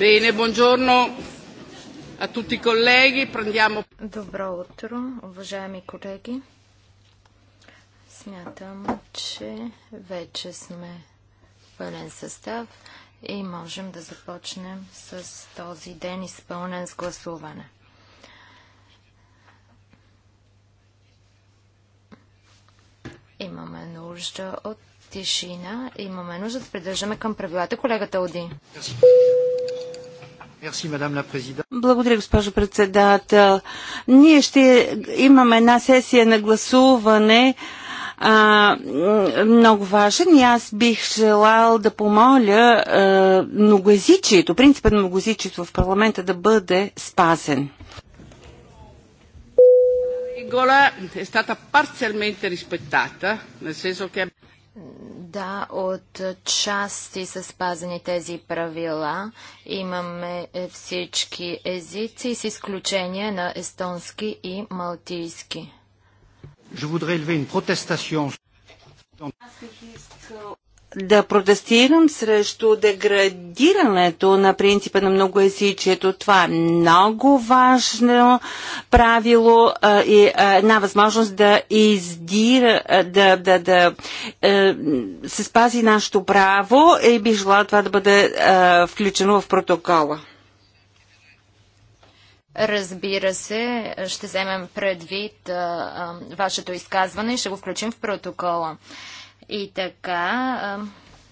Bene, buongiorno a tutti i colleghi. Prendiamo... Добро утро, уважаеми колеги. Смятам, че вече сме в пълен състав и можем да започнем с този ден изпълнен с гласуване. Имаме нужда от тишина. Имаме нужда да придържаме към правилата. Колегата Оди. Благодаря, госпожо председател. Ние ще имаме една сесия на гласуване а, много важен и аз бих желал да помоля а, многоязичието, принципът на многоязичието в парламента да бъде спазен. Да, от части са спазени тези правила. Имаме е, всички езици с изключение на естонски и малтийски. Аз бих искал да протестирам срещу деградирането на принципа на многоязичието. Това е много важно правило а, и а, една възможност да издира, да, да, да а, е, се спази нашето право и би желала това да бъде а, включено в протокола. Разбира се, ще вземем предвид а, вашето изказване и ще го включим в протокола. И така,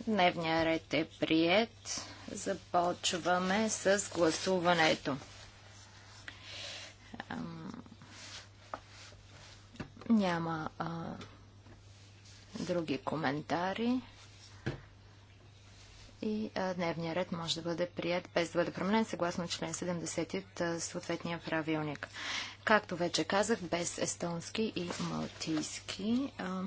дневния ред е прият. Започваме с гласуването. Няма а, други коментари. И а, дневния ред може да бъде прият без да бъде променен съгласно член 70 от съответния правилник. Както вече казах, без естонски и малтийски. А,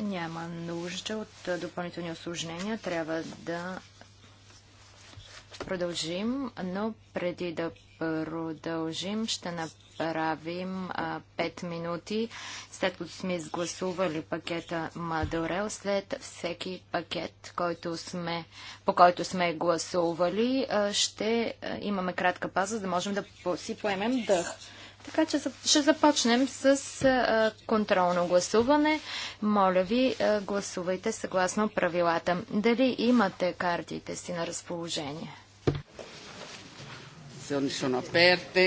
няма нужда от допълнителни осложнения. Трябва да продължим, но преди да продължим, ще направим а, 5 минути, след като сме изгласували пакета Мадорел, след всеки пакет, който сме, по който сме гласували, а, ще а, имаме кратка пауза, за да можем да си поемем дъх. Така че ще започнем с контролно гласуване. Моля ви, гласувайте съгласно правилата. Дали имате картите си на разположение? Sono aperte.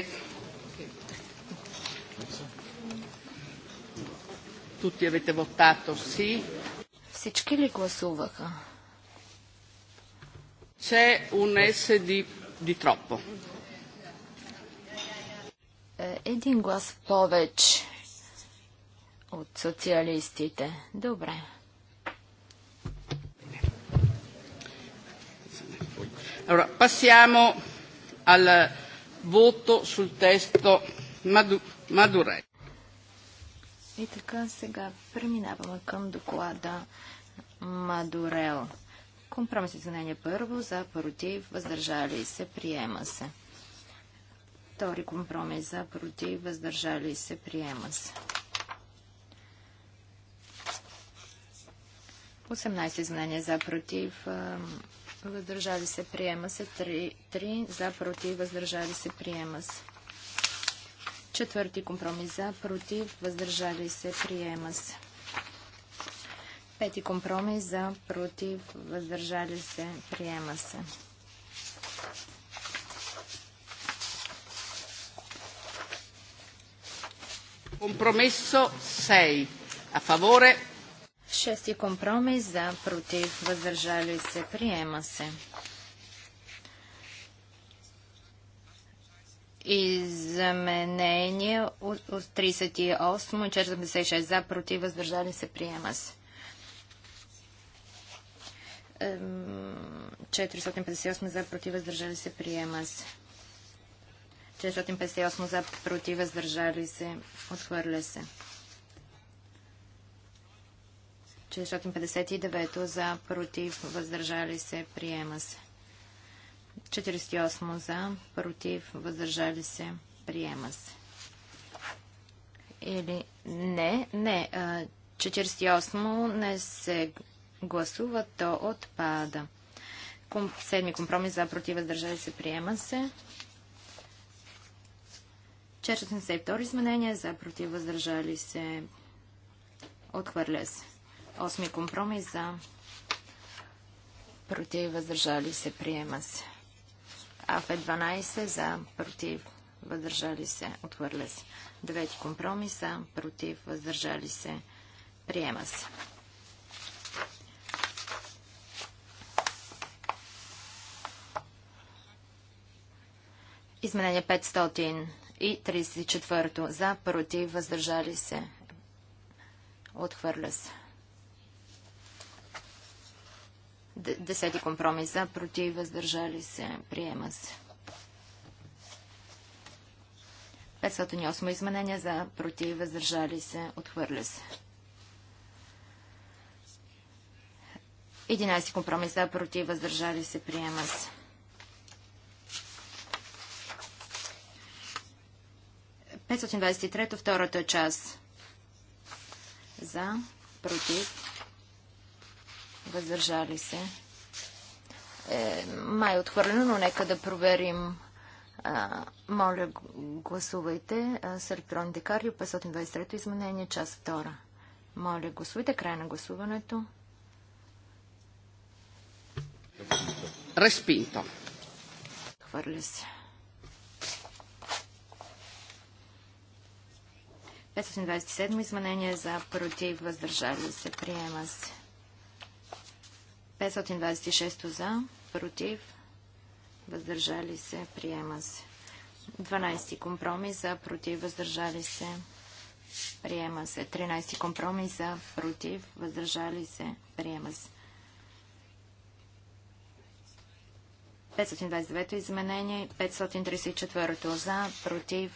Tutti avete Всички ли гласуваха? C'è унесе ди, di, е, един глас повече от социалистите. Добре. Allora, passiamo al voto sul testo Madurell. И така сега преминаваме към доклада Мадурел. Компромис изменение първо, за, против, въздържали се, приема се. Втори компромис за против, въздържали се, приема се. 18 изменения за против, въздържали се, приема се. 3, 3 за против, въздържали се, приема се. Четвърти компромис за против, въздържали се, приема се. Пети компромис за против, въздържали се, приема се. Компромисо 6. А фаворе. Шести компромис за против въздържали се. Приема се. Изменение от 38, 46 за против въздържали се. Приема се. 458 за против въздържали се. Приема се. 458 за, против, въздържали се, отхвърля се. 459 за, против, въздържали се, приема се. 48 за, против, въздържали се, приема се. Или не, не, 48 не се гласува, то отпада. Седми компромис за, против, въздържали се, приема се. 472 изменения за против въздържали се отхвърля се. Осми компромис за против въздържали се приема се. АФ 12 е за против въздържали се отхвърля се. Девети компромис за против въздържали се приема се. Изменение 500 и 34 за, против, въздържали се, отхвърля се. Десети компромис за, против, въздържали се, приема се. 508 изменение за, против, въздържали се, отхвърля се. 11 компромис за, против, въздържали се, приема се. 523 втората част. За, против, въздържали се. Е, май е отхвърлено, но нека да проверим. А, моля, гласувайте с електронните карти 523 изменение, част втора. Моля, гласувайте. Край на гласуването. Респинто. Хвърля се. 527 изменение за против въздържали се. Приема се. 526 за против въздържали се. Приема се. 12 компромис за против въздържали се. Приема се. 13 компромис за против въздържали се. Приема се. 529 изменение, 534 за, против,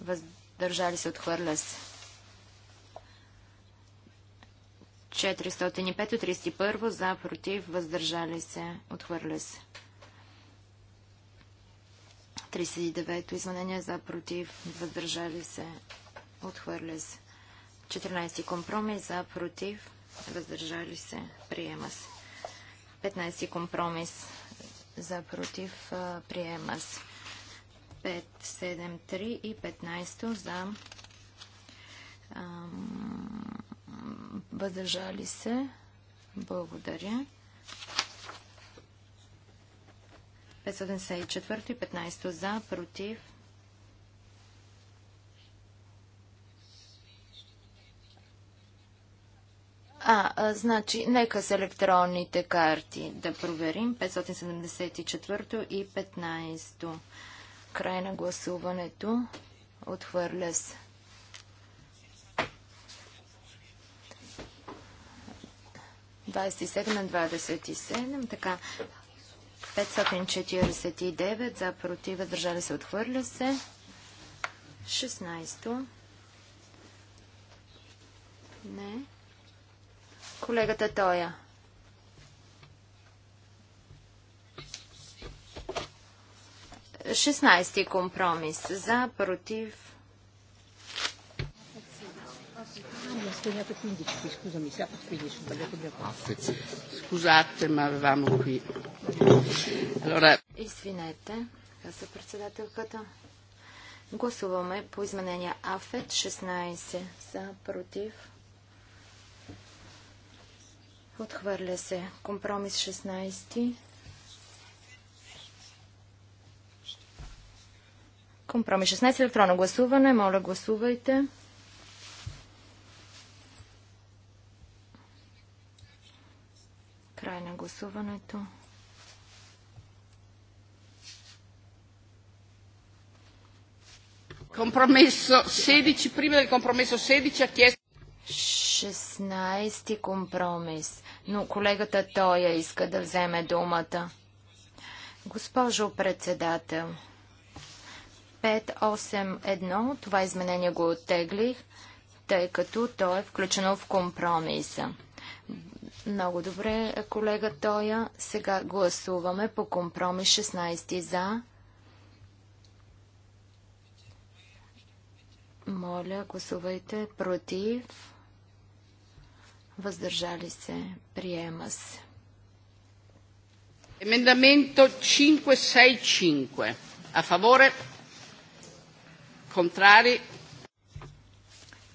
въз... Държали се, отхвърля се. 405 31 за, против, въздържали се, отхвърля се. 39-то изменение за, против, въздържали се, отхвърля се. 14 компромис за, против, въздържали се, приема се. 15 компромис за, против, приема се. 5, 7, 3 и 15 за въздържали се. Благодаря. 574 и 15 за, против. А, а, значи, нека с електронните карти да проверим. 574 и 15. Край на гласуването. Отхвърля се. Двадесет седем на 27. Така. 549 за против, въздържали се, отхвърля се. 16. Не. Колегата Тоя. 16-ти компромис. За, против. Scusate, ma avevamo qui. Allora... Извинете, каза председателката. Гласуваме по изменения АФЕТ 16 за против. Отхвърля се компромис 16 Компромис 16. Електронно гласуване. Моля, гласувайте. Край на гласуването. Compromesso 16, prima 16 16 компромис. Но колегата Тоя иска да вземе думата. Госпожо председател, 581, това изменение го оттеглих, тъй като то е включено в компромиса. Много добре, колега Тоя. Сега гласуваме по компромис 16 за. Моля, гласувайте против. Въздържали се. Приема се. Емендаменто 565. А фаворе? Contrari.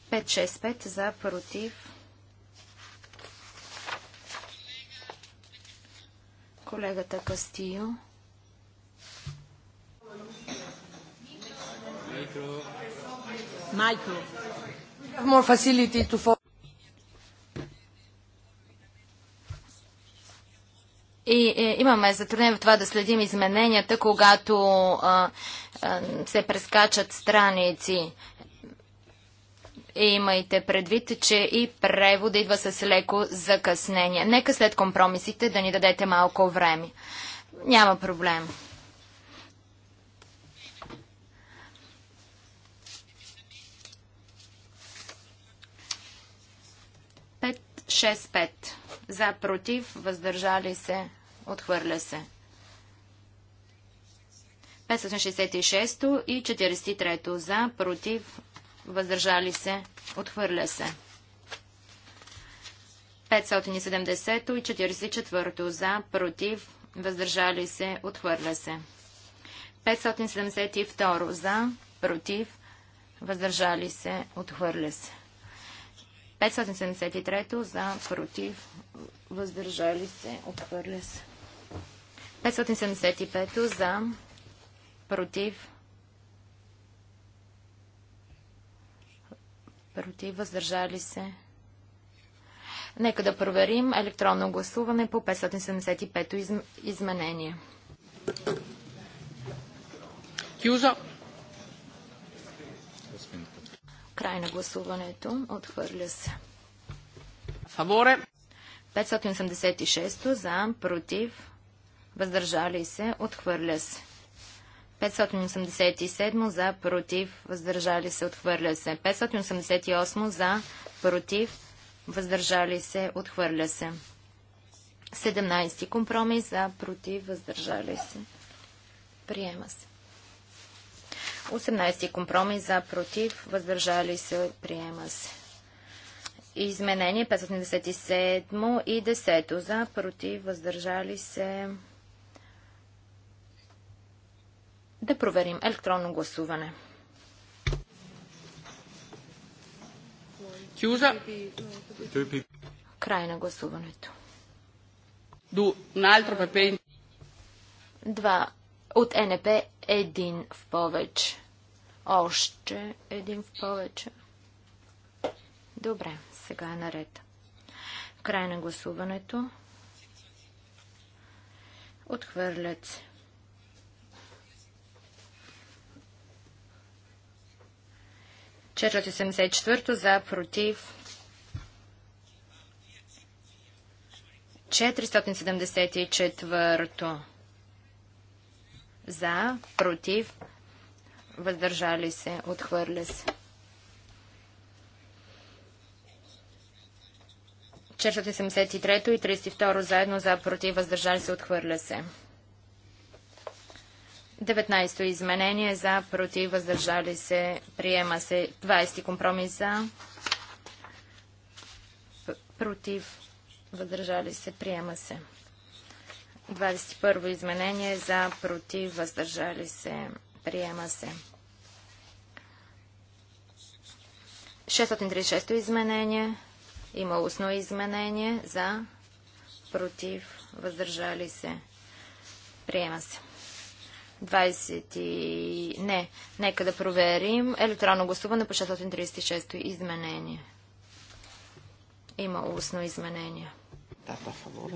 5-6-5 за, против. Колегата Кастио. Майкро. Майкро. More facility to И е, имаме затруднение в това да следим измененията, когато а, а, се прескачат страници. И имайте предвид, че и превода идва с леко закъснение. Нека след компромисите да ни дадете малко време. Няма проблем. Пет, шест, пет. За, против, въздържали се Отхвърля се. 566 и 43 за, против, въздържали се, отхвърля се. 570 и 44 за, против, въздържали се, отхвърля се. 572 за, против, въздържали се, отхвърля се. 573 за, против, въздържали се, отхвърля се. 575 за, против, против, въздържали се. Нека да проверим електронно гласуване по 575-то изм... изменение. Кюза. Край на гласуването. Отхвърля се. Фаворе. 586 за, против, въздържали се, отхвърля се. 587 за, против, въздържали се, отхвърля се. 588 за, против, въздържали се, отхвърля се. 17 компромис за, против, въздържали се. Приема се. 18 компромис за, против, въздържали се, приема се. Изменение 597 и 10 за, против, въздържали се, се. да проверим електронно гласуване. Край на гласуването. Два от НП един в повече. Още един в повече. Добре, сега е наред. Край на гласуването. Отхвърлят се. 484 за против. 474 за против. Въздържали се. Отхвърля се. 473 и 32 заедно за против. Въздържали се. Отхвърля се. 19 изменение за, против, въздържали се, приема се. 20 компромис за, против, въздържали се, приема се. 21 изменение за, против, въздържали се, приема се. 636 изменение. Има устно изменение за, против, въздържали се, приема се. 20... И... Не, нека да проверим. Електронно гласуване по 636 изменение. Има устно изменение. Да, по фаворе.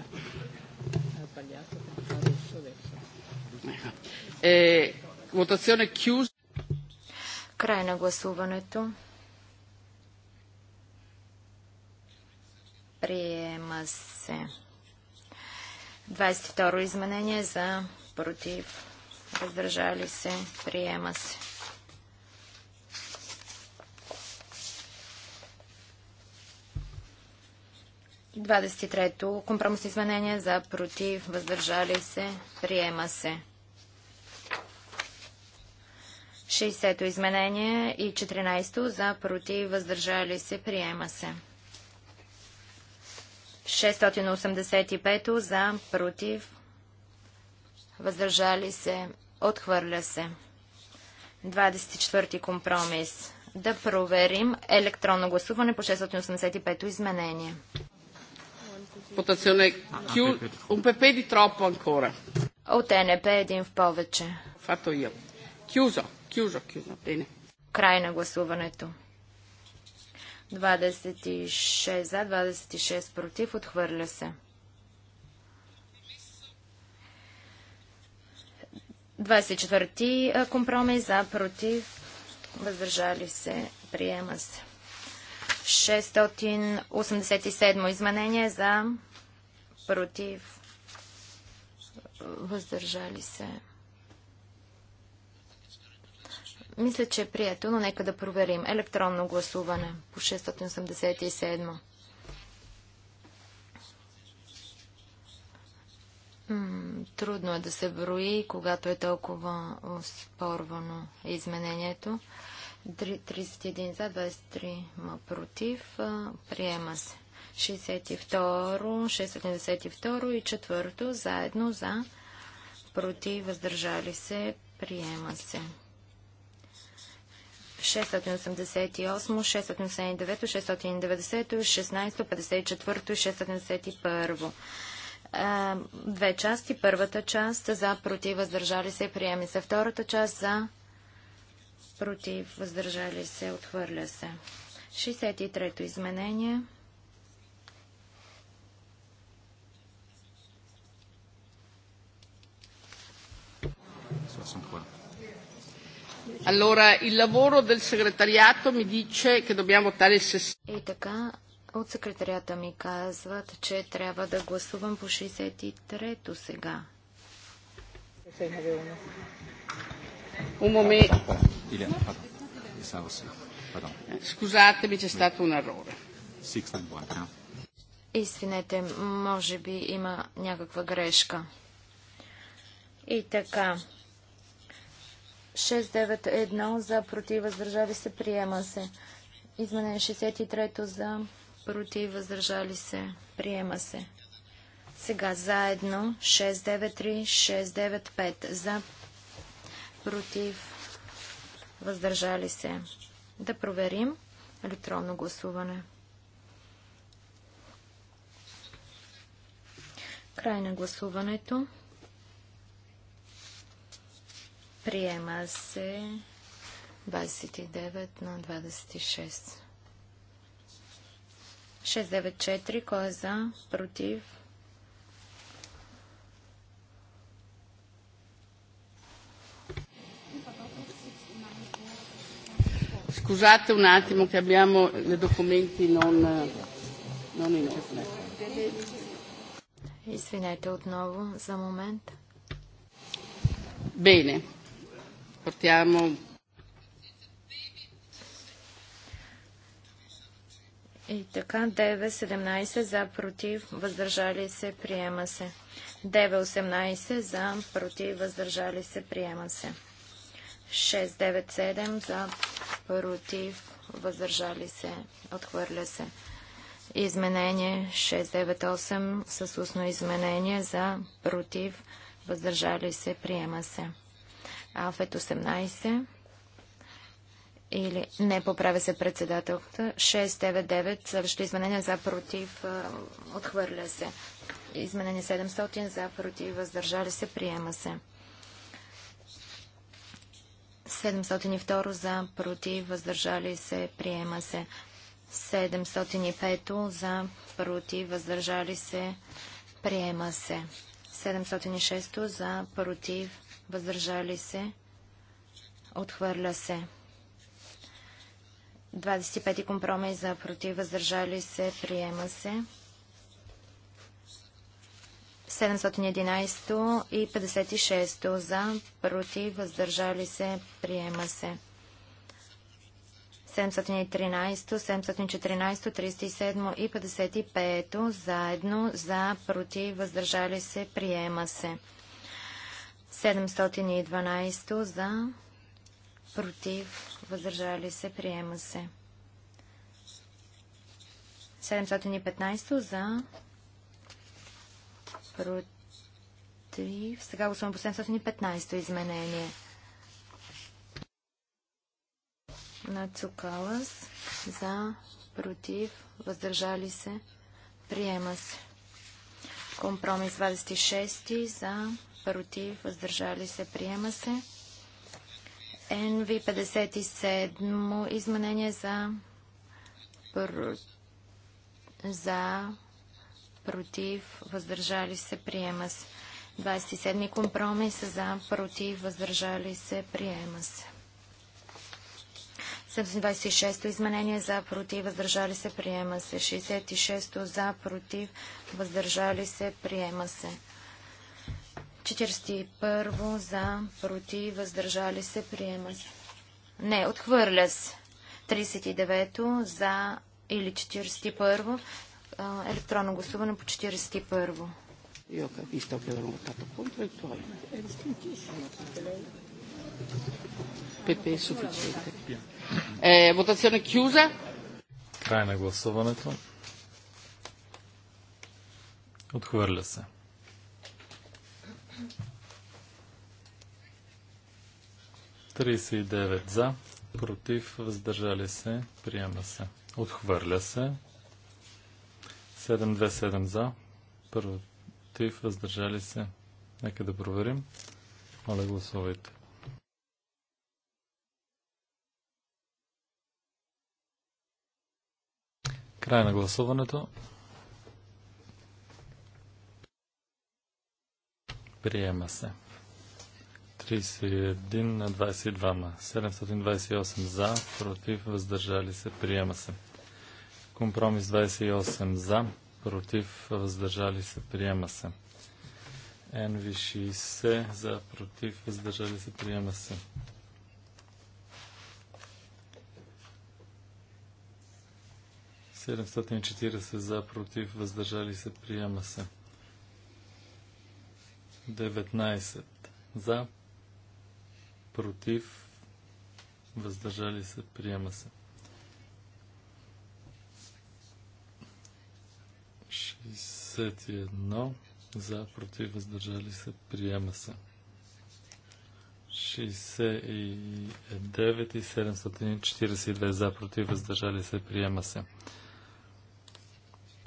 Е, votazione Край на гласуването. Приема се. 22 изменение за против въздържали се, приема се. И 23-то компромисно изменение за против, въздържали се, приема се. 60-то изменение и 14-то за против, въздържали се, приема се. 685 за, против, въздържали се, Отхвърля се. 24 компромис. Да проверим електронно гласуване по 685-то изменение. Потационе кю... un pepe di troppo ancora. От НП един в повече. Фато io. Chiuso, chiuso, chiuso. Bene. Край на гласуването. 26 за, 26 против, отхвърля се. 24-ти компромис за против, въздържали се, приема се. 687 изменение за против, въздържали се. Мисля, че е прието, но нека да проверим. Електронно гласуване по 687. Трудно е да се брои, когато е толкова спорвано изменението. 31 за, 23 ма, против. Приема се. 62, 672 и 4 заедно за, против, въздържали се. Приема се. 688, 679, 690, 16, 54 и 671 две части. Първата част за против въздържали се, приеми се. Втората част за против въздържали се, отхвърля се. 63-то изменение. Allora, il lavoro del segretariato mi dice che dobbiamo votare il 60 от секретарията ми казват, че трябва да гласувам по 63-то сега. Un momento. Scusatemi, c'è stato un Извинете, може би има някаква грешка. И така. 691 за против въздържали се приема се. Изменение 63 за против, въздържали се, приема се. Сега заедно 693-695 за, против, въздържали се. Да проверим електронно гласуване. Край на гласуването. Приема се 29 на 26. 694. Кой е за? Против? Scusate un attimo che abbiamo i documenti non, non in Извинете отново за момент. Bene, portiamo И така, 9-17 за, против, въздържали се, приема се. 9-18 за, против, въздържали се, приема се. 6-9-7 за, против, въздържали се, отхвърля се. Изменение 698 с устно изменение за, против, въздържали се, приема се. Алфет 18 или не поправя се председателката. 699 следващо изменение за против отхвърля се. Изменение 700 за против въздържали се приема се. 702 за против въздържали се приема се. 705 за против въздържали се приема се. 706 за против въздържали се отхвърля се. 25 компромис за против, въздържали се, приема се. 711 и 56 за против, въздържали се, приема се. 713, 714, 37 и 55 заедно за против, въздържали се, приема се. 712 за против, въздържали се, приема се. 715 за против. Сега гласувам по 715 изменение. На Цукалас за против, въздържали се, приема се. Компромис 26 за против, въздържали се, приема се. NV57 изменение за, за против, въздържали се, приема се. 27 компромис за против, въздържали се, приема се. 726 изменение за против, въздържали се, приема се. 66 за против, въздържали се, приема се. 41 за, против, въздържали се, приема се. Не, отхвърля се. 39 за или 41 електронно гласуване по 41. во capisco e eh, Край на гласуването. Отхвърля се. 39 за, против, въздържали се, приема се. Отхвърля се. 727 за, против, въздържали се. Нека да проверим. Моля, гласувайте. Край на гласуването. Приема се. 31 на 22. 728 за, против, въздържали се. Приема се. Компромис 28 за, против, въздържали се. Приема се. НВ 60 за, против, въздържали се. Приема се. Седемстотин за, против, въздържали се, приема се. 19 за, против, въздържали се, приема се. 61 за, против, въздържали се, приема се. 69 и 742 за, против, въздържали се, приема се.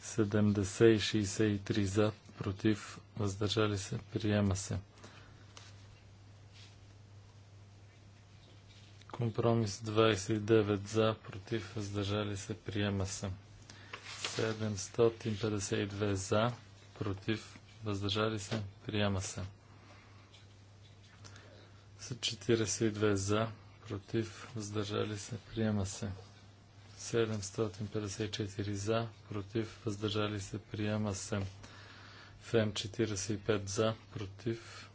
70 и 63 за, против, въздържали се, приема се. Компромис 29 за, против, въздържали се, приема се. 752 за, против, въздържали се, приема се. 42 за, против, въздържали се, приема се. 754 за, против, въздържали се, приема се. ФЕМ 45 за, против,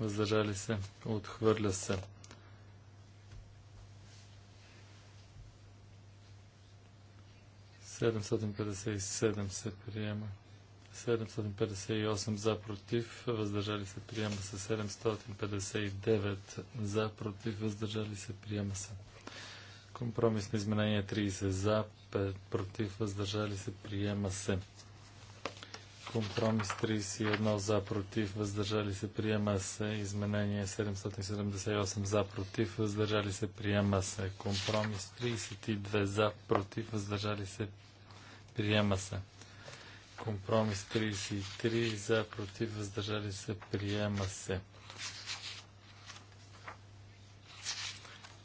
въздържали се, отхвърля се. Седемсотен се приема. 758 за против, въздържали се приема се 759 за против, въздържали се приема се. Компромисно изменение 30 за, 5, против, въздържали се приема се. Компромис 31 за против, въздържали се, приема се. Изменение 778 за против, въздържали се, приема се. Компромис 32 за против, въздържали се, приема се. Компромис 33 за против, въздържали се, приема се.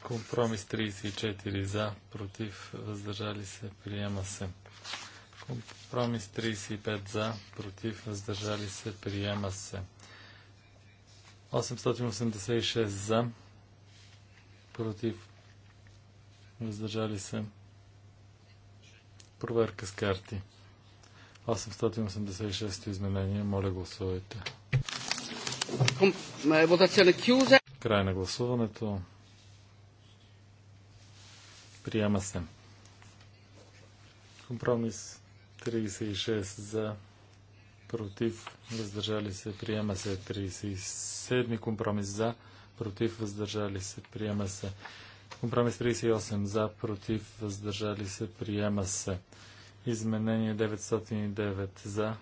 Компромис 34 за против, въздържали се, приема се. Компромис 35 за, против, въздържали се, приема се. 886 за, против, въздържали се. Проверка с карти. 886 изменение. Моля гласувайте. Край на гласуването. Приема се. Компромис 36 за, против, въздържали се, приема се. 37 компромис за, против, въздържали се, приема се. Компромис 38 за, против, въздържали се, приема се. Изменение 909 за,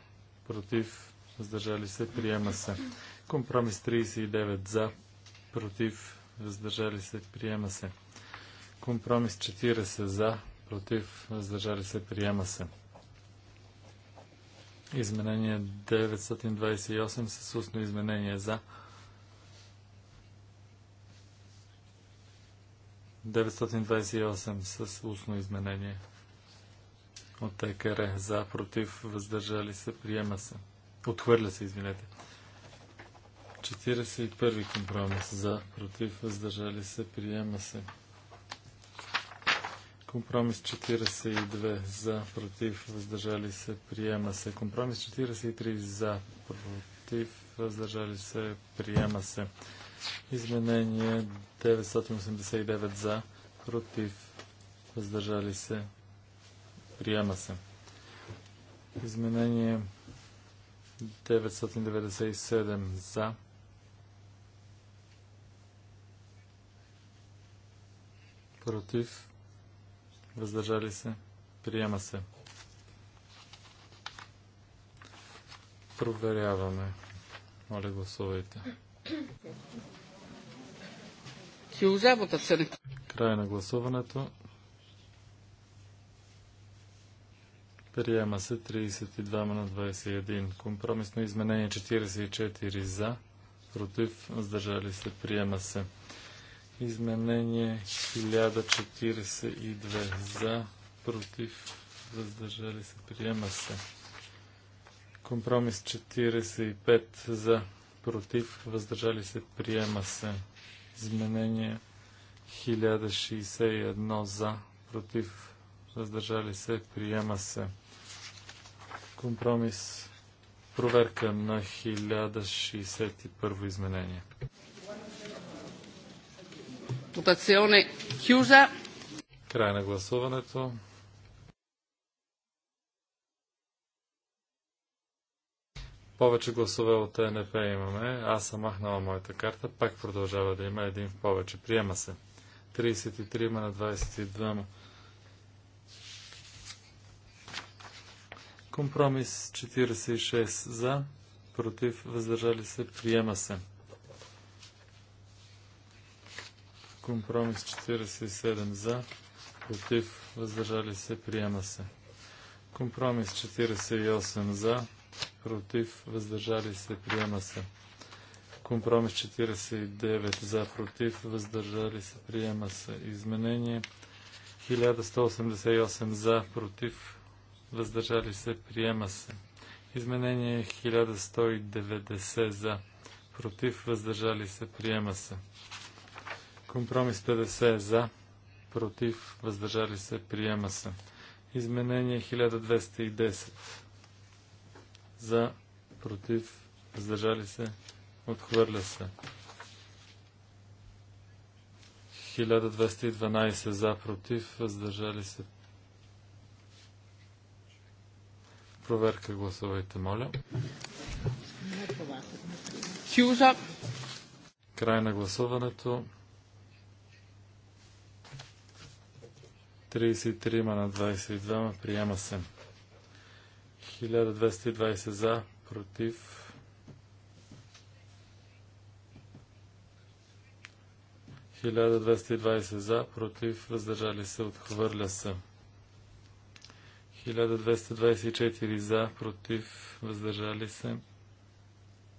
против, въздържали се, приема се. Компромис 39 за, против, въздържали се, приема се. Компромис 40 за, против, въздържали се, приема се. Изменение 928 с устно изменение за. 928 с устно изменение от ТКР. За, против, въздържали се, приема се. Отхвърля се, извинете. 41 компромис. За, против, въздържали се, приема се. Компромис 42 за, против, въздържали се, приема се. Компромис 43 за, против, въздържали се, приема се. Изменение 989 за, против, въздържали се, приема се. Изменение 997 за, против, въздържали се, приема се. Проверяваме. Моля, гласувайте. Край на гласуването. Приема се 32 на 21. Компромисно изменение 44 за, против, въздържали се, приема се. Изменение 1042 за, против, въздържали се, приема се. Компромис 45 за, против, въздържали се, приема се. Изменение 1061 за, против, въздържали се, приема се. Компромис проверка на 1061 изменение. Votazione chiusa. Край на гласуването. Повече гласове от ТНП имаме. Аз съм махнала моята карта. Пак продължава да има един в повече. Приема се. 33 на 22. Компромис 46 за, против, въздържали се, приема се. Компромис 47 за, против, въздържали се, приема се. Компромис 48 за, против, въздържали се, приема се. Компромис 49 за, против, въздържали се, приема се. Изменение 1188 за, против, въздържали се, приема се. Изменение 1190 за, против, въздържали се, приема се. Компромис 50 за, против, въздържали се, приема се. Изменение 1210 за, против, въздържали се, отхвърля се. 1212 за, против, въздържали се. Проверка гласувайте, моля. Край на гласуването. 33 на 22 приема се. 1220 за, против. Хиляда за, против, въздържали се, отхвърля се. 1224 за, против, въздържали се,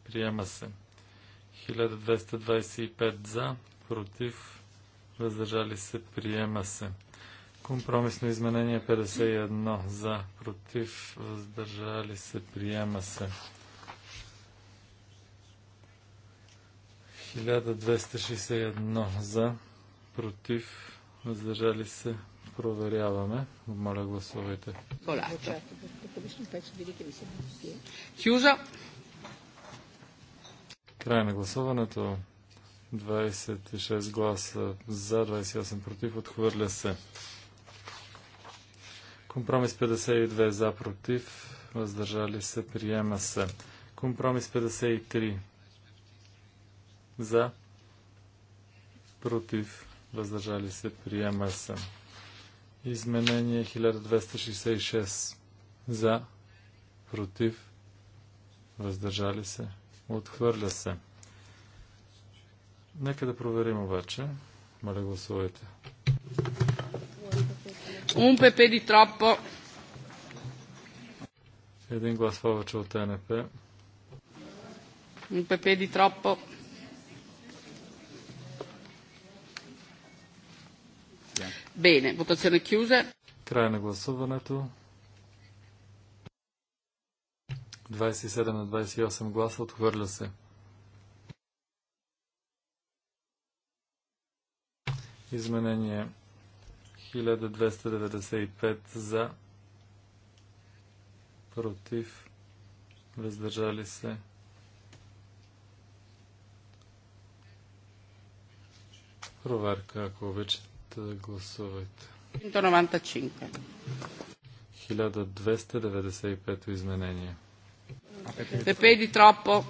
приема се. 1225 за, против, въздържали се, приема се. Компромисно изменение 51 за, против, въздържали се, приема се. 1261 за, против, въздържали се, проверяваме. Моля, гласувайте. Край на гласуването. 26 гласа за, 28 против, отхвърля се. Компромис 52 за против, въздържали се, приема се. Компромис 53 за против, въздържали се, приема се. Изменение 1266 за против, въздържали се, отхвърля се. Нека да проверим обаче. Моля гласувайте. Un пепе di troppo. Един глас повече от НП. Un пепе di troppo. Bene, votazione chiusa. Край на гласуването. 27 на 28 гласа отхвърля се. Изменение 1295 за, против, въздържали се. Проверка, ако обичате да гласувате. 1295 изменение. Пепе тропо.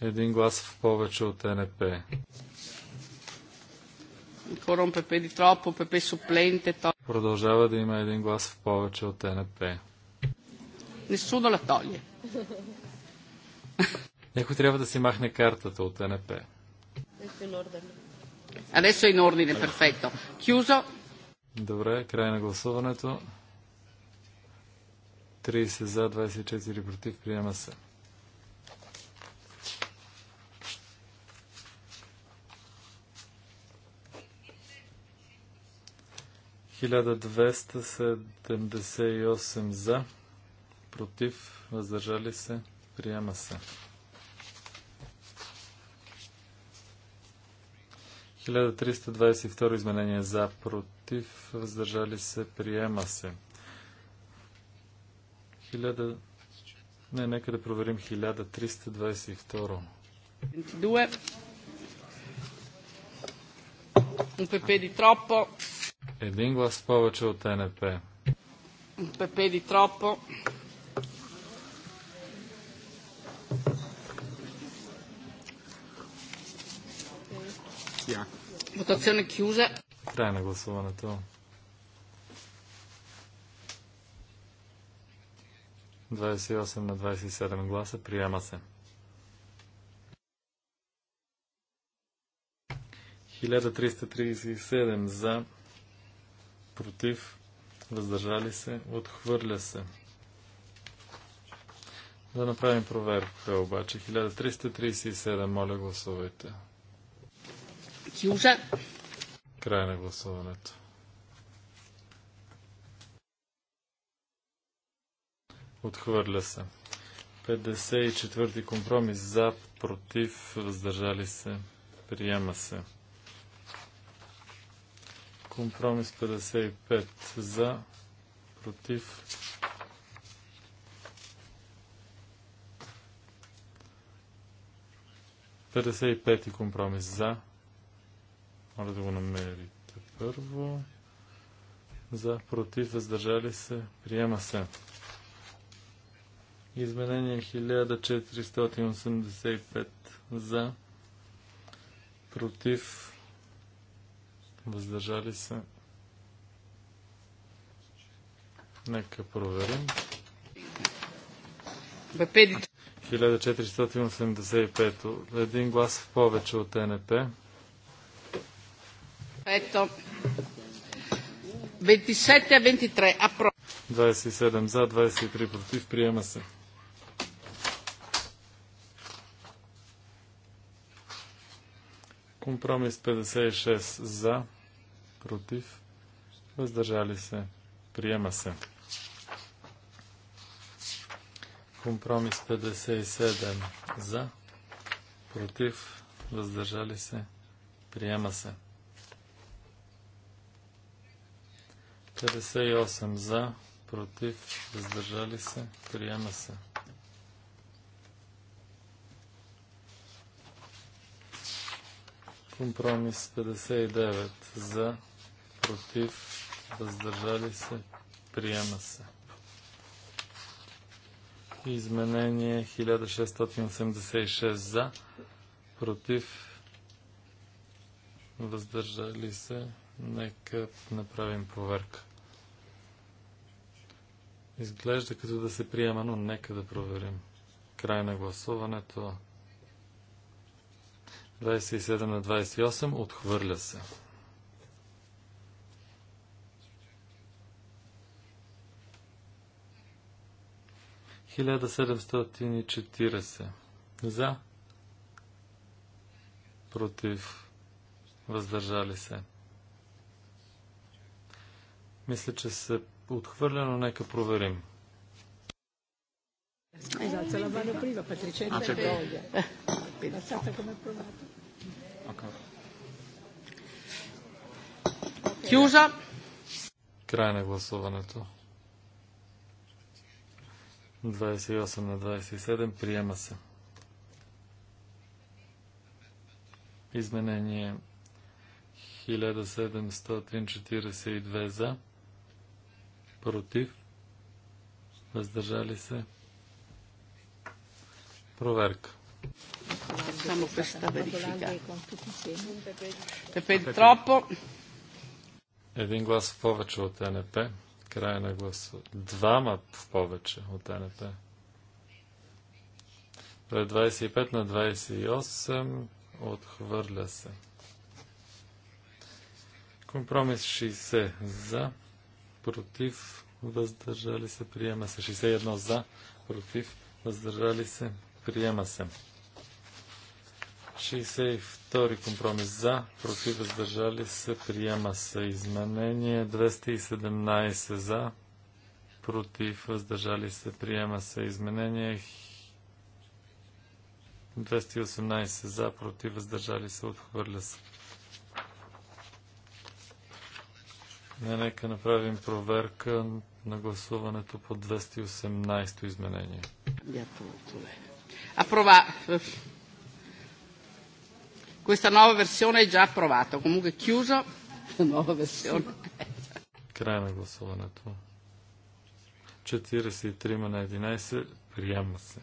Един глас в повече от НП. Продължава да има един глас в повече от ТНП. Несудо ла толи. Някой трябва да си махне картата от НП. Добре, край на гласуването. 30 за, 24 против, приема се. 1278 за, против, въздържали се, приема се. 1322 изменение за, против, въздържали се, приема се. 1000... Не, нека да проверим 1322. Un pepe di troppo. Един глас повече от НП. Пепе ди тропо. Votazione кюза. Край на гласуването. Двадесет на двадесет гласа. Приема се. 1337 за против, въздържали се, отхвърля се. Да направим проверка обаче. 1337, моля гласувайте. Кюжа. Край на гласуването. Отхвърля се. 54 компромис за, против, въздържали се, приема се. Компромис 55 за, против. и компромис за. може да го намерите първо. За, против, въздържали се, приема се. Изменение 1485 за, против, въздържали се. Нека проверим. 1485. Един глас в повече от НП. Ето. 27-23. 27 за, 23 против. Приема се. Компромис 56 за, против, въздържали се, приема се. Компромис 57 за, против, въздържали се, приема се. 58 за, против, въздържали се, приема се. Компромис 59 за, против, въздържали се, приема се. Изменение 1686 за, против, въздържали се. Нека направим проверка. Изглежда като да се приема, но нека да проверим. Край на гласуването. 27 на 28 отхвърля се. Хиляда седемстотин за, против, въздържали се. Мисля, че се отхвърля, но нека проверим. Esatto, l'avevano prima, Patricia. Ah, Era stata Chiusa. Край на гласуването. 28 на 27 приема се. Изменение 1742 за, против, въздържали се. Проверка facciamo questa verifica. Pepe troppo. Един глас в повече от НП. Край на гласа. Двама в повече от НП. Пред 25 на 28 отхвърля се. Компромис 60 за, против, въздържали се, приема се. 61 за, против, въздържали се, приема се. 62 компромис за, против, въздържали се, приема се. Изменение 217 за, против, въздържали се, приема се. Изменение 218 за, против, въздържали се, отхвърля се. Не, нека направим проверка на гласуването по 218 изменение. Апрова. Questa nuova versione è già approvata. Comunque chiuso la nuova versione. Край на гласуването. 43 на 11 приема се.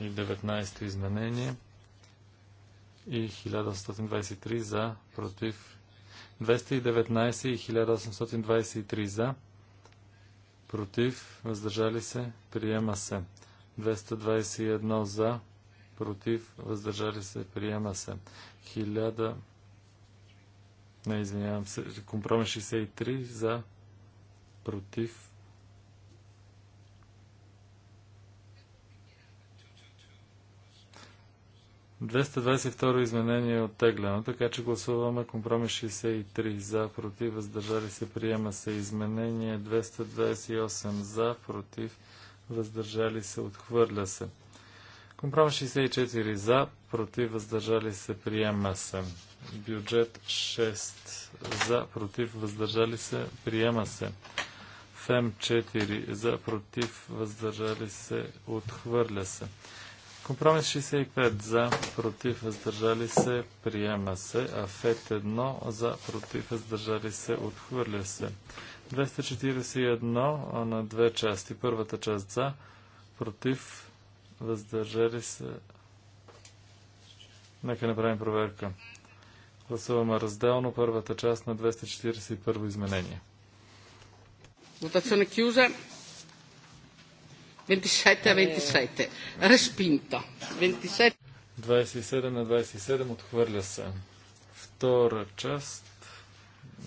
219 изменение и 1823 за против 219 и 1823 за против въздържали се приема се 221 за, против, въздържали се, приема се. 1000, не извинявам се, компромис 63 за, против, второ изменение е оттеглено, така че гласуваме компромис 63 за, против, въздържали се, приема се изменение 228 за, против, въздържали се, отхвърля се. Компромис 64 за, против, въздържали се, приема се. Бюджет 6 за, против, въздържали се, приема се. ФЕМ 4 за, против, въздържали се, отхвърля се. Компромис 65 за, против, въздържали се, приема се. АФЕТ 1 за, против, въздържали се, отхвърля се. 241 на две части. Първата част за, против, въздържали се. Нека направим проверка. Гласуваме разделно първата част на 241 изменение. Votazione chiusa. 27 a 27. Е. Respinto. 27. 27 на 27 отхвърля се. Втора част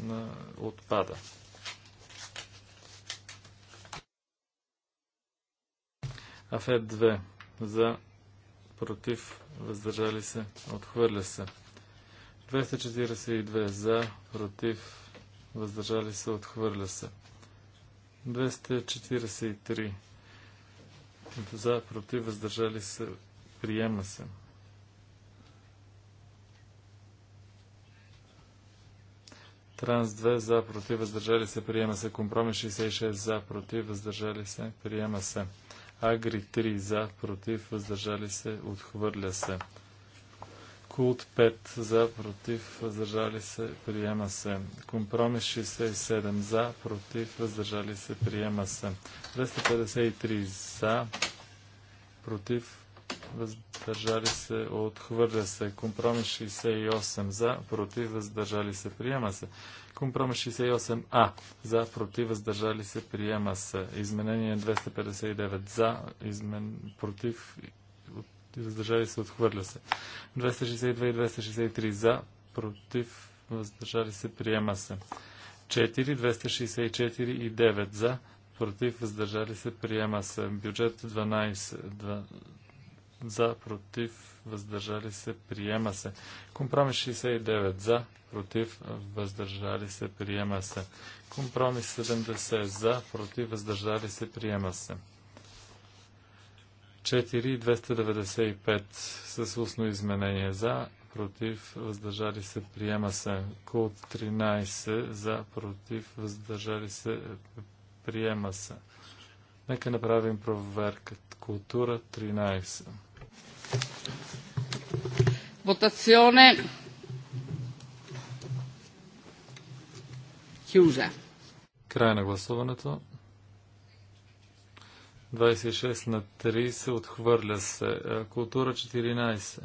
на отпада. Афет 2 за против, въздържали се, отхвърля се. 242 за, против, въздържали се, отхвърля се. 243 за, против, въздържали се, приема се. Транс 2 за, против, въздържали се, приема се. Компромис 66 за, против, въздържали се, приема се. Агри 3 за, против, въздържали се, отхвърля се. Култ 5 за, против, въздържали се, приема се. Компромис 67 за, против, въздържали се, приема се. 253 за, против, въздържали се, отхвърля се. Компромис 68 за, против, въздържали се, приема се. Компромис 68а за, против, въздържали се, приема се. Изменение 259 за, измен, против, въздържали се, отхвърля се. 262 и 263 за, против, въздържали се, приема се. 4, 264 и 9 за, против, въздържали се, приема се. Бюджет 12, 2, за, против, въздържали се, приема се. Компромис 69 за, против, въздържали се, приема се. Компромис 70 за, против, въздържали се, приема се. 4295 с устно изменение за, против, въздържали се, приема се. Култ 13 за, против, въздържали се, приема се. Нека направим проверка. Култура 13. Votazione chiusa. Край на гласуването. 26 на 30 отхвърля се. Е, култура 14.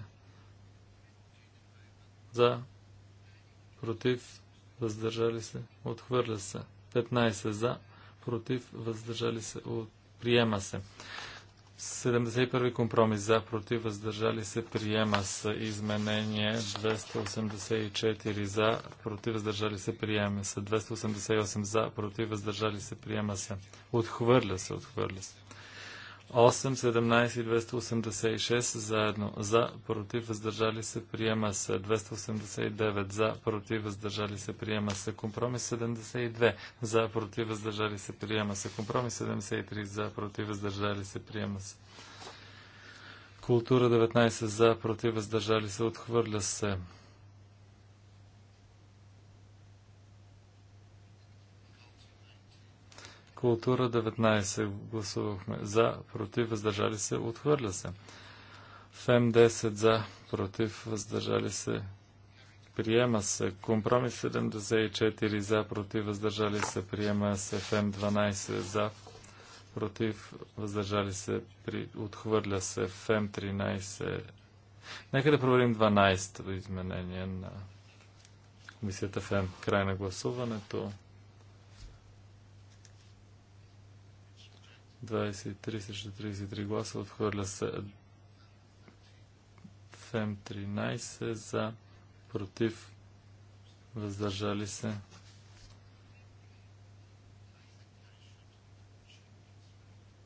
За. Против. Въздържали се. Отхвърля се. 15 за. Против. Въздържали се. От... Приема се. 71 компромис за, против, въздържали се, приема с изменение 284 за, против, въздържали се, приема се 288 за, против, въздържали се, приема се. Отхвърля се, отхвърля се. 8, 17 286 заедно. За, против, въздържали се, приема се. 289 за, против, въздържали се, приема се. Компромис 72 за, против, въздържали се, приема се. Компромис 73 за, против, въздържали се, приема се. Култура 19 за, против, въздържали се, отхвърля се. Култура 19 гласувахме за, против, въздържали се, отхвърля се. ФЕМ 10 за, против, въздържали се, приема се. Компромис 74 за, против, въздържали се, приема се. ФЕМ 12 за, против, въздържали се, при... отхвърля се. ФЕМ 13. Нека да проверим 12 изменение на комисията ФЕМ. Край на гласуването. 23 срещу 33 гласа отхвърля се. Фем 13 за против въздържали се.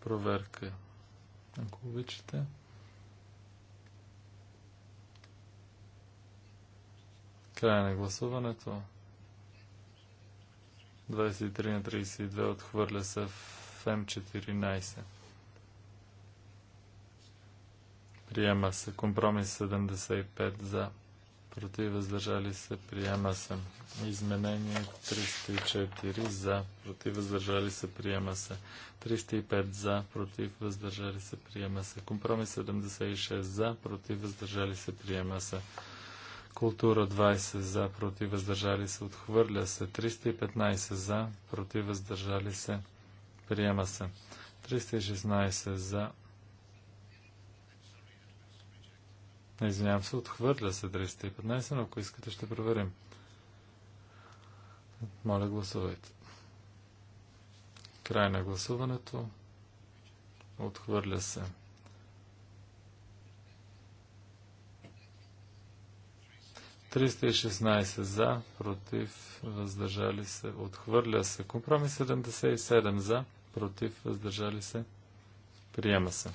Проверка. Ако обичате. Край на гласуването. 23 на 32 отхвърля се в fm 14 Приема се. Компромис 75 за. Против въздържали се. Приема се. Изменение 304 за. Против въздържали се. Приема се. 305 за. Против въздържали се. Приема се. Компромис 76 за. Против въздържали се. Приема се. Култура 20 за, против въздържали се, отхвърля се 315 за, против въздържали се, Приема се. 316 за. Не извинявам се, отхвърля се 315, но ако искате ще проверим. Моля, гласувайте. Край на гласуването. Отхвърля се. 316 за, против, въздържали се, отхвърля се. Компромис 77 за, против, въздържали се, приема се.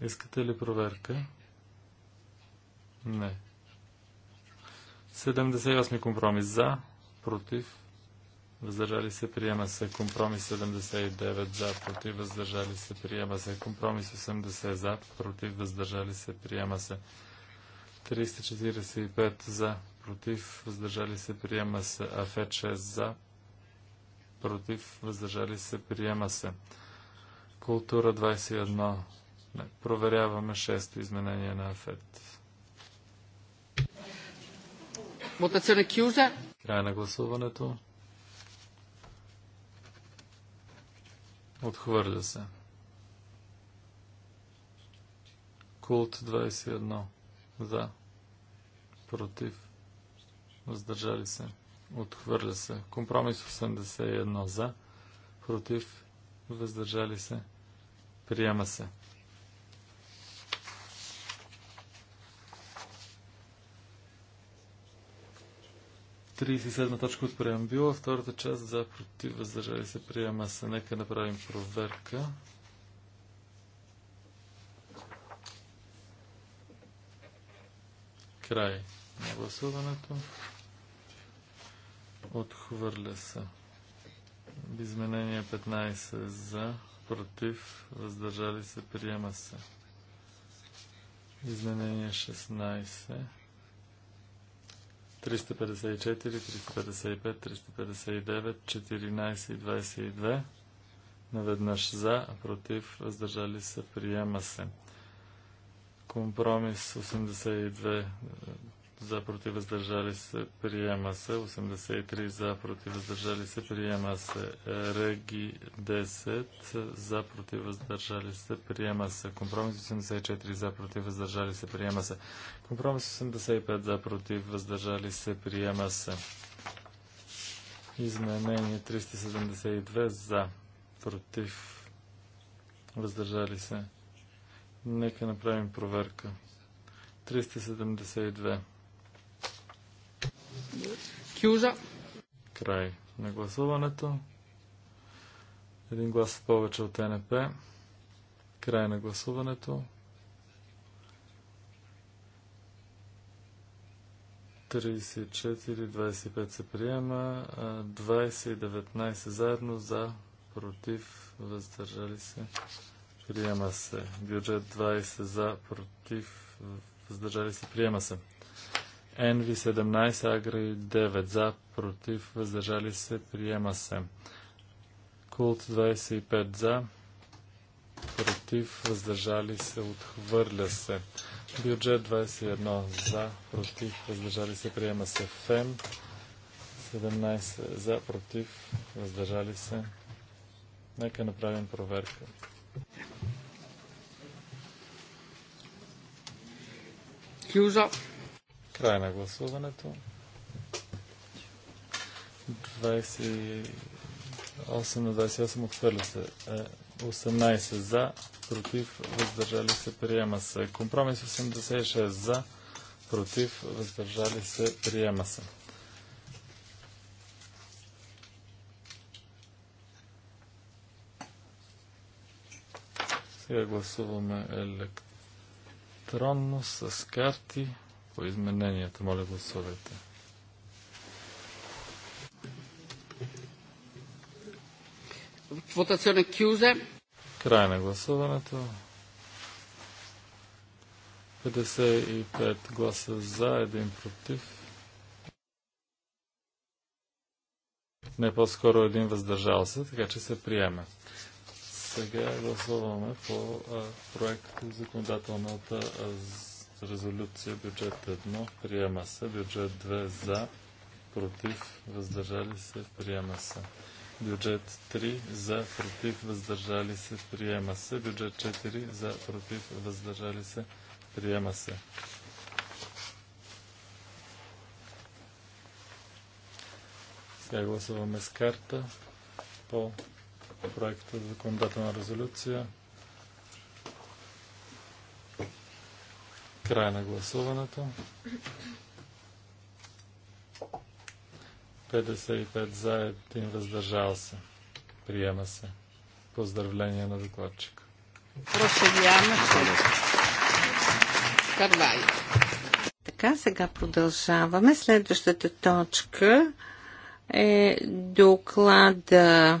Искате ли проверка? Не. 78 компромис за, против, въздържали се, приема се. Компромис 79 за, против, въздържали се, приема се. Компромис 80 за, против, въздържали се, приема се. 345 за, против, въздържали се, приема се. Афет 6 е за, против, въздържали се, приема се. Култура 21. Не, проверяваме шесто изменение на Афет. Мутационна кюза. Край на гласуването. Отхвърля се. Култ 21. За. Против. Въздържали се. Отхвърля се. Компромис 81 за. Против. Въздържали се. Приема се. Тридесет седма точка от преамбила, втората част за против въздържали се приема се. Нека направим проверка. Край на гласуването. Отхвърля се. Изменение 15 за, против, въздържали се, приема се. Изменение 16. 354, 355, 359, 14 и 22. Наведнъж за, против, въздържали се, приема се. Компромис 82 е, за против въздържали се приема се. 83 за против въздържали се приема се. Реги 10 за против въздържали се приема се. Компромис 84 за против въздържали се приема се. Компромис 85 за против въздържали се приема се. Изменение 372 за против въздържали се. Нека направим проверка. 372. Кюжа. Край на гласуването. Един глас повече от НП. Край на гласуването. 34-25 се приема, 20 19 заедно за, против, въздържали се. Приема се. Бюджет 20 за, против, въздържали се. Приема се. НВ 17, Агри 9 за, против, въздържали се. Приема се. Култ 25 за, против, въздържали се, отхвърля се. Бюджет 21 за, против, въздържали се, приема се. ФЕМ 17 за, против, въздържали се. Нека направим проверка. Кюза. Край на гласуването. 28 на 28 отхвърля се. 18 е, за, против, въздържали се, приема се. Компромис 86 за, против, въздържали се, приема се. Сега гласуваме електронно електронно с карти по измененията. Моля гласувайте. Votazione chiusa. Край на гласуването. 55 гласа за, 1 против. Не по-скоро един въздържал се, така че се приема. Сега гласуваме по проект законодателната резолюция бюджет 1. Приема се. Бюджет 2 за. Против. Въздържали се. Приема се. Бюджет 3 за. Против. Въздържали се. Приема се. Бюджет 4 за. Против. Въздържали се. Приема се. Сега гласуваме с карта по проекта за законодателна резолюция. Край на гласуването. 55 за, 1 въздържал се. Приема се. Поздравление на докладчика. Проседяме. Карвай. Така, сега продължаваме. Следващата точка е доклада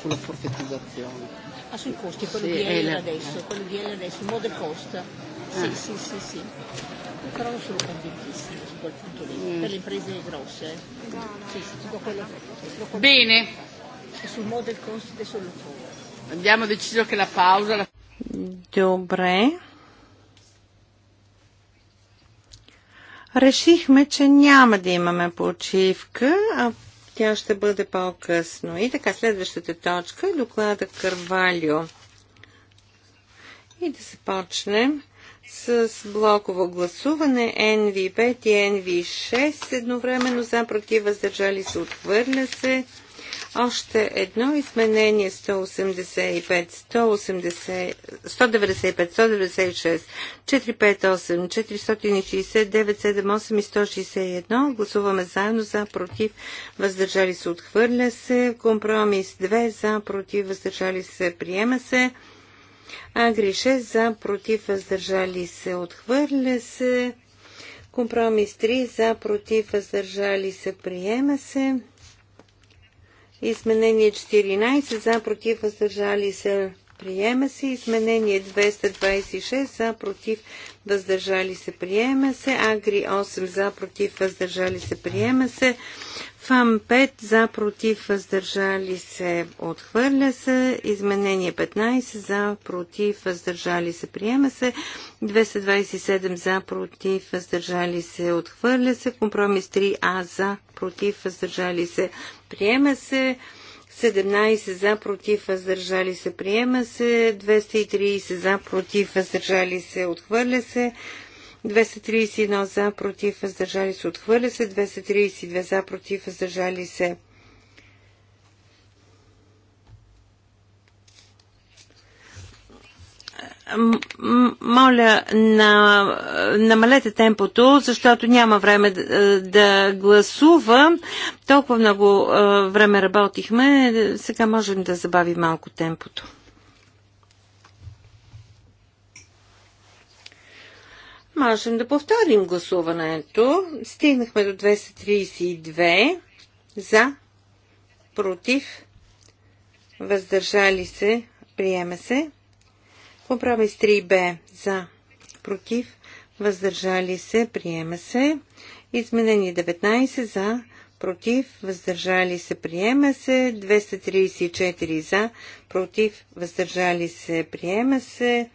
sulla forfettizzazione. Ah, sui costi, quello sì, di L adesso, quello di L adesso, model cost. Sì, eh. sì, sì, sì. Però non sono convintissimo su quel punto lì, mm. per le imprese grosse. Eh. No, no. Sì, su tutto quello che... Bene. E sul model cost adesso lo trovo. Abbiamo deciso che la pausa... La... Dobre. Решихме, че няма да имаме почивка, а тя ще бъде по-късно. И така, следващата точка е доклада Карвалио. И да започнем с блоково гласуване NV5 и NV6 едновременно за против въздържали се отхвърля се. Още едно изменение 185, 195, 196, 458, 460, 978 и 161. Гласуваме заедно за, против, въздържали се, отхвърля се. Компромис 2 за, против, въздържали се, приема се. Агри 6 за, против, въздържали се, отхвърля се. Компромис 3 за, против, въздържали се, приема се. Изменение 14 за, против, въздържали се, Приема се изменение 226 за против въздържали се. Приема се Агри 8 за против въздържали се. Приема се ФАМ 5 за против въздържали се. Отхвърля се изменение 15 за против въздържали се. Приема се 227 за против въздържали се. Отхвърля се компромис 3А за против въздържали се. Приема се 17 за, против, въздържали се, приема се. 230 за, против, въздържали се, отхвърля се. 231 за, против, въздържали се, отхвърля се. 232 за, против, въздържали се, моля, на, намалете темпото, защото няма време да, да гласувам. Толкова много време работихме, сега можем да забавим малко темпото. Можем да повторим гласуването. Стигнахме до 232 за, против, въздържали се, приеме се. Компромис 3Б за, против, въздържали се, приема се. Изменение 19 за, против, въздържали се, приема се. 234 за, против, въздържали се, приема се.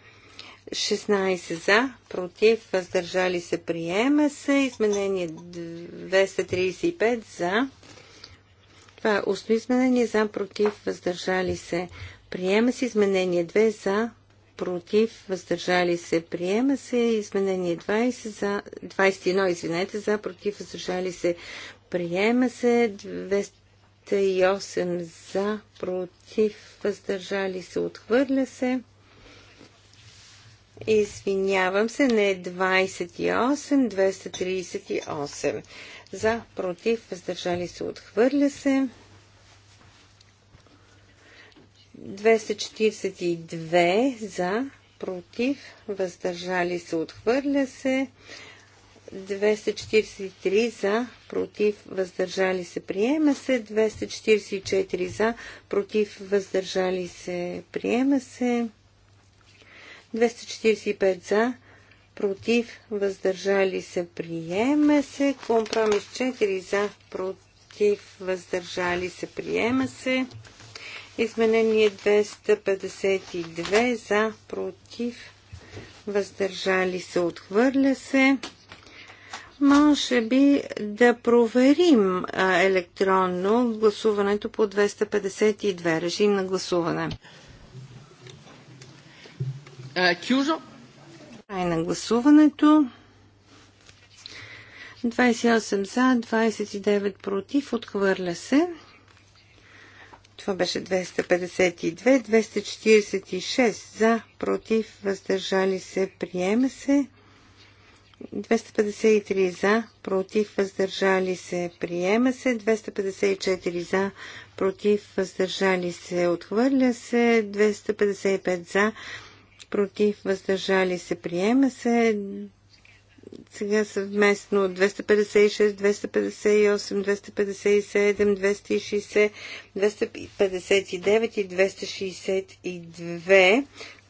16 за, против, въздържали се, приема се. Изменение 235 за. Това е устно изменение за, против, въздържали се, приема се. Изменение 2 за, против, въздържали се, приема се. Изменение 20 за, 21, извинете, за, против, въздържали се, приема се. 208 за, против, въздържали се, отхвърля се. Извинявам се, не 28, 238. За, против, въздържали се, отхвърля се. 242 за, против, въздържали се, отхвърля се. 243 за, против, въздържали се, приема се. 244 за, против, въздържали се, приема се. 245 за, против, въздържали се, приема се. Компромис 4 за, против, въздържали се, приема се. Изменение 252 за, против, въздържали се, отхвърля се. Може би да проверим а, електронно гласуването по 252. Режим на гласуване. Е, Кюжо. Край на гласуването. 28 за, 29 против, отхвърля се. Това беше 252, 246 за, против, въздържали се, приема се. 253 за, против, въздържали се, приема се. 254 за, против, въздържали се, отхвърля се. 255 за, против, въздържали се, приема се. Сега съвместно 256, 258, 257, 260, 259 и 262.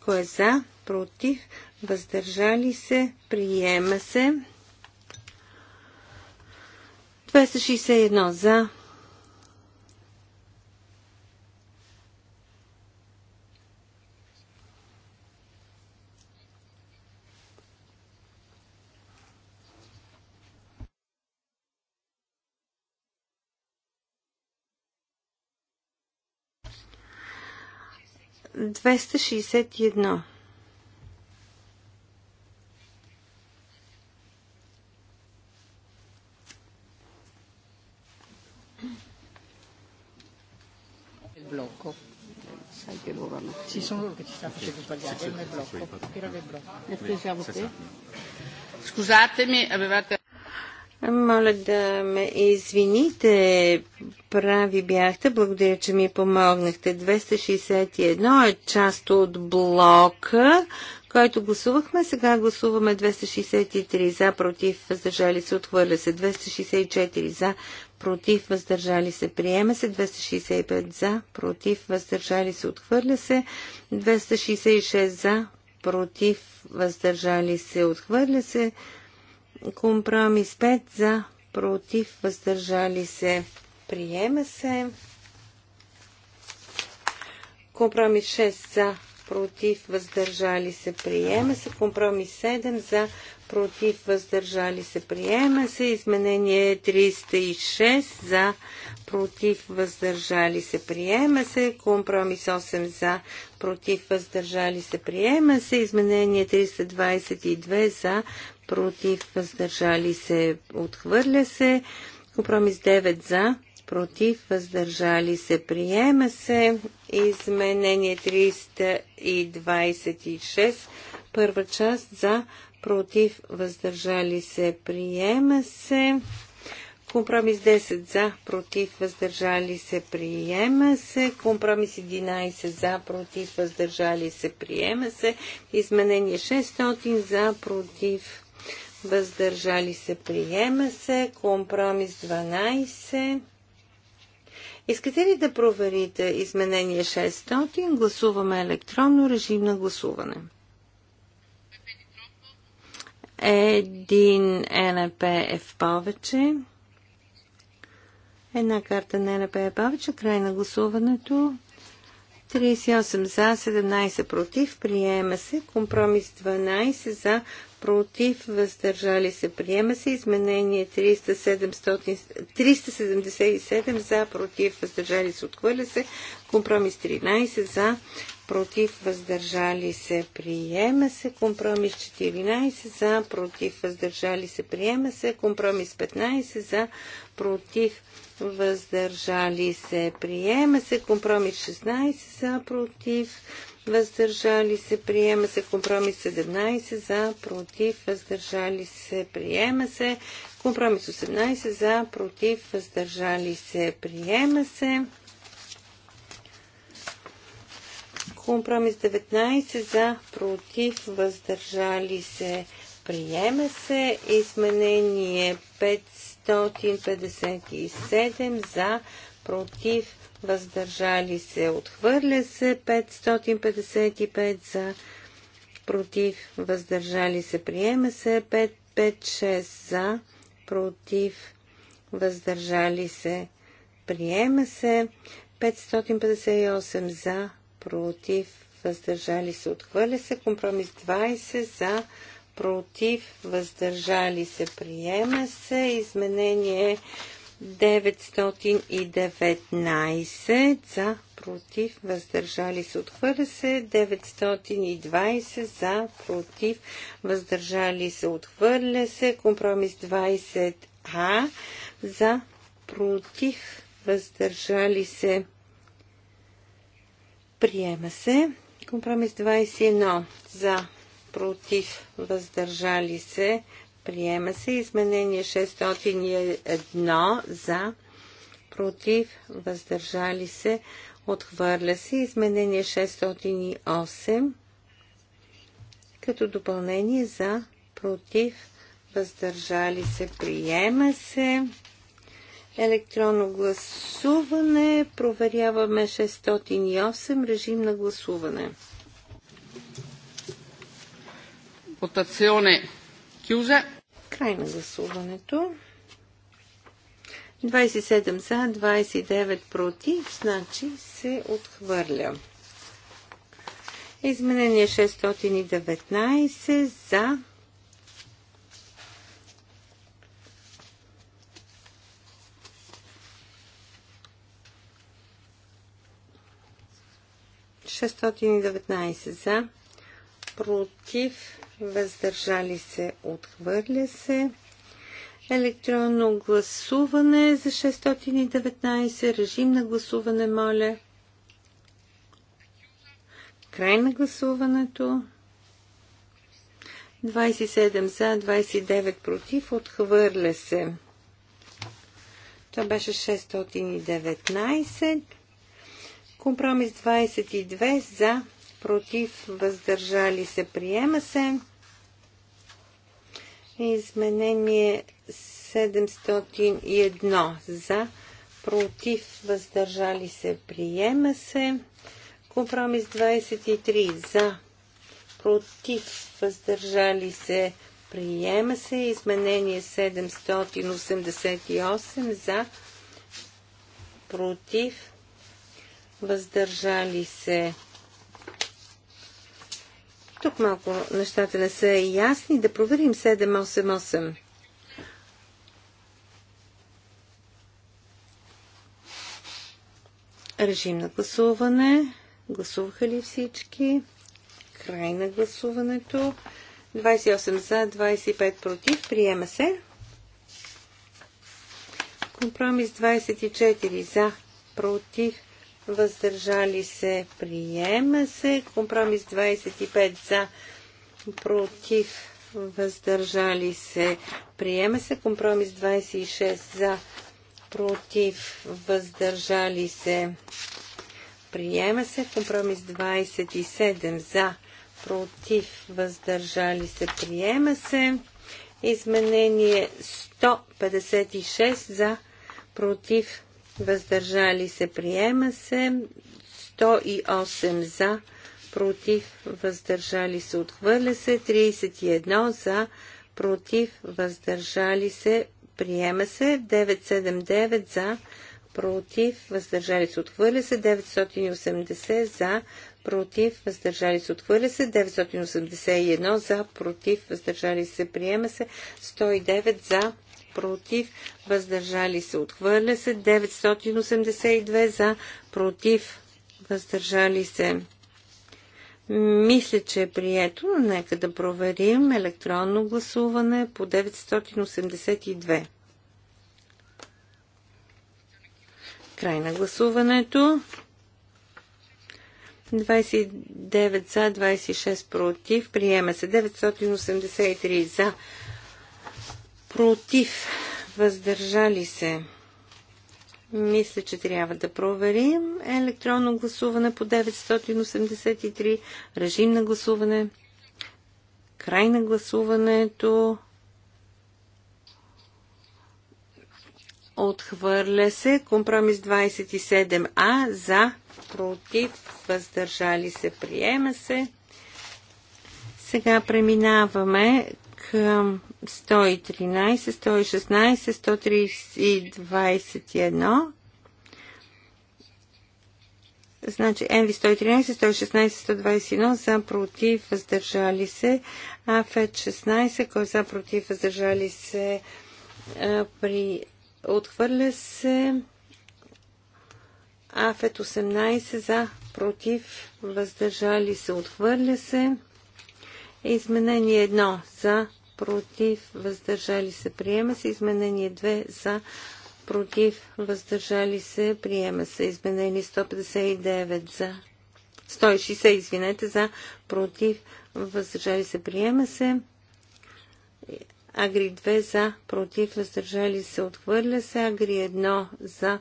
Кой е за? Против? Въздържали се? Приема се. 261 за, Il blocco. Sai che loro hanno. Sì, sono loro che ci stanno facendo sbagliare nel blocco. Era del blocco. Scusatemi, avevate. Моля да ме извините, прави бяхте. Благодаря, че ми помогнахте. 261 е част от блока, който гласувахме. Сега гласуваме 263 за, против, въздържали се, отхвърля се. 264 за, против, въздържали се, приема се. 265 за, против, въздържали се, отхвърля се. 266 за, против, въздържали се, отхвърля се. Компромис 5 за, против, въздържали се, приема се. Компромис 6 за, против, въздържали се, приема се. Компромис 7 за, против, въздържали се, приема се. Изменение 306 за, против, въздържали се, приема се. Компромис 8 за, против, въздържали се, приема се. Изменение 322 за, против, въздържали се, отхвърля се. Компромис 9 за, против, въздържали се, приема се. Изменение 326, първа част за, против, въздържали се, приема се. Компромис 10 за, против, въздържали се, приема се. Компромис 11 за, против, въздържали се, приема се. Изменение 600 за, против, въздържали се, приема се, компромис 12. Искате ли да проверите изменение 600? Гласуваме електронно режим на гласуване. Един НП е в повече. Една карта на НП е повече. Край на гласуването. 38 за, 17 против. Приема се. Компромис 12 за, против, въздържали се, приема се. Изменение 300, 377 за, против, въздържали се, отхвърля се. Компромис 13 за, против, въздържали се, приема се. Компромис 14 за, против, въздържали се, приема се. Компромис 15 за, против, въздържали се, приема се. Компромис 16 за, против, въздържали се въздържали се, приема се. Компромис 17 за, против, въздържали се, приема се. Компромис 18 за, против, въздържали се, приема се. Компромис 19 за, против, въздържали се, приема се. Изменение 557 за, против, въздържали се, отхвърля се 555 за, против, въздържали се, приема се 556 за, против, въздържали се, приема се 558 за, против, въздържали се, отхвърля се, компромис 20 за, против, въздържали се, приема се, изменение 919 за, против, въздържали се, отхвърля се. 920 за, против, въздържали се, отхвърля се. Компромис 20А за, против, въздържали се, приема се. Компромис 21 за, против, въздържали се, Приема се изменение 601 за, против, въздържали се, отхвърля се. Изменение 608 като допълнение за, против, въздържали се, приема се. Електронно гласуване. Проверяваме 608 режим на гласуване. Votazione Кюза. Край на гласуването. 27 за, 29 против, значи се отхвърля. Изменение 619 за 619 за против, въздържали се, отхвърля се. Електронно гласуване за 619. Режим на гласуване, моля. Край на гласуването. 27 за, 29 против. Отхвърля се. Това беше 619. Компромис 22 за, против, въздържали се, приема се. Изменение 701 за, против, въздържали се, приема се. Компромис 23 за, против, въздържали се, приема се. Изменение 788 за, против, въздържали се, приема се тук малко нещата не са ясни. Да проверим 7-8-8. Режим на гласуване. Гласуваха ли всички? Край на гласуването. 28 за, 25 против. Приема се. Компромис 24 за, против въздържали се, приема се. Компромис 25 за, против, въздържали се, приема се. Компромис 26 за, против, въздържали се, приема се. Компромис 27 за, против, въздържали се, приема се. Изменение 156 за, против, въздържали се, приема се. 108 за, против, въздържали се, отхвърля се. 31 за, против, въздържали се, приема се. 979 за, против, въздържали се, отхвърля се. 980 за, против, въздържали се, отхвърля се, 981 за, против, въздържали се, приема се, 109 за, против, въздържали се, отхвърля се, 982 за, против, въздържали се. Мисля, че е прието, но нека да проверим електронно гласуване по 982. Край на гласуването. 29 за, 26 против. Приема се 983 за, против, въздържали се. Мисля, че трябва да проверим електронно гласуване по 983, режим на гласуване, край на гласуването. Отхвърля се компромис 27А за, против, въздържали се, приема се. Сега преминаваме към 113, 116, 130 Значи НВ 113, 116, 121 за против, въздържали се. АФ 16, кой е за против, въздържали се. При отхвърля се. АФ 18 за против, въздържали се, отхвърля се. Изменение 1 за против, въздържали се, приема се. Изменение 2 за, против, въздържали се, приема се. Изменение 159 за, 160, извинете, за, против, въздържали се, приема се. Агри 2 за, против, въздържали се, отхвърля се. Агри 1 за,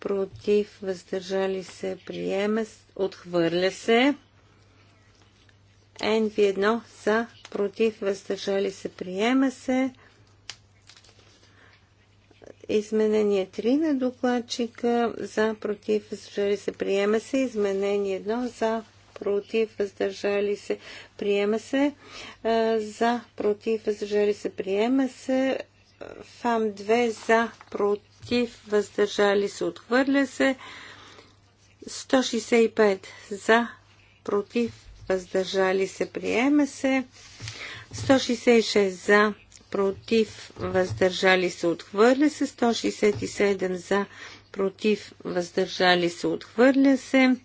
против, въздържали се, приема се, отхвърля се. NV1 за, против, въздържали се, приема се. Изменение 3 на докладчика за против, въздържали се, приема се. Изменение 1 за против, въздържали се, приема се. Е, за против, въздържали се, приема се. ФАМ 2 за против, въздържали се, отхвърля се. 165 за против, въздържали се, приема се. 166 за, против, въздържали се, отхвърля се. 167 за, против, въздържали се, отхвърля се.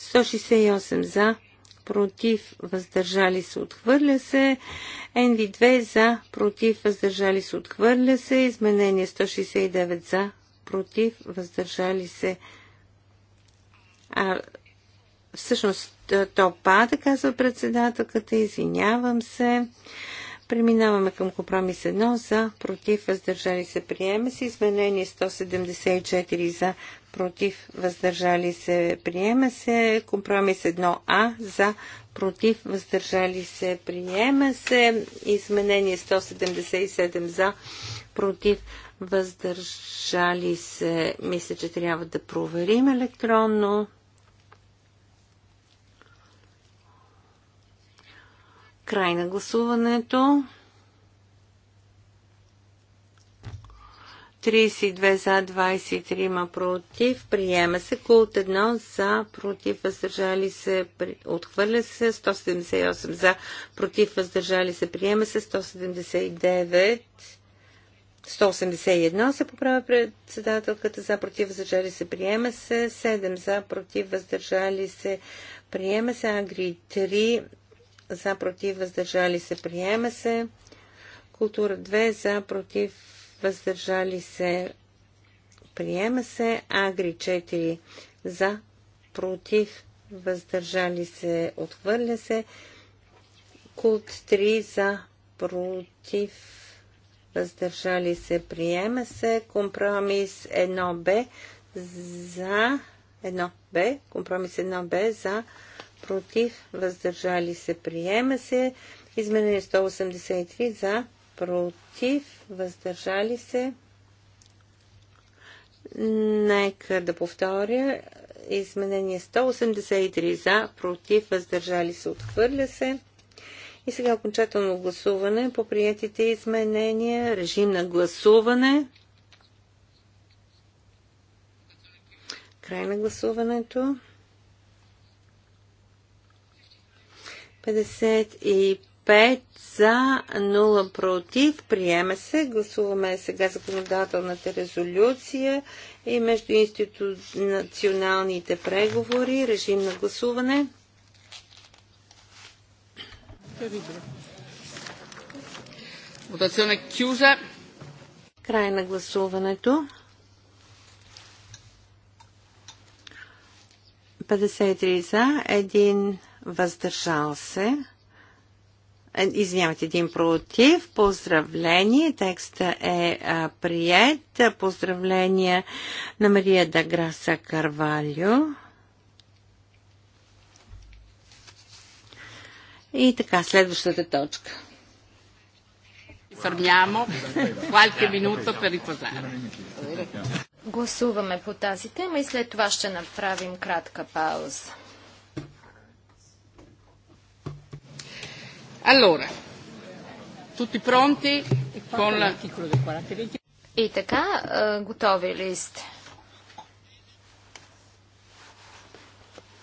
168 за, против, въздържали се, отхвърля се. NV2 за, против, въздържали се, отхвърля се. Изменение 169 за, против, въздържали се. А, Всъщност е, то пада, казва председателката, извинявам се. Преминаваме към компромис 1 за против въздържали се приема се. Изменение 174 за против въздържали се приема се. Компромис 1А за против въздържали се приема се. Изменение 177 за против въздържали се. Мисля, че трябва да проверим електронно. Край на гласуването. 32 за, 23 ма против. Приема се култ 1 за, против, въздържали се, отхвърля се. 178 за, против, въздържали се, приема се. 179. 181 се поправя председателката за, против, въздържали се, приема се. 7 за, против, въздържали се, приема се. Агри 3 за против въздържали се приема се. Култура 2 за против въздържали се приема се. Агри 4 за против въздържали се отхвърля се. Култ 3 за против въздържали се приема се. Компромис 1Б за 1Б компромис 1Б за против против, въздържали се, приема се. Изменение 183 за, против, въздържали се. Нека да повторя. Изменение 183 за, против, въздържали се, отхвърля се. И сега окончателно гласуване по приятите изменения. Режим на гласуване. Край на гласуването. 55 за, 0 против. Приема се. Гласуваме сега законодателната резолюция и между институционалните преговори. Режим на гласуване. Votazione chiusa. Край на гласуването. 53 за, 1 въздържал се. Е, извинявайте, един против. Поздравление. Текста е а, прият. Поздравление на Мария Даграса Карвалио. И така, следващата точка. Fermiamo qualche minuto per Гласуваме по тази тема и след това ще направим кратка пауза. Allora, tutti pronti? Con la... И така, е, готови ли сте?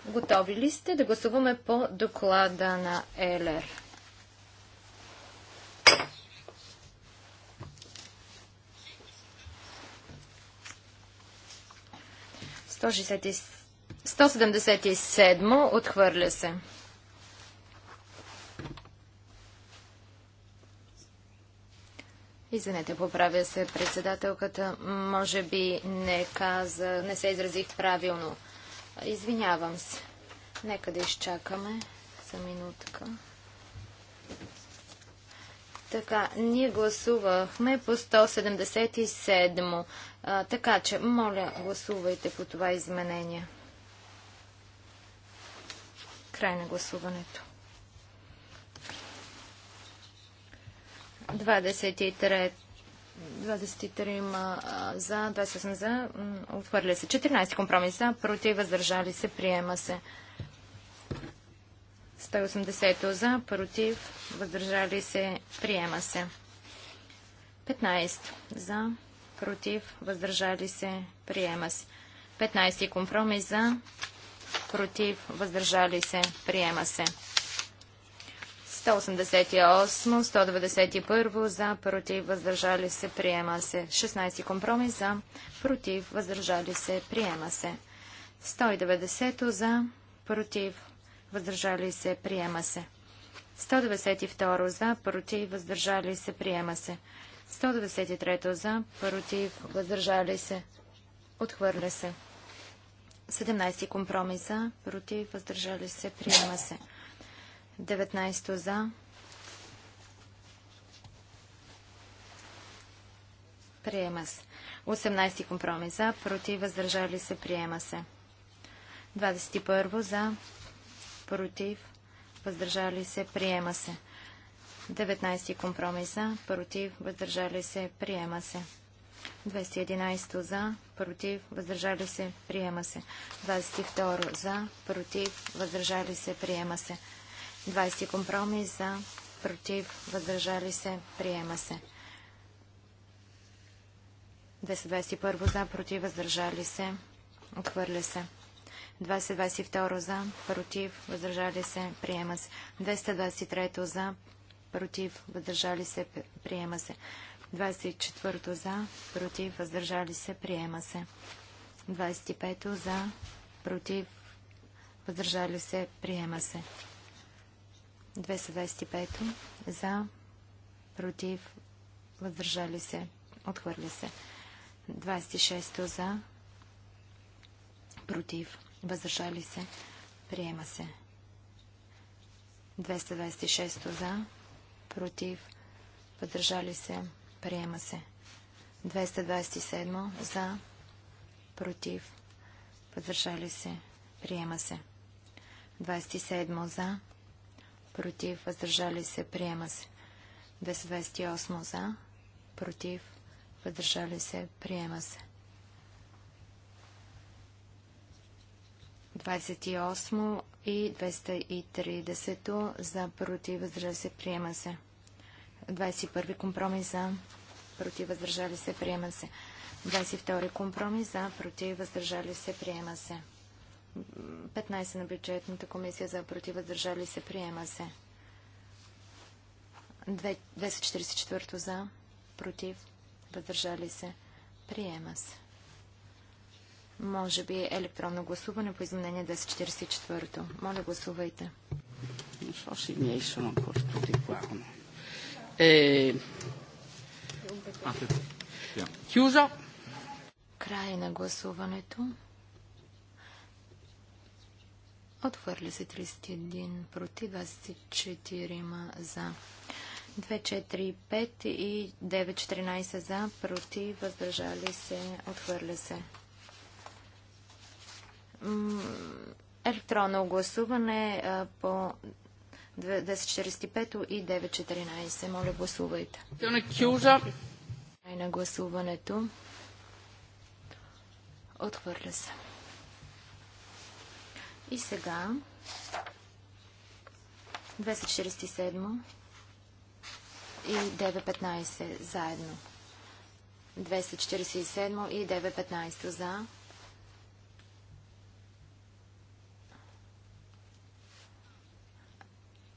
Готови ли сте да гласуваме по доклада на Елер? Сто седемдесет и седмо отхвърля се. Извинете, поправя се председателката. Може би не каза, не се изразих правилно. Извинявам се. Нека да изчакаме за минутка. Така, ние гласувахме по 177. А, така че, моля, гласувайте по това изменение. Край на гласуването. 23 за, 28 за, отхвърля се. 14 компромиса, против, въздържали се, приема се. 180 за, против, въздържали се, приема се. 15 за, против, въздържали се, приема се. 15 компромис за, против, въздържали се, приема се. 188, 191 за, против, въздържали се, приема се. 16 компромис за, против, въздържали се, приема се. 190 за, против, въздържали се, приема се. 192 за, против, въздържали се, приема се. 193 за, против, въздържали се, отхвърля се. 17 компромиса, против, въздържали се, приема се. 19 за. Приема се. 18 компромис за. Против. Въздържали се. Приема се. 21 за. Против. Въздържали се. Приема се. 19 компромиса, против, въздържали се, приема се. 211 за, против, въздържали се, приема се. 22 за, против, въздържали се, приема се. 20 компромис за, против, въздържали се, приема се. 221 за, против, въздържали се, отхвърля се. 222 за, против, въздържали се, приема се. 223 за, против, въздържали се, приема се. 24 за, против, въздържали се, приема се. 25 за, против, въздържали се, приема се. 225 за, против, въздържали се, отхвърля се. 26 за, против, въздържали се, приема се. 226 за, против, въздържали се, приема се. 227 за, против, въздържали се, приема се. 27 за, против, въздържали се, приема се. 228 за, против, въздържали се, приема се. 28 и 230 за, против, въздържали се, приема се. 21 компромис за, против, въздържали се, приема се. 22 компромис за, против, въздържали се, приема се. 15 на бюджетната комисия за против се приема се. 244 за против въздържали се приема се. Може би електронно гласуване по изменение 244. Моля гласувайте. Е, е, е, Край на гласуването. Отхвърля се 31 против, 24 за. 2, 4, 5 и 9, 14 за, против, въздържали се, отхвърля се. Електронно гласуване по 245 и 9.14. Моля, гласувайте. Край на гласуването. Отхвърля се. И сега 247 и 915 заедно. 247 и 915 за.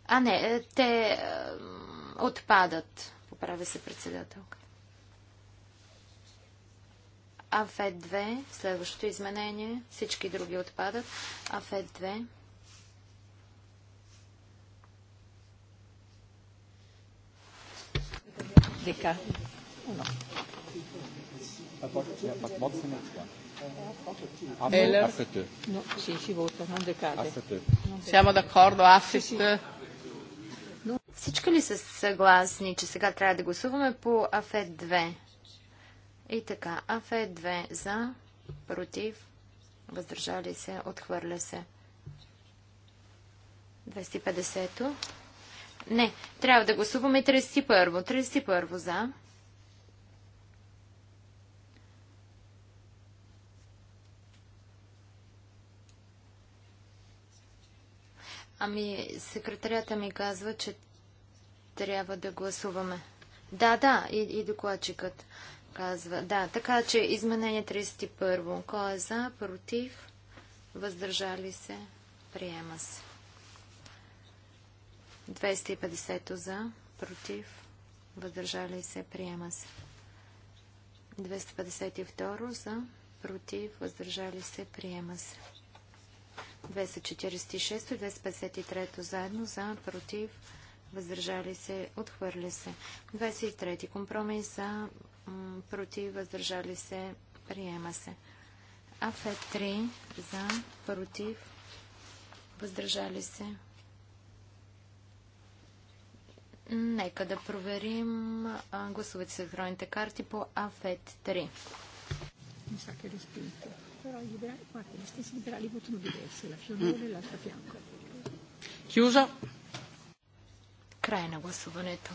А не, те отпадат, поправя се председателка. АФЕ 2, следващото изменение, всички други отпадат. АФЕ 2. Дека. Всички ли са съгласни, че сега трябва да гласуваме по Афет 2? И така, АФЕ 2 за, против, въздържали се, отхвърля се. 250-то. Не, трябва да гласуваме 31-во. 31-во за. Ами, секретарята ми казва, че трябва да гласуваме. Да, да, и, и докладчикът казва. Да, така че изменение 31. Кой е за, против, въздържали се, приема се. 250 за, против, въздържали се, приема се. 252 за, против, въздържали се, приема се. 246 и 253 заедно за, против, въздържали се, отхвърля се. 23 компромис за, против, въздържали се, приема се. АФЕ 3 за, против, въздържали се. Нека да проверим гласовете с електронните карти по АФЕТ 3. E Край на гласуването.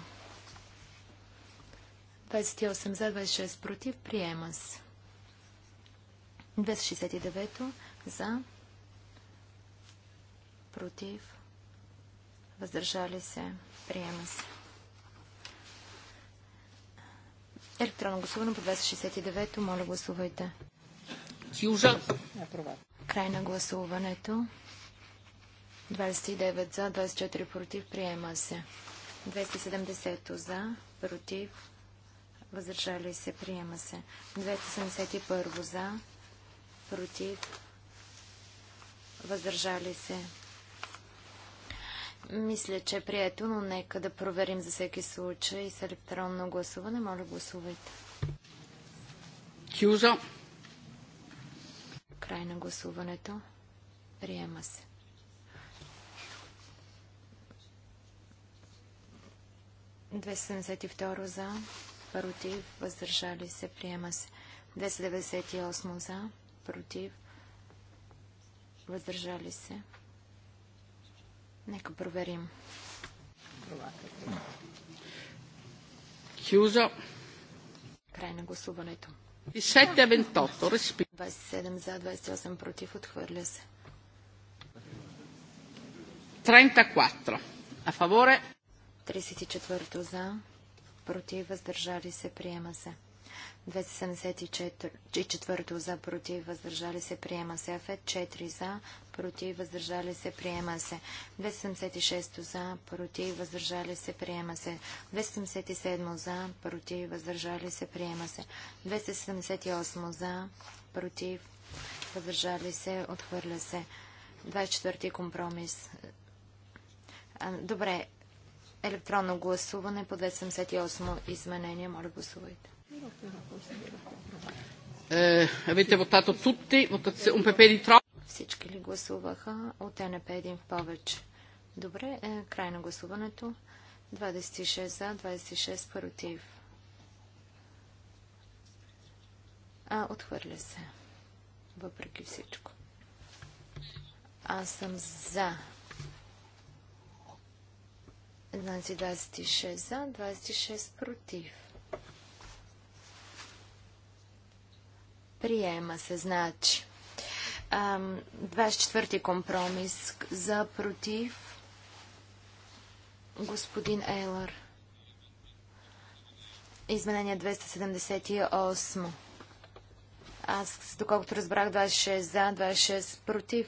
28 за, 26 против. Приема се. 269 за, против, въздържали се, приема се. Електронно гласуване по 269. Моля, гласувайте. Южа. Край на гласуването. 29 за, 24 против. Приема се. 270 за, против, въздържали се, приема се. 271 за, против, въздържали се. Мисля, че е прието, но нека да проверим за всеки случай с електронно гласуване. Моля, гласувайте. Кюза. Край на гласуването. Приема се. Две за против, въздържали се, приема се. 298 за, против, въздържали се. Нека проверим. Хюзо. Край на гласуването. 27 за, 28 против, отхвърля се. 34. А фаворе? 34 за, против, въздържали се, приема се. 274 за, против, въздържали се, приема се. Афет 4 за, против, въздържали се, приема се. 276 за, против, въздържали се, приема се. 277 за, против, въздържали се, приема се. 278 за, против, въздържали се, отхвърля се. 24 компромис. Добре, Електронно гласуване по 278 изменение. Моля гласувайте. Е, Всички ли гласуваха? От НП един в повече. Добре, е, край на гласуването. 26 за, 26 против. А, отхвърля се. Въпреки всичко. Аз съм за Значи 26 за, 26 против. Приема се, значи. 24 компромис за против. Господин Ейлър. Изменение 278. Аз, доколкото разбрах, 26 за, 26 против.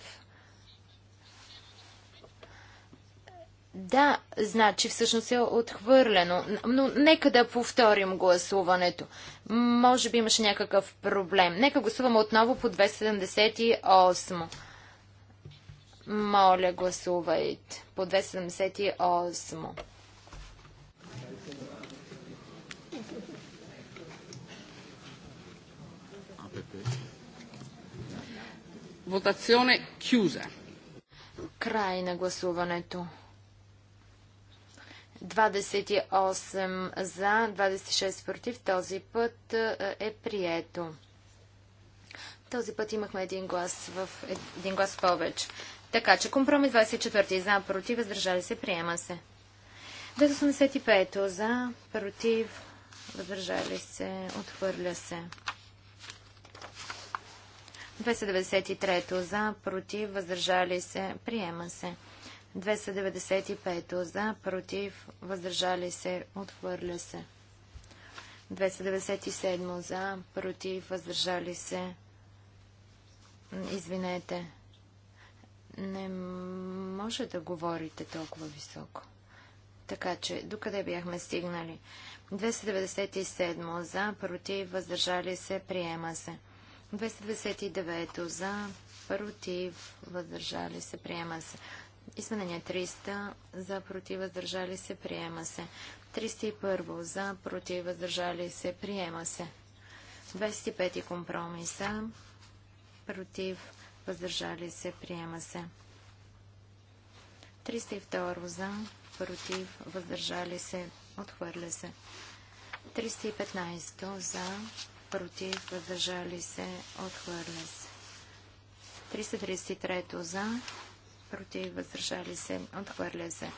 Да, значи всъщност е отхвърлено. Но нека да повторим гласуването. Може би имаше някакъв проблем. Нека гласуваме отново по 278. Моля, гласувайте по 278. Votazione chiusa. Край на гласуването. 28 за, 26 против. Този път е, е прието. Този път имахме един глас, в, един глас повече. Така че компромис 24 за, против, въздържали се, приема се. 285 за, против, въздържали се, отхвърля се. 293 за, против, въздържали се, приема се. 295 за, против, въздържали се, отхвърля се. 297 за, против, въздържали се. Извинете. Не може да говорите толкова високо. Така че, докъде бяхме стигнали? 297 за, против, въздържали се, приема се. 299 за, против, въздържали се, приема се. Изменение 300 за против въздържали се приема се. 301 за против въздържали се приема се. 25 компромиса против въздържали се приема се. 302 за против въздържали се отхвърля се. 315 за против въздържали се отхвърля се. 333 за против, въздържали се, отхвърля се.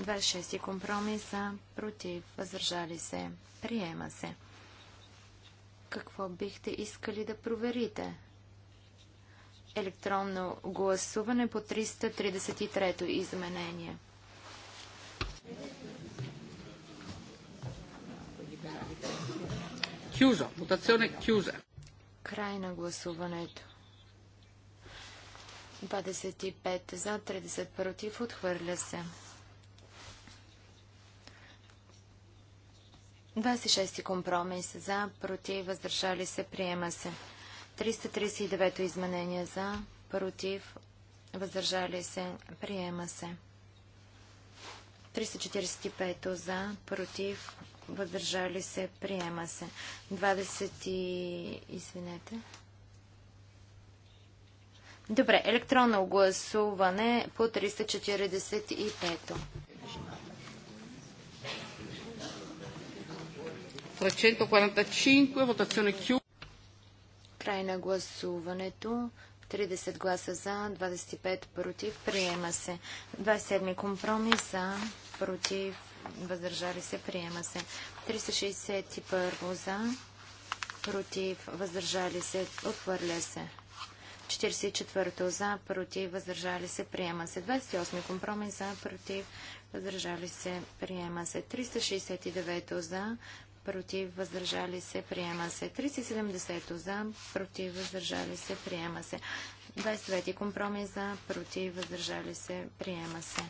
26 компромиса, против, въздържали се, приема се. Какво бихте искали да проверите? Електронно гласуване по 333-то изменение. Кюзо. Мутационе Край на гласуването. 25 за, 30 против, отхвърля се. 26 компромис за, против, въздържали се, приема се. 339 изменение за, против, въздържали се, приема се. 345 за, против, въздържали се, приема се. 20, извинете, Добре, електронно гласуване по 345-то. 345, Край на гласуването. 30 гласа за, 25 против. Приема се. 27 компромис за, против, въздържали се. Приема се. 361 за, против, въздържали се. Отхвърля се. 44 за, против, въздържали се, приема се. 28 компромис за, против, въздържали се, приема се. 369 за, против, въздържали се, приема се. 370 за, против, въздържали се, приема се. 29 компромис за, против, въздържали се, приема се.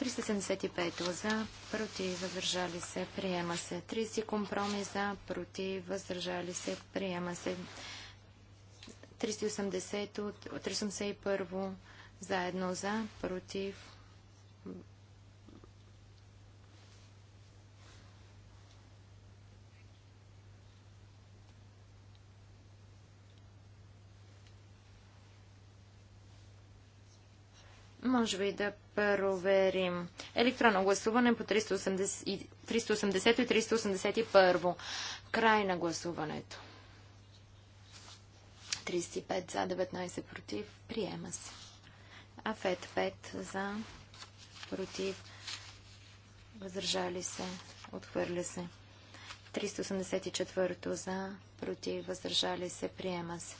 375 за, против, въздържали се, приема се. 30 компромис за, против, въздържали се, приема се. 380 от 381 заедно за, против. Може би да проверим. Електронно гласуване по 380 и 381. Край на гласуването. 35 за, 19 против. Приема се. Афет 5 за, против. Въздържали се. Отхвърля се. 384 за, против. Въздържали се. Приема се.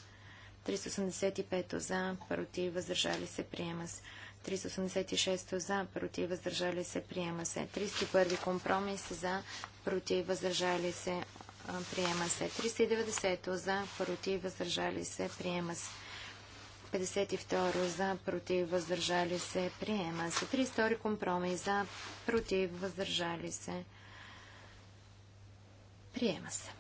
385 за, против. Въздържали се. Приема се. 386 за, против. Въздържали се. Приема се. 301 компромис за, против. Въздържали се приема се. 390 за, против, въздържали се, приема се. 52 за, против, въздържали се, приема се. 32 компромис за, против, въздържали се, приема се.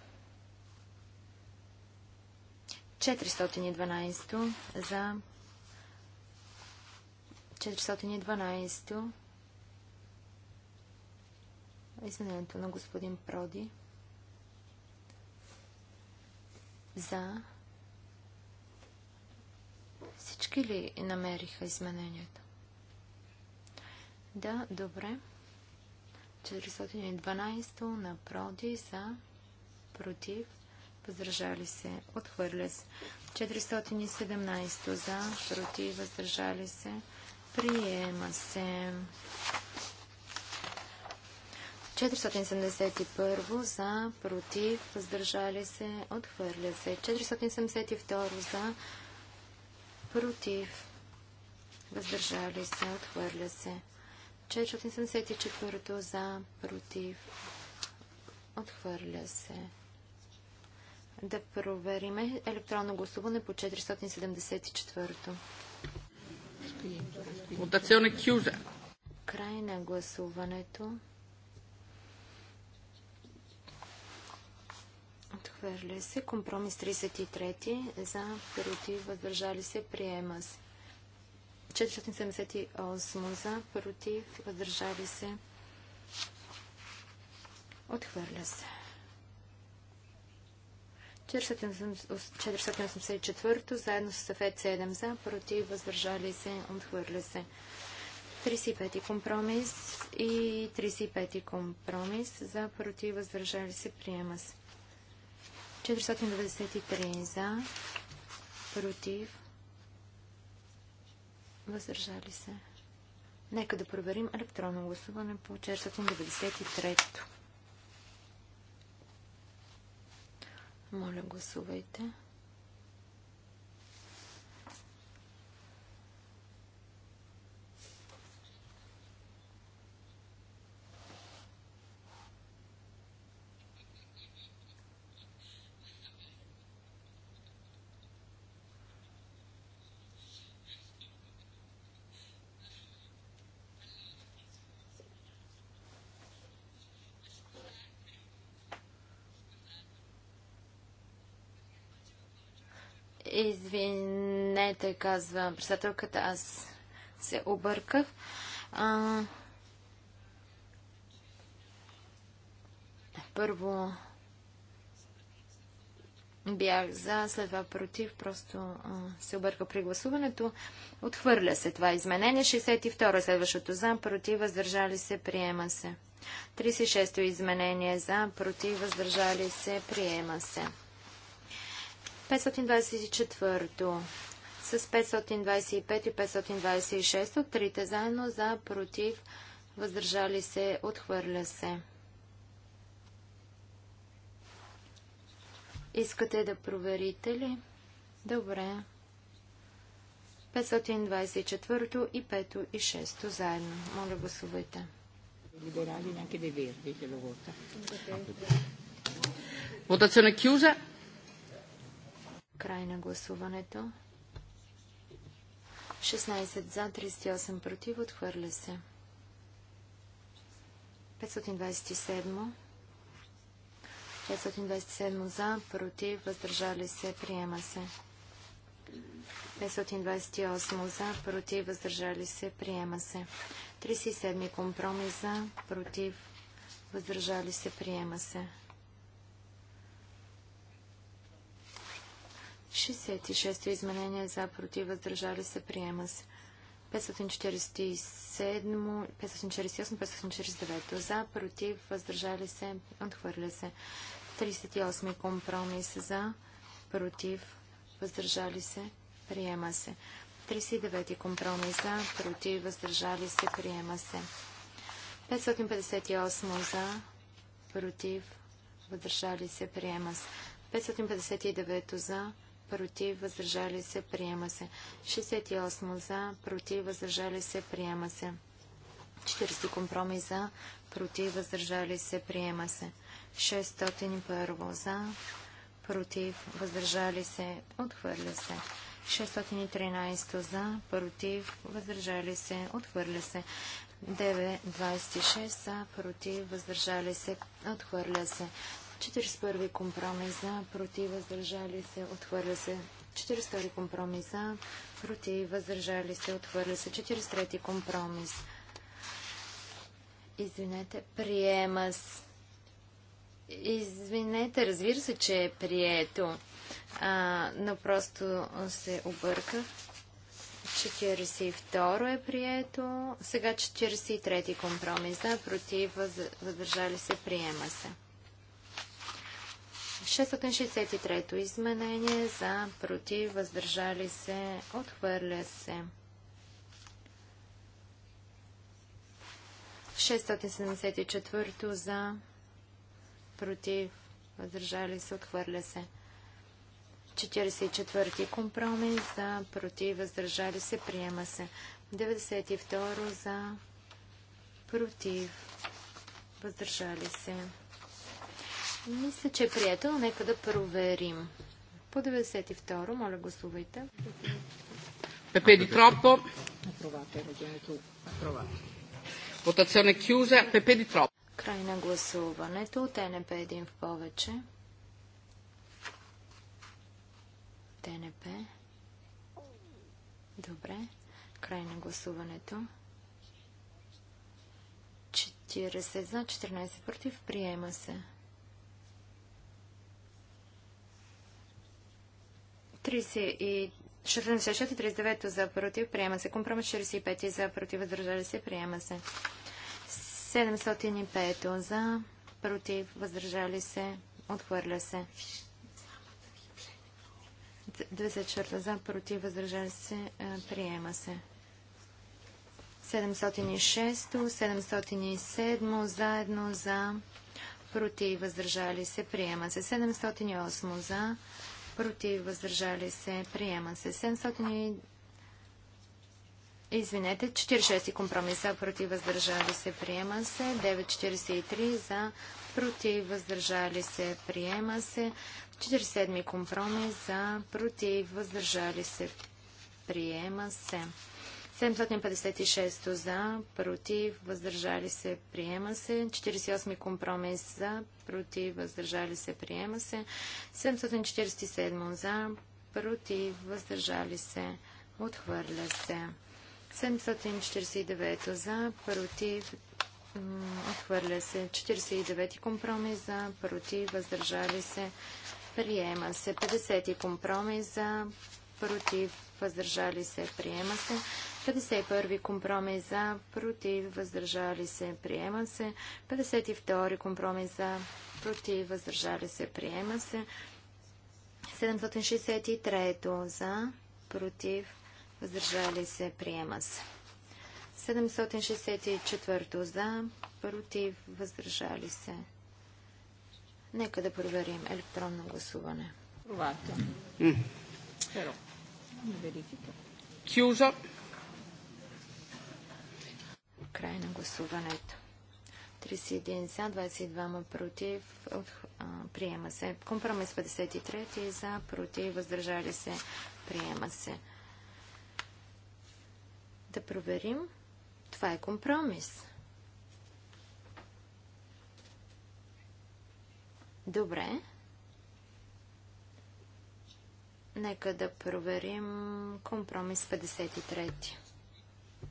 412 за 412 Извинението на господин Проди. За. Всички ли намериха изменението? Да, добре. 412 на Проди за против. Въздържали се. Отхвърля се. 417 за против. Въздържали се. Приема се. 471 за, против, въздържали се, отхвърля се. 472 за, против, въздържали се, отхвърля се. 474 за, против, отхвърля се. Да провериме електронно гласуване по 474. Мутационна кюза. Край на гласуването. Отхвърля се. Компромис 33. За, против, въздържали се, приема се. 478 за, против, въздържали се. Отхвърля се. 484 заедно с Сафет 7 за, против, въздържали се, отхвърля се. 35-ти компромис и 35-ти компромис за, против, въздържали се, приема се. 493 за, против, въздържали се. Нека да проверим електронно гласуване по 493-то. Моля, гласувайте. Извинете, казва председателката, аз се обърках. А, първо бях за, след това против, просто а, се обърка при гласуването. Отхвърля се това изменение. 62 е следващото за, против, въздържали се, приема се. 36-то изменение за, против, въздържали се, приема се. 524 с 525 и 526 от трите заедно за против въздържали се отхвърля се. Искате да проверите ли? Добре. 524 и 5 и 6 заедно. Моля гласувайте. Votazione chiusa. Край на гласуването. 16 за, 38 против, отхвърля се. 527. 527 за, против, въздържали се, приема се. 528 за, против, въздържали се, приема се. 37 компромис за, против, въздържали се, приема се. 66-то изменение за против въздържали се приема се. 547, 548, 549 за против въздържали се отхвърля се. 38 компромис за против въздържали се приема се. 39 компромис за против въздържали се приема се. 558 за против въздържали се приема се. 559 за против, въздържали се, приема се. 68 за, против, въздържали се, приема се. 40 компромис за, против, въздържали се, приема се. 601 за, против, въздържали се, отхвърля се. 613 за, против, въздържали се, отхвърля се. 926 за, против, въздържали се, отхвърля се. 41 компромис за, против, въздържали се, отхвърля се. 42 компромис за, против, въздържали се, отхвърля се. 43 компромис. Извинете, приема с... Извинете, разбира се, че е прието, а, но просто се обърка. 42 е прието. Сега 43 компромис компромиса, против, въздържали се, приема се. 663-то изменение за против, въздържали се, отхвърля се. 674-то за против, въздържали се, отхвърля се. 44-ти компромис за против, въздържали се, приема се. 92-ро за против, въздържали се. Мисля, че е прието, но нека да проверим. По 92, моля гласувайте. Пепе Ди е Тропо. Approvate, кюза. Пепе Ди е Тропо. Край на гласуването. ТНП един в повече. ТНП. Добре. Край на гласуването. 40 за, 14 против. Приема се. 64 39 за против, приема се. Компромис 45 за против, въздържали се, приема се. 705 за против, въздържали се, отхвърля се. 24 за против, въздържали се, е, приема се. 706, 707 заедно за против, въздържали се, приема се. 708 за против, въздържали се, приема се. 700 Извинете, 46 компромиса против въздържали се, приема се. 943 за против въздържали се, приема се. 47 компромис за против въздържали се, приема се. 756 за, против, въздържали се, приема се. 48 компромис за, против, въздържали се, приема се. 747 за, против, въздържали се, отхвърля се. 749 за, против, отхвърля се. 49 компромис за, против, въздържали се, приема се. 50 компромис за, против, въздържали се, приема се. 51 компромис за, против, въздържали се, приема се. 52 компромис за, против, въздържали се, приема се. 763 за, против, въздържали се, приема се. 764 за, против, въздържали се. Нека да проверим електронно гласуване. Провато. Però. Chiuso. Край на гласуването. 31 за, 22 против. приема се. Компромис 53 за, против, въздържали се. Приема се. Да проверим. Това е компромис. Добре. Нека да проверим компромис 53.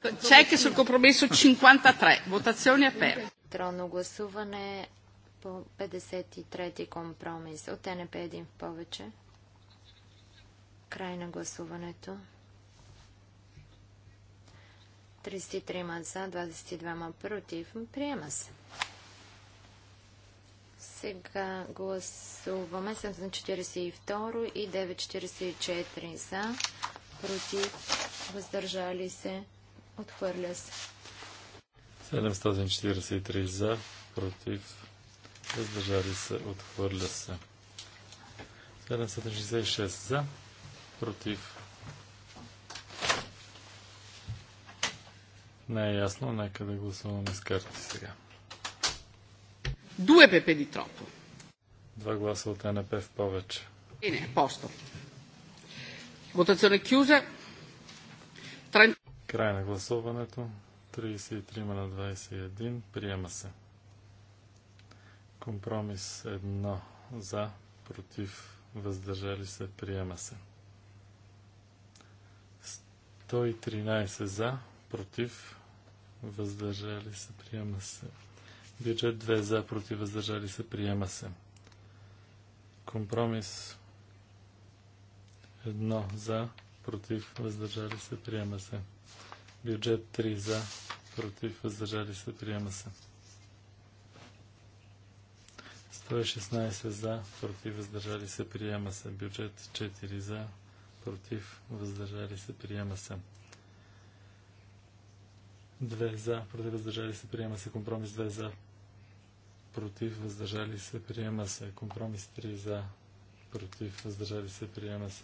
Чека sul compromesso 53. Votazione aperta. Електронно гласуване по 53-ти компромис. От НП един в повече. Край на гласуването. 33 за, 22 против. Приема се. Сега гласуваме 742 и 944 за, против, въздържали се Отхвърля се. 743 за, против, въздържали се, отхвърля се. 766 за, против. Не е ясно, нека да гласуваме с карти сега. Дуе Пепе di troppo. Два гласа от НП в повече. И не, посто. Votazione chiusa. Край на гласуването. 33 на 21. Приема се. Компромис 1 за, против, въздържали се, приема се. 113 за, против, въздържали се, приема се. Бюджет 2 за, против, въздържали се, приема се. Компромис 1 за, против, въздържали се, приема се. Бюджет 3 за, против, въздържали се, приема се. 116 за, против, въздържали се, приема се. Бюджет 4 за, против, въздържали се, приема се. 2 за, против, въздържали се, приема се. Компромис 2 за, против, въздържали се, приема се. Компромис 3 за, против, въздържали се, приема се.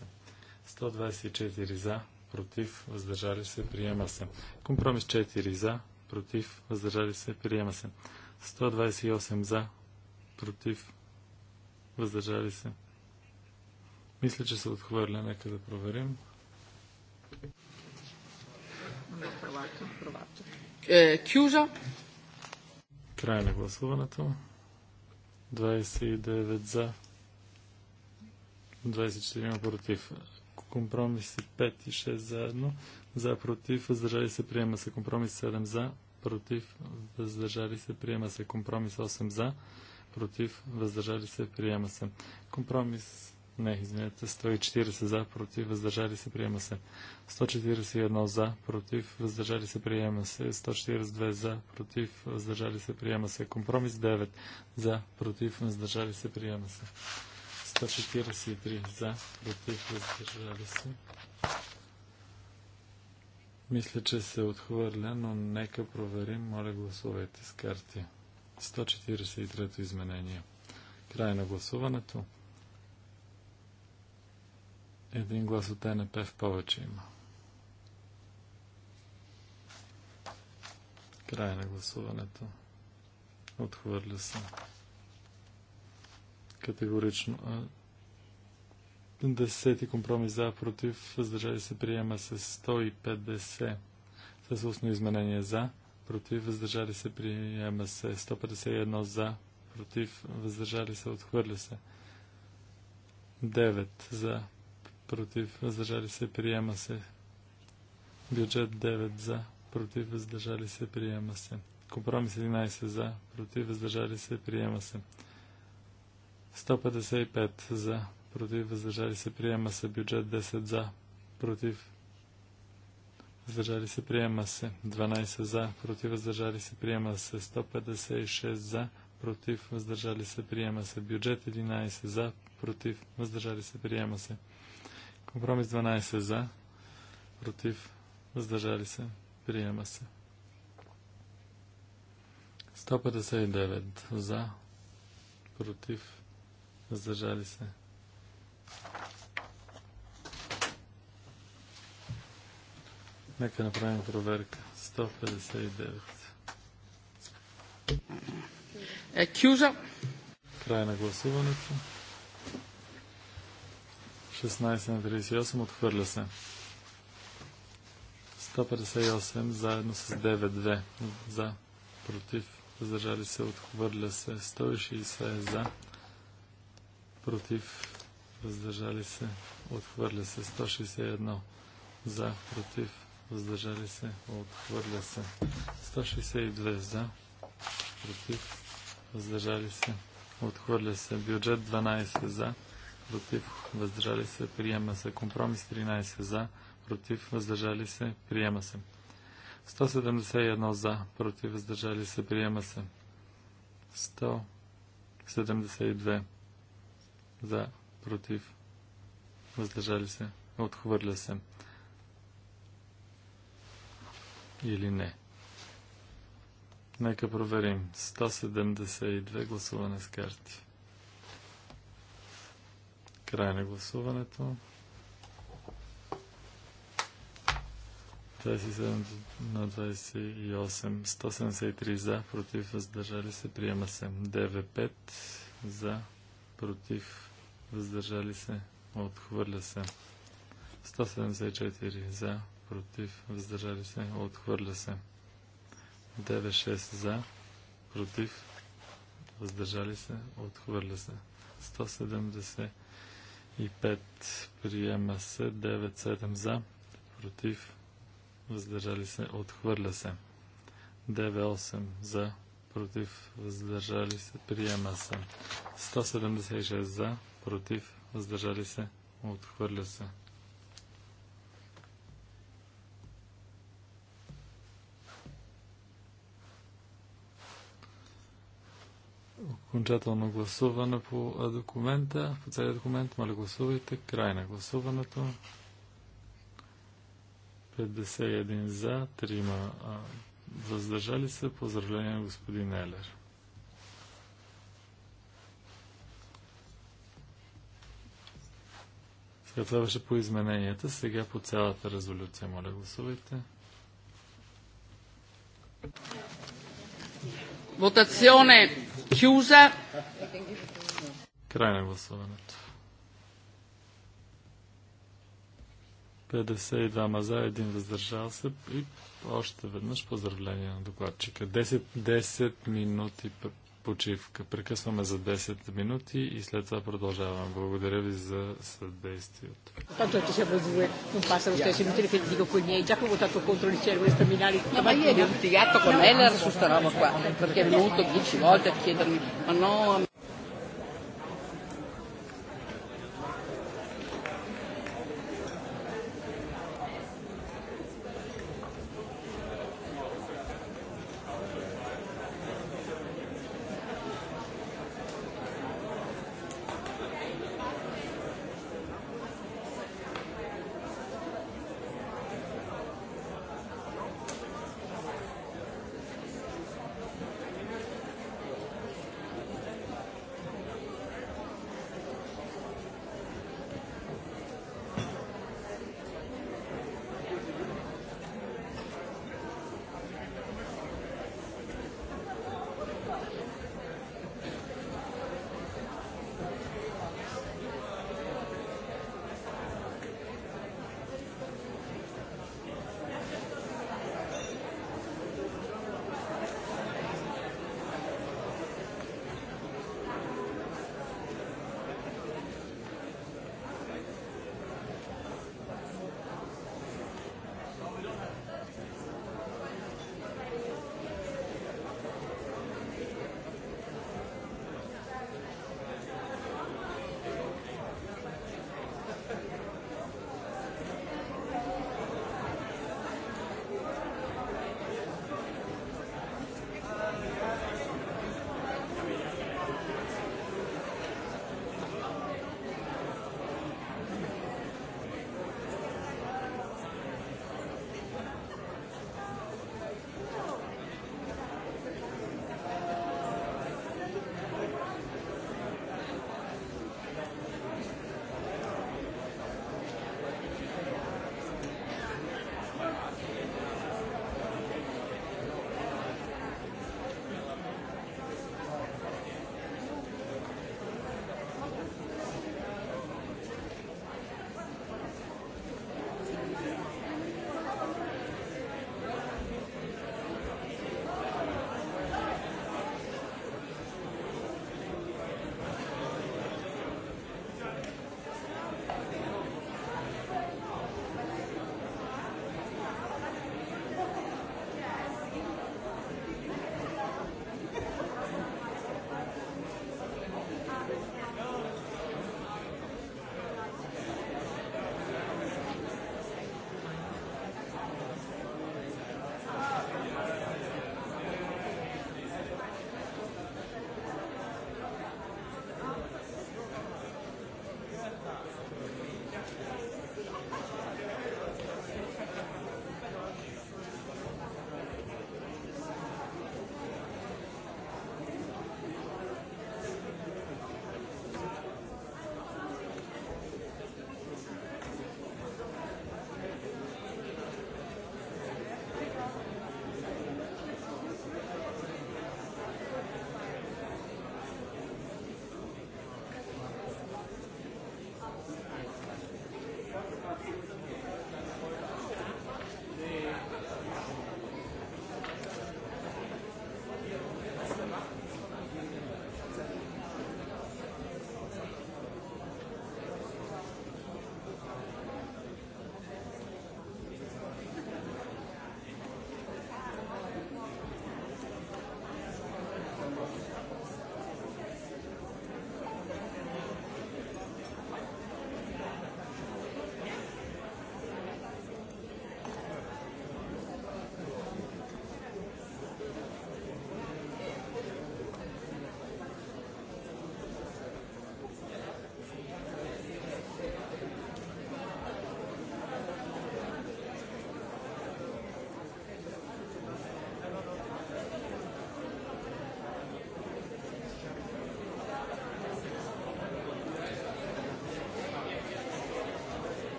124 за, против, въздържали се, приема се. Компромис 4 за, против, въздържали се, приема се. 128 за, против, въздържали се. Мисля, че се отхвърля. Нека да проверим. Е, Кюжа. Край на гласуването. 29 за. 24 против компромиси 5 и 6 заедно. За, против, въздържали се, приема се. Компромис 7 за, против, въздържали се, приема се. Компромис 8 за, против, въздържали се, приема се. Компромис не, извинете, 140 за, против, въздържали се, приема се. 141 за, против, въздържали се, приема се. 142 за, против, въздържали се, приема се. Компромис 9 за, против, въздържали се, приема се. 143 за, против, въздържали се. Мисля, че се отхвърля, но нека проверим. Моля, гласувайте с карти. 143-то изменение. Край на гласуването. Един глас от НП в повече има. Край на гласуването. Отхвърля се. Категорично. Десети компромис за, против, въздържали се приема с 150 с устно изменение за, против, въздържали се приема се 151 за, против, въздържали се, отхвърля се 9 за, против, въздържали се приема се бюджет 9 за, против, въздържали се приема се компромис 11 за, против, въздържали се приема се 155 за, против, въздържали се, приема се. Бюджет 10 за, против, въздържали се, приема се. 12 за, против, въздържали се, приема се. 156 за, против, въздържали се, приема се. Бюджет 11 за, против, въздържали се, приема се. Компромис 12 за, против, въздържали се, приема се. 159 за, против, Въздържали се. Нека направим проверка. 159. Кюжа. Край на гласуването. 16 на 38 отхвърля се. 158 заедно с 9-2. за, против, Задържали се, отхвърля се, 160 за, против, въздържали се, отхвърля се 161 за, против, въздържали се, отхвърля се 162 за, против, въздържали се, отхвърля се бюджет 12 за, против, въздържали се, приема се компромис 13 за, против, въздържали се, приема се 171 за, против, въздържали се, приема се 172 за, против, въздържали се, отхвърля се. Или не. Нека проверим. 172 гласуване с карти. Край на гласуването. 27 на 28. 173 за, против, въздържали се, приема се. 95 за, против, въздържали се, отхвърля се. 174 за, против, въздържали се, отхвърля се. 96 за, против, въздържали се, отхвърля се. 175 приема се, 97 за, против, въздържали се, отхвърля се. 98 за, против, въздържали се, приема се. 176 за, против, въздържали се, отхвърля се. Окончателно гласуване по документа, по целият документ, моля гласувайте, край на гласуването. 51 за, 3 въздържали се. Поздравление господин Елер. Това беше по измененията. Сега по цялата резолюция. Моля, гласувайте. Votazione chiusa. Край на гласуването. 52 за, 1 въздържал се и още веднъж поздравление на докладчика. 10, 10 минути почивка. Прекъсваме за 10 минути и след това продължаваме. Благодаря ви за съдействието. Tanto ci siamo due, non passa lo stesso, inutile che ti dico con miei, già che ho votato contro il cervello staminale. No, ma ieri ho litigato con Heller su sta roba qua, perché è venuto 10 volte a chiedermi, ma no...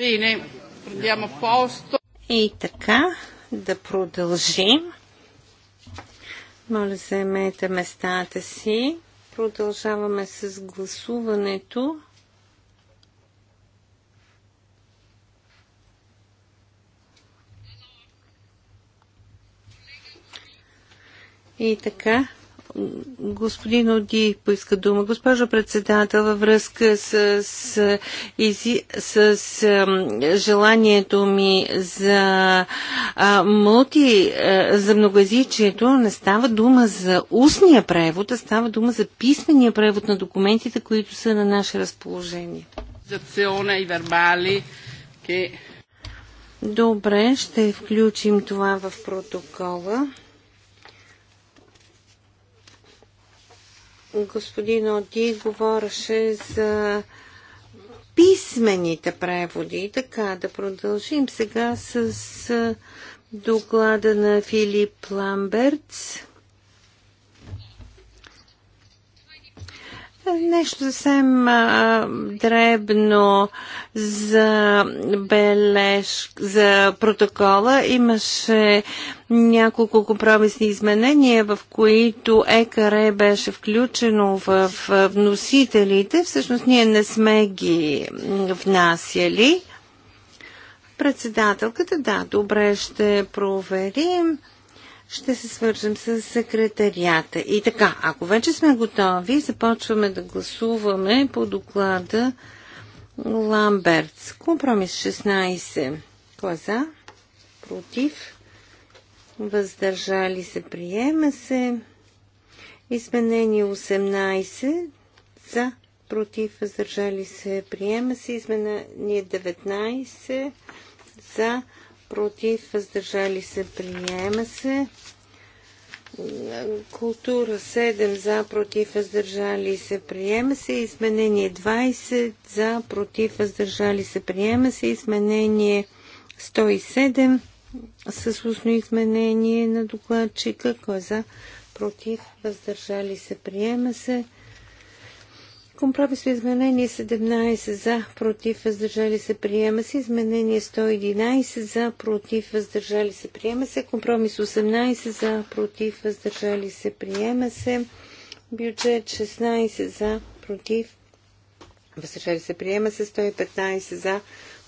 Bine, prendiamo posto. И така, да продължим. Моля, заемете местата си. Продължаваме с гласуването. И така, Господин Оди поиска дума. Госпожо председател, във връзка с, с, изи, с, с желанието ми за а, мулти, а, за многоязичието, не става дума за устния превод, а става дума за писмения превод на документите, които са на наше разположение. Добре, ще включим това в протокола. господин Оди говореше за писмените преводи. Така, да продължим сега с доклада на Филип Ламбертс. Нещо съвсем дребно за бележ, за протокола. Имаше няколко компромисни изменения, в които ЕКР беше включено в вносителите. Всъщност ние не сме ги внасяли. Председателката, да, добре, ще проверим ще се свържем с секретарията. И така, ако вече сме готови, започваме да гласуваме по доклада Ламбертс. Компромис 16. Кой е за? Против? Въздържали се? Приема се. Изменение 18. За? Против? Въздържали се? Приема се. Изменение 19. За? против, въздържали се, приема се. Култура 7 за, против, въздържали се, приема се. Изменение 20 за, против, въздържали се, приема се. Изменение 107 с устно изменение на докладчика. Кой е за, против, въздържали се, приема се. Компромисно изменение 17 за, против, въздържали се, приема се. Изменение 111 за, против, въздържали се, приема се. Компромис 18 за, против, въздържали се, приема се. Бюджет 16 за, против, въздържали се, приема се. 115 за,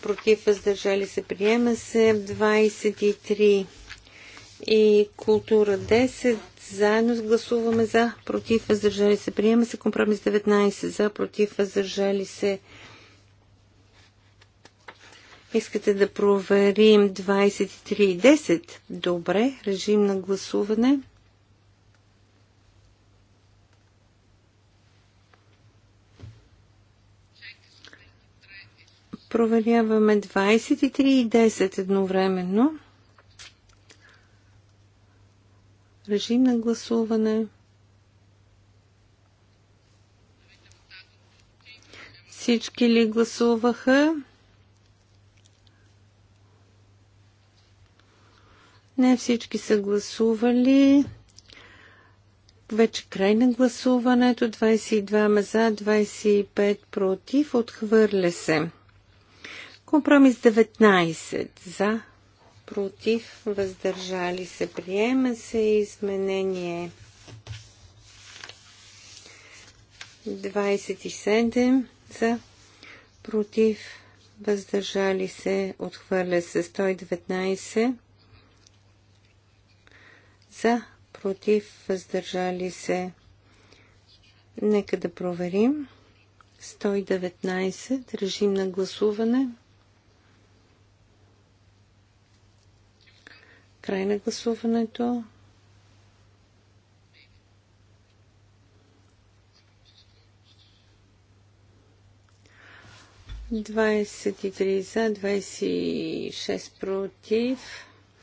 против, въздържали се, приема се. 23 и култура 10 заедно гласуваме за, против, въздържали се. Приема се компромис 19 за, против, въздържали се. Искате да проверим 23 и 10? Добре, режим на гласуване. Проверяваме 23 и 10 едновременно. Режим на гласуване. Всички ли гласуваха? Не всички са гласували. Вече край на гласуването. 22 за, 25 против. Отхвърля се. Компромис 19 за, против, въздържали се, приема се изменение 27 за, против, въздържали се, отхвърля се 119 за, против, въздържали се. Нека да проверим. 119. Режим на гласуване. Край на гласуването. Двадесет и три за, двадесет и против.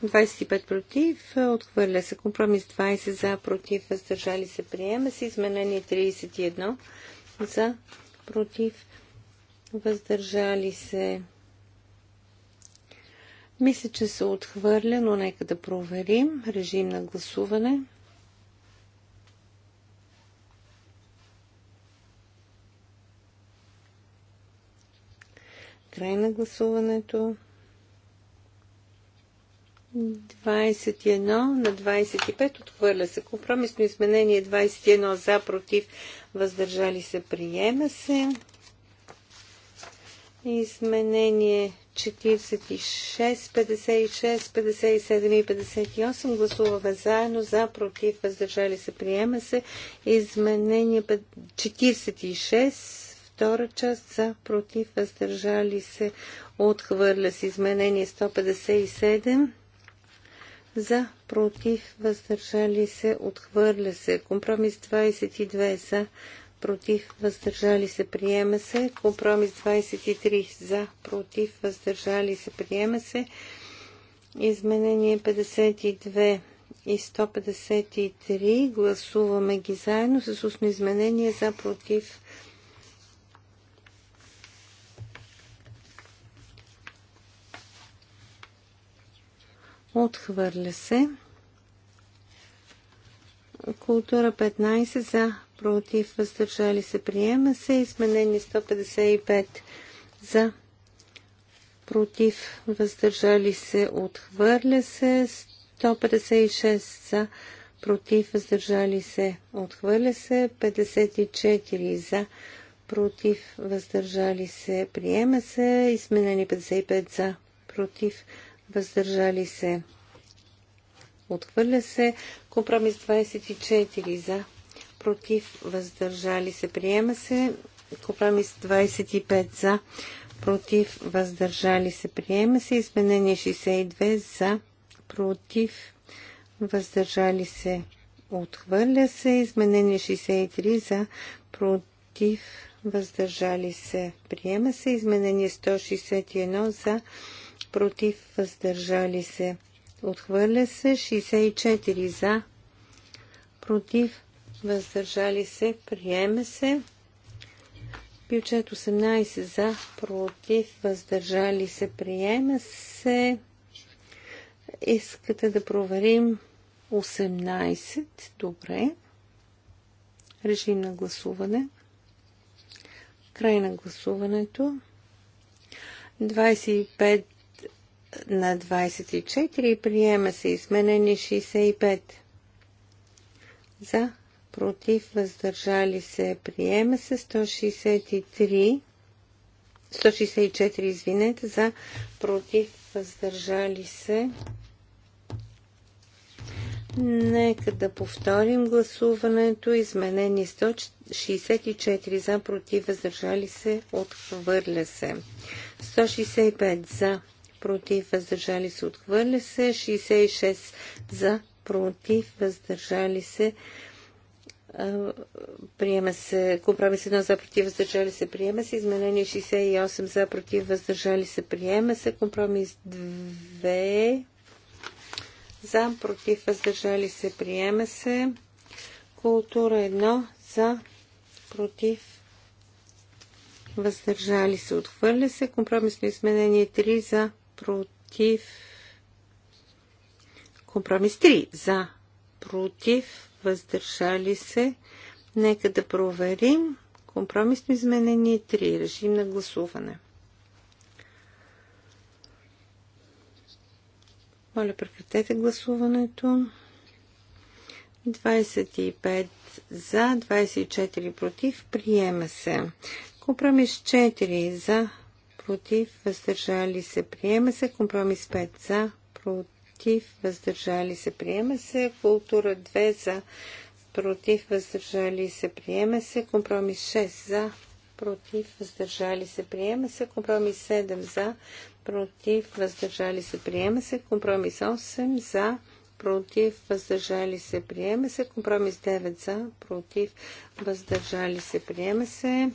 25 против, отхвърля се компромис 20 за, против, въздържали се, приема се, изменение 31 за, против, въздържали се, мисля, че се отхвърля, но нека да проверим. Режим на гласуване. Край на гласуването. 21 на 25 отхвърля се. Компромисно изменение 21 за, против, въздържали се, приема се. Изменение 46, 56, 57 и 58 гласуваме заедно за, против, въздържали се, приема се. Изменение 46, втора част за, против, въздържали се, отхвърля се. Изменение 157 за, против, въздържали се, отхвърля се. Компромис 22 за, против, въздържали се, приема се. Компромис 23 за, против, въздържали се, приема се. Изменение 52 и 153. Гласуваме ги заедно с устно изменение за, против. Отхвърля се. Култура 15 за, против, въздържали се, приема се. изменени 155 за, против, въздържали се, отхвърля се. 156 за, против, въздържали се, отхвърля се. 54 за, против, въздържали се, приема се. Изменени 55 за, против, въздържали се, отхвърля се. Компромис 24 за, против, въздържали се, приема се. Компромис 25 за, против, въздържали се, приема се. Изменение 62 за, против, въздържали се, отхвърля се. Изменение 63 за, против, въздържали се, приема се. Изменение 161 за, против, въздържали се, Отхвърля се 64 за. Против. Въздържали се. Приеме се. Бюджет 18 за. Против. Въздържали се. Приема се. Искате да проверим 18. Добре. Режим на гласуване. Край на гласуването. 25 на 24. Приема се изменени 65. За. Против. Въздържали се. Приема се 163. 164, извинете, за против, въздържали се. Нека да повторим гласуването. Изменени 164 за, против, въздържали се, отхвърля се. 165 за, против, въздържали се, отхвърля се. 66 за, против, въздържали се, приема се. Компромис 1 за, против, въздържали се, приема се. Изменение 68 за, против, въздържали се, приема се. Компромис 2 за, против, въздържали се, приема се. Култура 1 за, против, въздържали се, отхвърля се. Компромисно изменение 3 за, против. Компромис 3 за, против, въздържали се. Нека да проверим. Компромисно изменение 3. Режим на гласуване. Моля, прекратете гласуването. 25 за, 24 против. Приема се. Компромис 4 за, против, въздържали се, приема се. Компромис 5 за, против, въздържали се, приема се. Култура 2 за, против, въздържали се, приема се. Компромис 6 за, против, въздържали се, приема се. Компромис 7 за, против, въздържали се, приема се. Компромис 8 за, против, въздържали се, приема се. Компромис 9 за, против, въздържали се, приема се.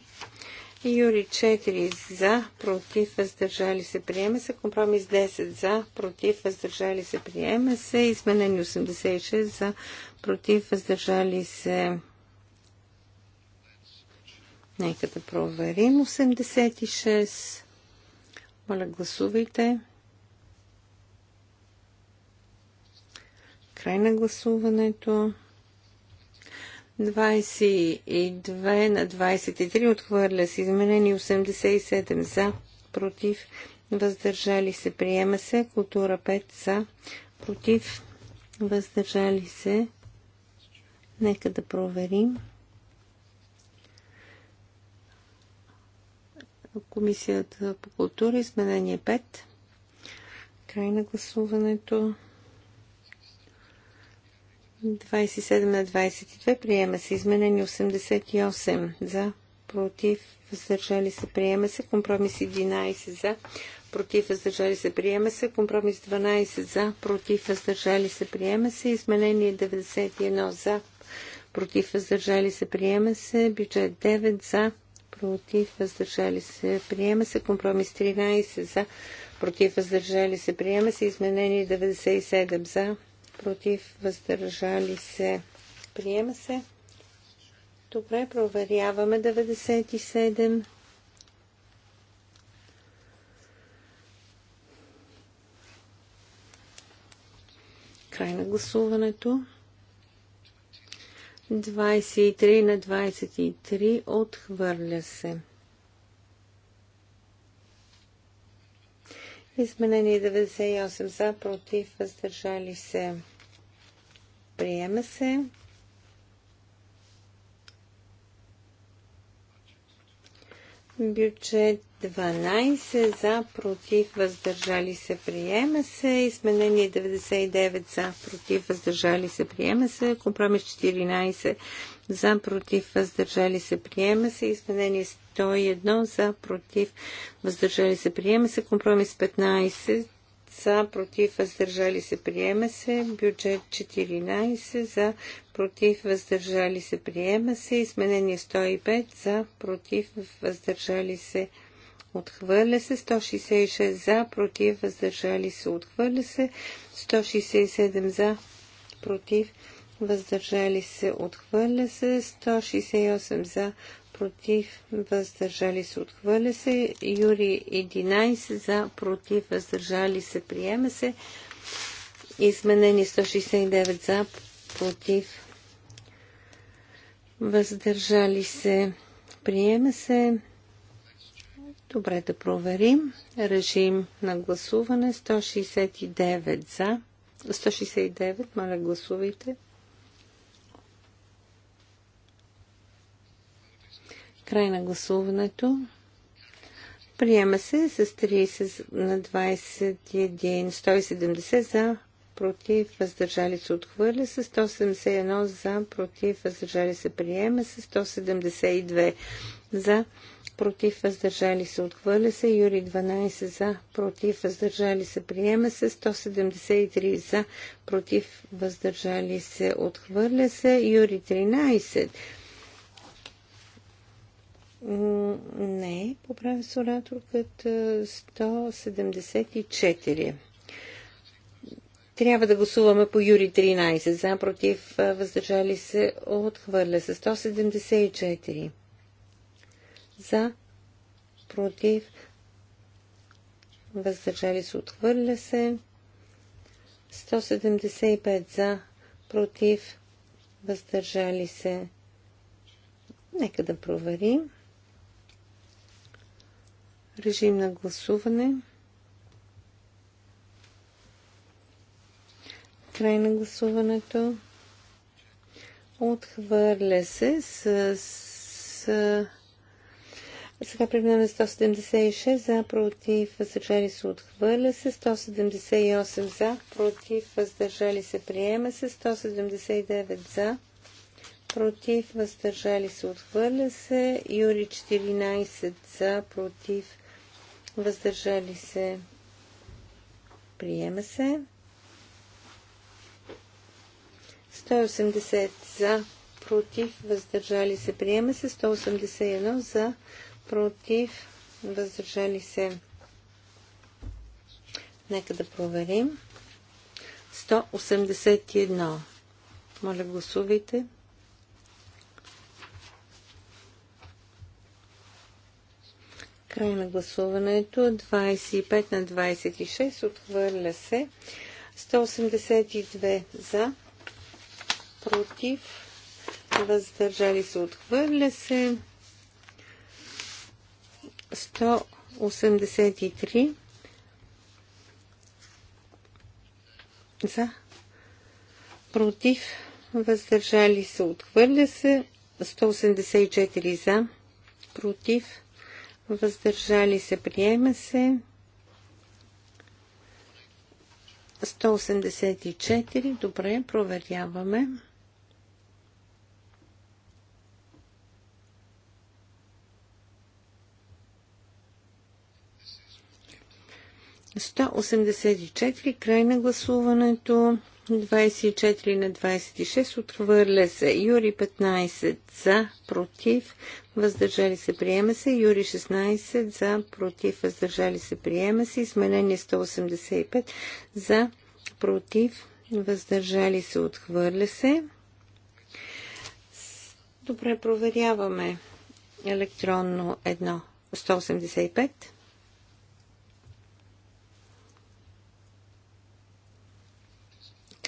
Юри 4 за, против, въздържали се, приема се. Компромис 10 за, против, въздържали се, приема се. Изменени 86 за, против, въздържали се. Нека да проверим. 86. Моля, гласувайте. Край на гласуването. 22 на 23 отхвърля се. Изменени 87 за, против, въздържали се, приема се. Култура 5 за, против, въздържали се. Нека да проверим. Комисията по култура, изменение 5. Край на гласуването. 27 на 22 приема се. Изменени 88 за, против, въздържали се, приема се. Компромис 11 за, против, въздържали се, приема се. Компромис 12 за, против, въздържали се, приема се. Изменение 91 за, против, въздържали се, приема се. Бюджет 9 за, против, въздържали се, приема се. Компромис 13 за, против, въздържали се, приема се. Изменение 97 за, против, въздържали се, приема се. Добре, проверяваме 97. Край на гласуването. 23 на 23 отхвърля се. Изменение 98 за, против, въздържали се. Приема се. Бюджет 12 за, против, въздържали се, приема се. Изменение 99 за, против, въздържали се, приема се. Компромис 14 за против въздържали се приема се. Изменение 101 за против въздържали се приема се. Компромис 15 за против въздържали се приема се. Бюджет 14 за против въздържали се приема се. Изменение 105 за против въздържали се се. Отхвърля се 166 за, против, въздържали се. Отхвърля се 167 за, против, въздържали се, отхвърля се, 168 за, против, въздържали се, отхвърля се, Юри 11 за, против, въздържали се, приема се, изменени 169 за, против, въздържали се, приема се, Добре да проверим. Режим на гласуване 169 за. 169, моля гласувайте. Край на гласуването. Приема се с 30 на 21, 170 за, против, въздържали се, отхвърля се, 171 за, против, въздържали се, приема се, 172 за, против, въздържали се, отхвърля се, Юри 12 за, против, въздържали се, приема се, 173 за, против, въздържали се, отхвърля се, Юри 13 не, поправя се ораторката 174. Трябва да гласуваме по Юри 13. За, против, въздържали се, отхвърля се. 174. За, против, въздържали се, отхвърля се. 175 за, против, въздържали се. Нека да проверим. Режим на гласуване. Край на гласуването. Отхвърля се с... с сега преминаваме 176 за, против, въздържали се, отхвърля се. 178 за, против, въздържали се, приема се. 179 за, против, въздържали се, отхвърля се. Юри 14 за, против, въздържали се, приема се. 180 за, против, въздържали се, приема се. 181 за, против, въздържали се. Нека да проверим. 181. Моля, гласувайте. Край на гласуването. 25 на 26. Отхвърля се. 182 за. Против. Въздържали се. Отхвърля се. 183 за. Против. Въздържали се. Отхвърля се. 184 за. Против въздържали се, приема се. 184, добре, проверяваме. Сто осемдесет и четири, край на гласуването. 24 на 26 отхвърля се. Юри 15 за, против, въздържали се, приема се. Юри 16 за, против, въздържали се, приема се. Изменение 185 за, против, въздържали се, отхвърля се. Добре, проверяваме електронно 1 185.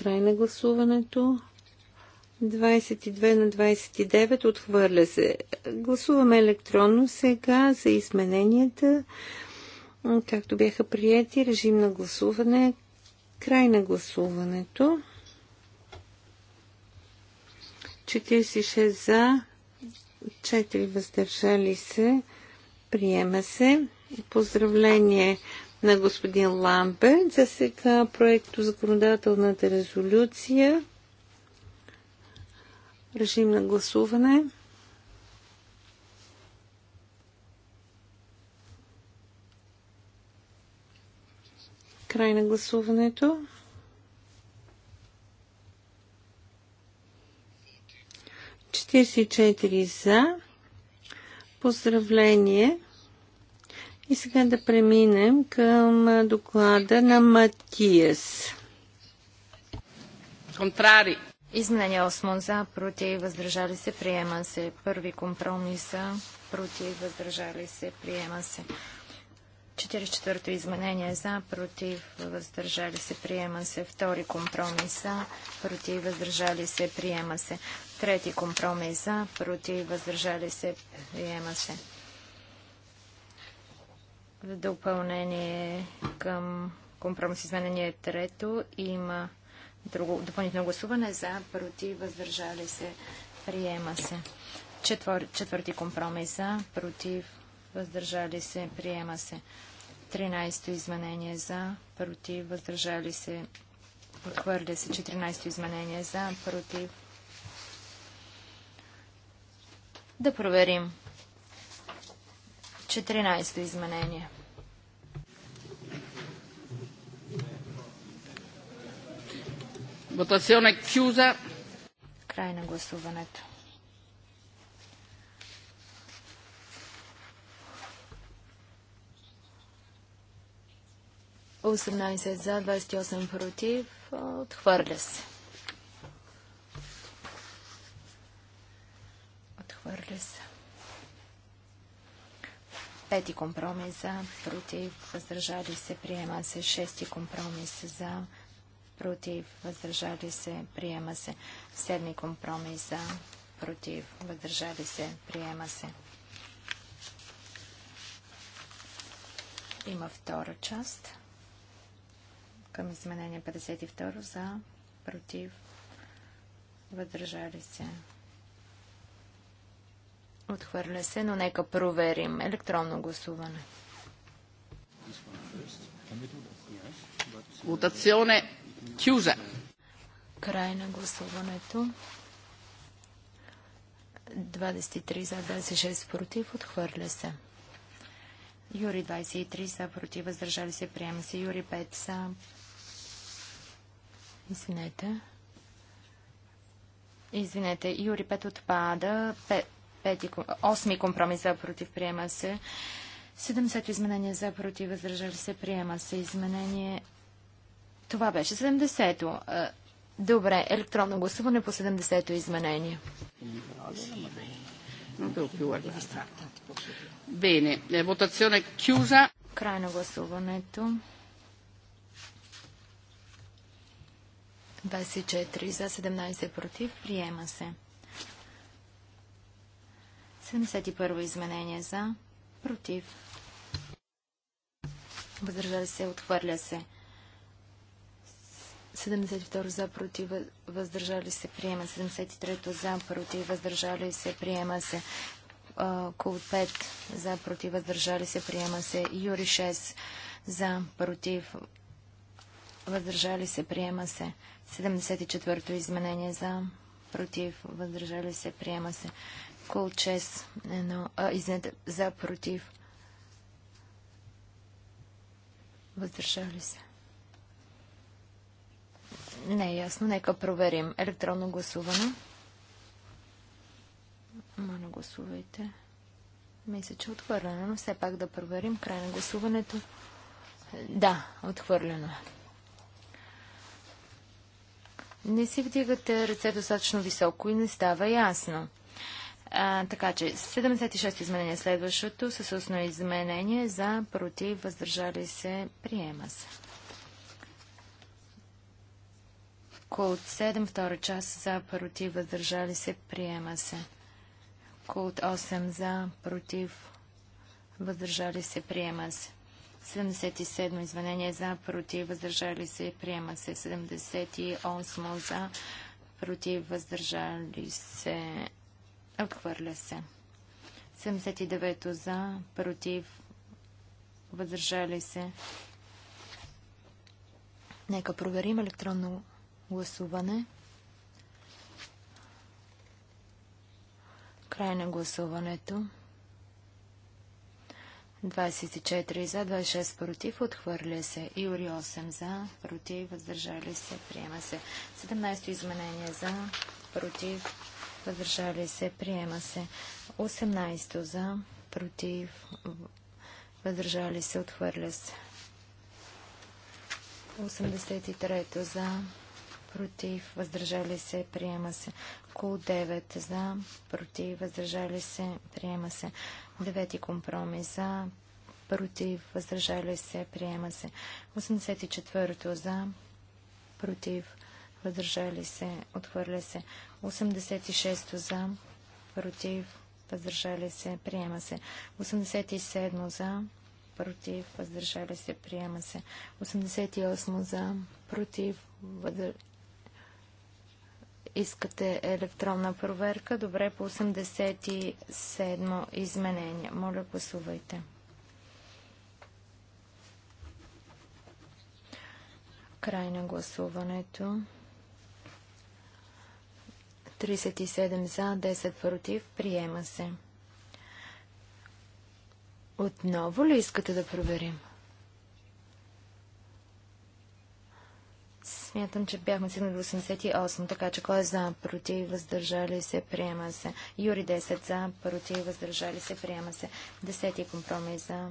Край на гласуването. 22 на 29 отхвърля се. Гласуваме електронно сега за измененията, както бяха прияти. Режим на гласуване. Край на гласуването. 46 за, 4 въздържали се. Приема се. Поздравление на господин Ламберт. За сега проекто законодателната резолюция. Режим на гласуване. Край на гласуването. 44 за. Поздравление и сега да преминем към доклада на Матиас. Контрари. Изменение 8 за, против, въздържали се, приема се. Първи компромиса, против, въздържали се, приема се. 44-то изменение за, против, въздържали се, приема се. Втори компромис за, против, въздържали се, приема се. Трети компромис за, против, въздържали се, приема се. В допълнение към компромис изменение трето има друго допълнително гласуване за, против, въздържали се, приема се. Четвър, четвърти компромис за, против, въздържали се, приема се. Тринайсто изменение за, против, въздържали се, отхвърля се. Четиринайсто изменение за, против. Да проверим. 14-то изменение. Votazione chiusa. Край на гласуването. Осемнадесет за, 28 против. Отхвърля се. Отхвърля се. Пети компромис за, против, въздържали се, приема се. Шести компромис за, против, въздържали се, приема се. Седми компромис за, против, въздържали се, приема се. Има втора част към изменение 52 за, против, въздържали се, Отхвърля се, но нека проверим. Електронно гласуване. Votazione chiusa. Край на гласуването. 23 за 26 против. Отхвърля се. Юри 23 за против. Въздържали се. Приема се. Юри 5 са. Извинете. Извинете. Юри 5 отпада. 5 Пети, осми компромис за против приема се. 70 изменения за против въздържали се приема се. Изменение... Това беше 70-то. Добре, електронно гласуване по 70-то изменение. Бене, е, вотационе кюза. Край на гласуването. 24 за 17 против. Приема се. 71 изменение за, против, въздържали се, отхвърля се. 72 за, против, въздържали се, приема. 73 за, против, въздържали се, приема се. Кул 5 за, против, въздържали се, приема се. Юри 6 за, против, въздържали се, приема се. 74-то изменение за, против, въздържали се, приема се. Кол 6, а, извинете, за, против, въздържали се. Не е ясно. Нека проверим. Електронно гласуване. Мано гласувайте. Мисля, че е отхвърлено, но все пак да проверим край на гласуването. Да, отхвърлено. Не си вдигате ръце достатъчно високо и не става ясно. А, така че 76 изменение е следващото с устно изменение за против въздържали се приема се. Култ 7, втора част за против въздържали се приема се. Култ 8 за против въздържали се приема се. 77 изменение за против въздържали се приема се. 78 за против въздържали се Отхвърля се. 79 за, против, въздържали се. Нека проверим електронно гласуване. Край на гласуването. 24 за, 26 против, отхвърля се. Юри 8 за, против, въздържали се, приема се. 17 изменение за, против, въздържали се, приема се. 18 за, против, въздържали се, отхвърля се. 83 за, против, въздържали се, приема се. Кул 9 за, против, въздържали се, приема се. Девети компромис за, против, въздържали се, приема се. 84 за, против, въздържали се, отхвърля се. 86 за, против, въздържали се, приема се. 87 за, против, въздържали се, приема се. 88 за, против, въздър... Искате електронна проверка? Добре, по 87 изменение. Моля, гласувайте. Край на гласуването. 37 за, 10 против. Приема се. Отново ли искате да проверим? Смятам, че бяхме стигнали до 88, така че кой е за, против, въздържали се, приема се. Юри 10 за, против, въздържали се, приема се. 10 компромис за,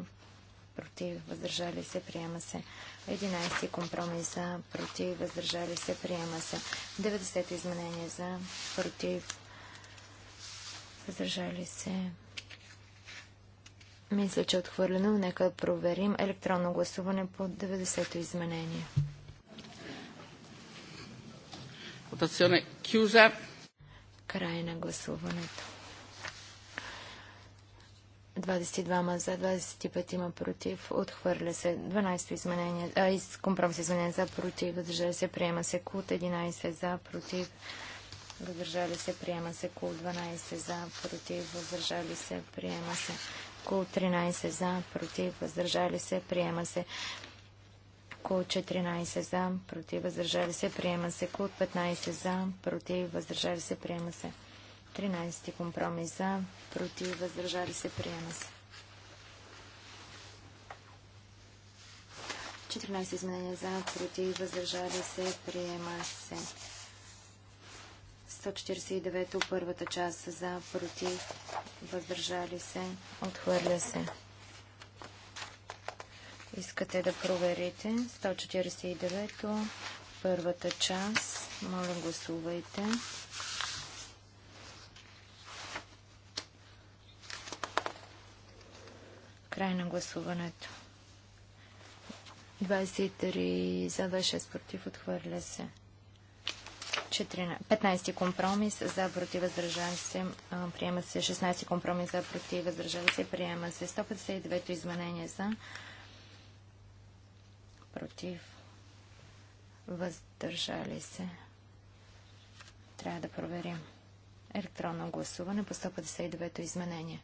против, въздържали се, приема се. 11 компромис за, против, въздържали се, приема се. 90 изменение за, против, въздържали се. Мисля, че е отхвърлено. Нека да проверим електронно гласуване по 90-то изменение. Край на гласуването. 22 за, 25 има против, отхвърля се. 12 изменение, а, из, компромис изменение за, против, въздържали се, приема се. Култ 11 за, против, въздържали се, приема се. Кул 12 за, против, въздържали се, приема се. Кул 13 за, против, въздържали се, приема се. Кул 14 за, против, въздържали се, приема се. Кул 15 за, против, въздържали се, приема се. 13 компромис за, против, въздържали се, приема се. 14 изменения за, против, въздържали се, приема се. 149 първата част за, против, въздържали се, отхвърля се. Искате да проверите 149 първата част. Моля, Гласувайте. Край на гласуването. 23 за 26 против отхвърля се. 15 компромис за против въздържали се. Приема се 16 компромис за против въздържали се. Приема се 159 изменение за против въздържали се. Трябва да проверим електронно гласуване по 159 изменение.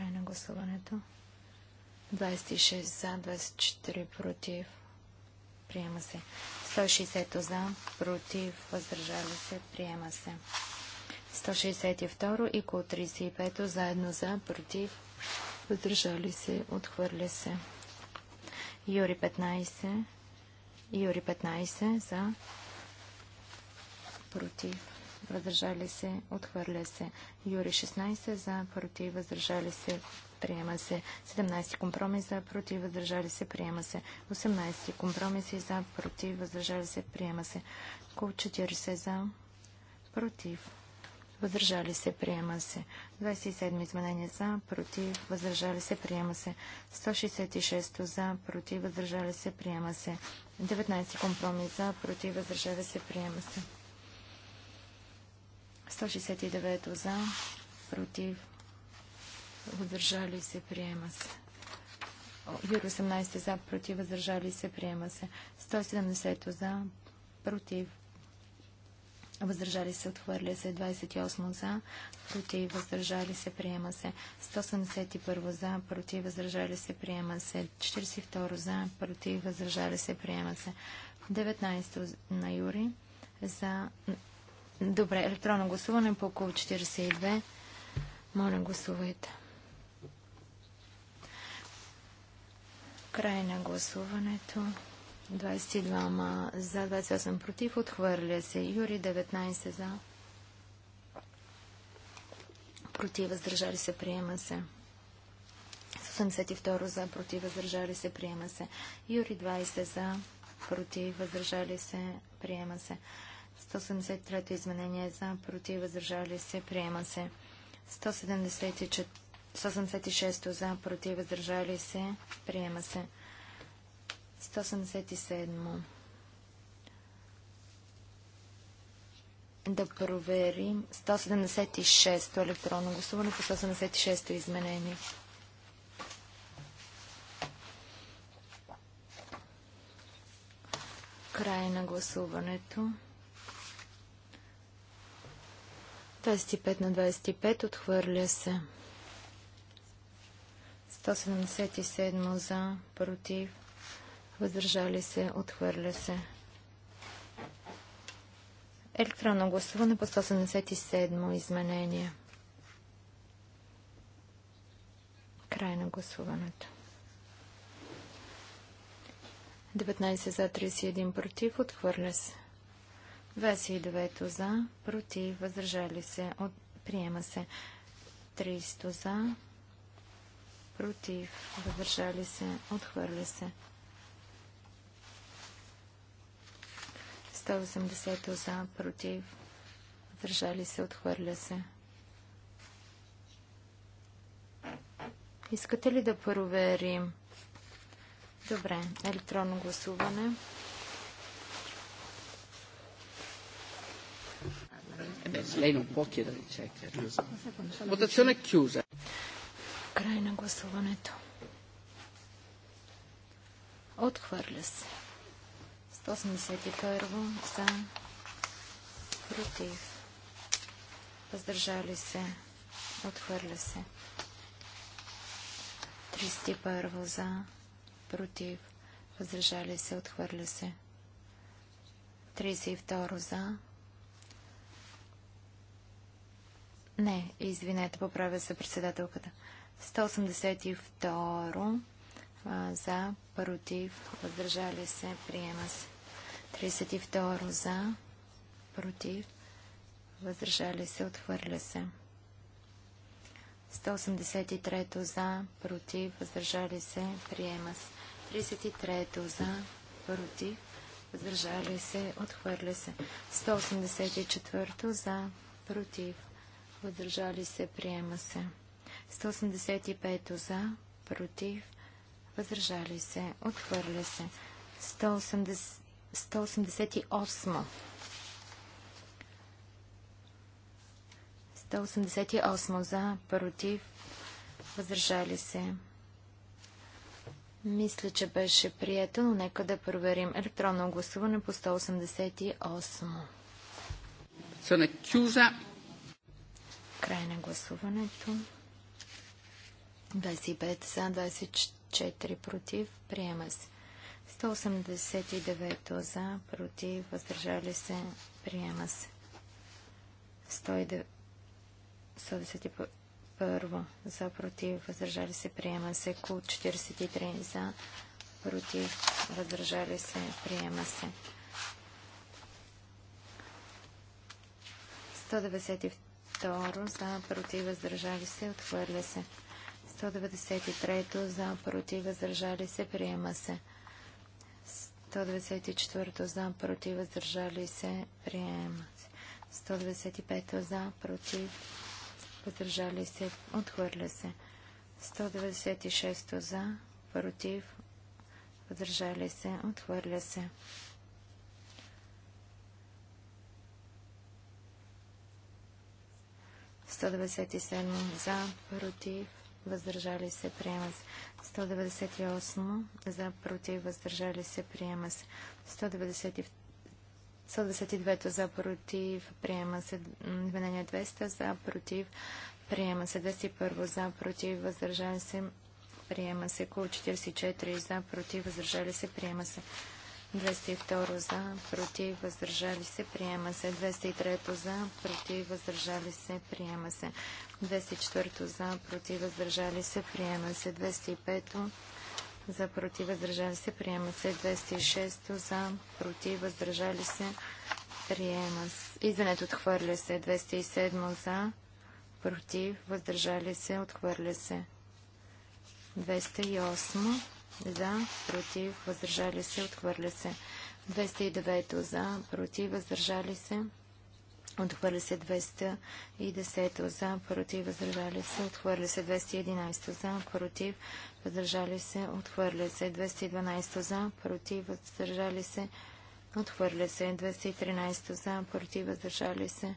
Край на гласуването. 26 за, 24 против. Приема се. 160 за, против, въздържали се. Приема се. 162 и кол 35 заедно за, против, въздържали се, отхвърля се. Юри 15, Юри 15 за, против, въздържали се, отхвърля се. Юри 16 за, против, въздържали се, приема се. 17 компромис за, против, въздържали се, приема се. 18 компромиси за, против, въздържали се, приема се. Кул 40 за, против, въздържали се, приема се. 27 изменения за, против, въздържали се, приема се. 166 за, против, въздържали се, приема се. 19 компромис за, против, въздържали се, приема се. 169 за, против, въздържали се, приема се. Юр 18 за, против, въздържали се, приема се. 170 за, против, въздържали се, отхвърля се. 28 за, против, въздържали се, приема се. 171 за, против, въздържали се, приема се. 42 за, против, въздържали се, приема се. 19 на Юри за, Добре, електронно гласуване по около 42. Моля, гласувайте. Край на гласуването. 22 ма, за, 28 против. Отхвърля се. Юри 19 за. Против, въздържали се, приема се. 82 за, против, въздържали се, приема се. Юри 20 за, против, въздържали се, приема се. 173 изменение за, против, въздържали се, приема се. 176 то за, против, въздържали се, приема се. 177. Да проверим 176 електронно гласуване по 176 изменение. Край на гласуването. 25 на 25 отхвърля се. 177 за, против, въздържали се, отхвърля се. Електронно гласуване по 177 изменение. Край на гласуването. 19 за, 31 против, отхвърля се. 29 за, против, въздържали се, от... приема се. 300 за, против, въздържали се, отхвърля се. 180 за, против, въздържали се, отхвърля се. Искате ли да проверим? Добре, електронно гласуване. Lei non può chiedere il check. Votazione chiusa. Край на гласуването. Отхвърля се. 181 за против. Въздържали се. Отхвърля се. 31 за против. Въздържали се. Отхвърля се. 32 за Не, извинете, поправя се председателката. 182 за, против, въздържали се, приема се. 32 за, против, въздържали се, отхвърля се. 183 за, против, въздържали се, приема се. 33 за, против, въздържали се, отхвърля се. 184 за, против, въздържали се, приема се. 185 за, против, въздържали се, отхвърля се. 188. 188 за, против, въздържали се. Мисля, че беше прието, но нека да проверим електронно гласуване по 188. Sono chiusa Край на гласуването. 25 за, 24 против. Приема се. 189 за, против, въздържали се, приема се. 191 за, против, въздържали се, приема се. Кул 43 за, против, въздържали се, приема се. 192 192 за против въздържали се, отхвърля се. 193 за против въздържали се, приема се. 194 за против въздържали се, приема се. 195 за против въздържали се, отхвърля се. 196 за против въздържали се, отхвърля се. 197 за, против, въздържали се, приема се. 198 за, против, въздържали се, приема се. 192 за, против, приема се. Изменение 200 за, против, приема се. 201 за, против, въздържали се, приема се. Кул 44 за, против, въздържали се, приема се. 202 за, против, въздържали се, приема се. 203 за, против, въздържали се, приема се. 204 за, против, въздържали се, приема се. 205 за, против, въздържали се, приема се. 206 за, против, въздържали се, приема се. Извинете, отхвърля се. 207 за, против, въздържали се, отхвърля се. 208 за, против, въздържали се, отхвърля се. 209 за, против, въздържали се, отхвърля се 210 за, против, въздържали се, отхвърля се 211 за, против, въздържали се, отхвърля се 212 за, против, въздържали се, отхвърля се 213 за, против, въздържали се,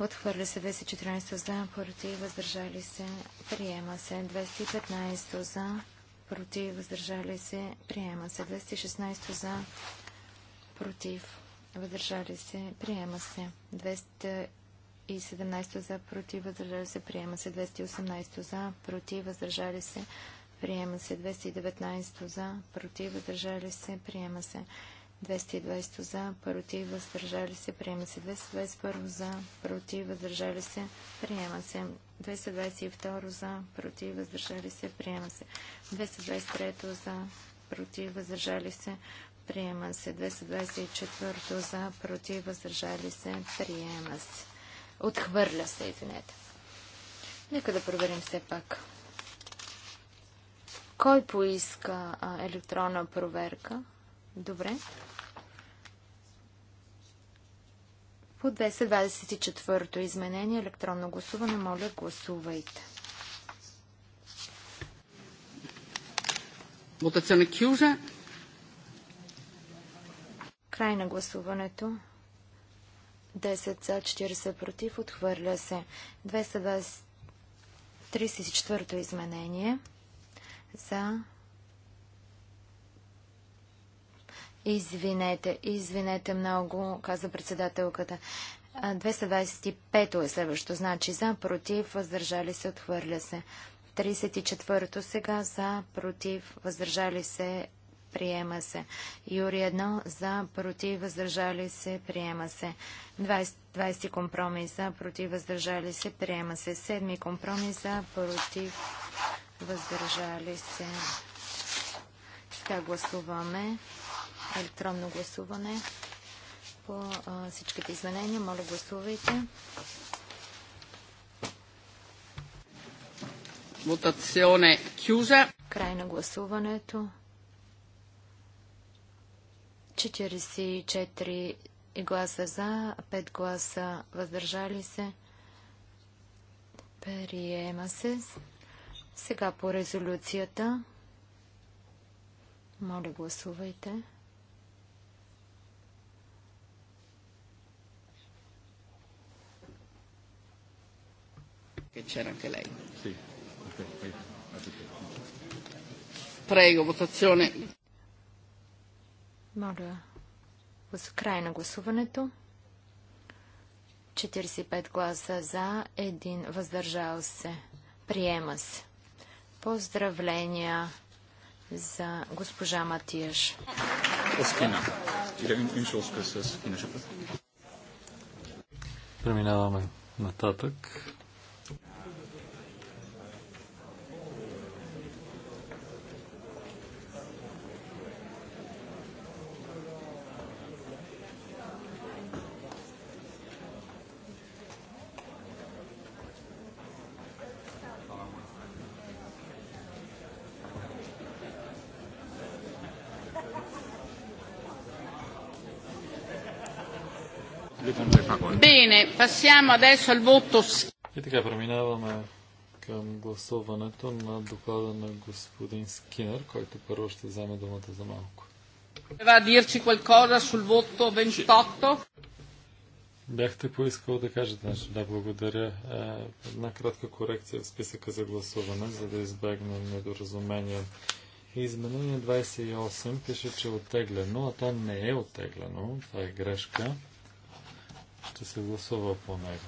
Отхвърля се 214 за, против, въздържали се, приема се 215 за, против, въздържали се, приема се. 216 за, против, въздържали се, приема се. 217 за, против, въздържали се, приема се. 218 за, против, въздържали се, приема се. 219 за, против, въздържали се, приема се. 220 за, против, въздържали се, приема се. 221 за, против, въздържали се, приема се. 222 за, против, въздържали се, приема се. 223 за, против, въздържали се, приема се. 224 за, против, въздържали се, приема се. Отхвърля се, извинете. Нека да проверим все пак. Кой поиска а, електронна проверка? Добре. По 224-то изменение електронно гласуване, моля гласувайте. Votazione chiusa. Край на гласуването. 10 за, 40 против. Отхвърля се. 234 изменение. За, Извинете, извинете много, каза председателката. 225-то е следващо, значи за, против, въздържали се, отхвърля се. 34-то сега за, против, въздържали се, приема се. Юри 1 за, против, въздържали се, приема се. 20, ти компромис за, против, въздържали се, приема се. 7 компромис за, против, въздържали се. Сега гласуваме електронно гласуване по всичките изменения. Моля, гласувайте. Мутационе кюза. Край на гласуването. 44 гласа за, 5 гласа въздържали се. Приема се. Сега по резолюцията. Моля, гласувайте. che c'era anche lei. Sì. Prego, votazione. Моля, край на гласуването. 45 гласа за, 1 въздържал се. Приема се. Поздравления за госпожа Матиеш. Преминаваме нататък. Passiamo adesso al voto. И така преминаваме към гласуването на доклада на господин Скинер, който първо ще вземе думата за малко. 28? Бяхте поискал да кажете нещо. Да, благодаря. Е, една кратка корекция в списъка за гласуване, за да избегнем недоразумение. Изменение 28 пише, че е оттеглено, а то не е оттеглено. Това е грешка. Ще се гласува по него.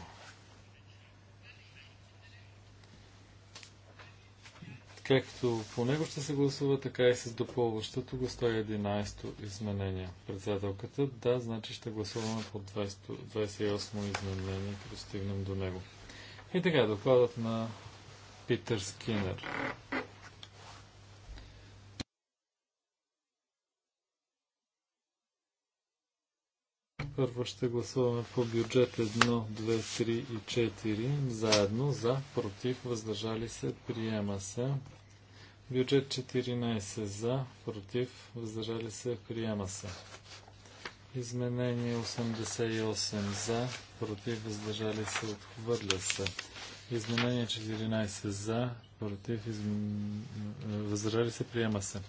Както по него ще се гласува, така и с допълващото го 111 изменение. Председателката, да, значи ще гласуваме по 28 изменение, като стигнем до него. И така, докладът на Питър Скинер. Първо ще гласуваме по бюджет 1, 2, 3 и 4 заедно за, против, въздържали се, приема се. Бюджет 14 за, против, въздържали се, приема се. Изменение 88 за, против, въздържали се, отхвърля се. Изменение 14 за, против, въздържали се, приема се.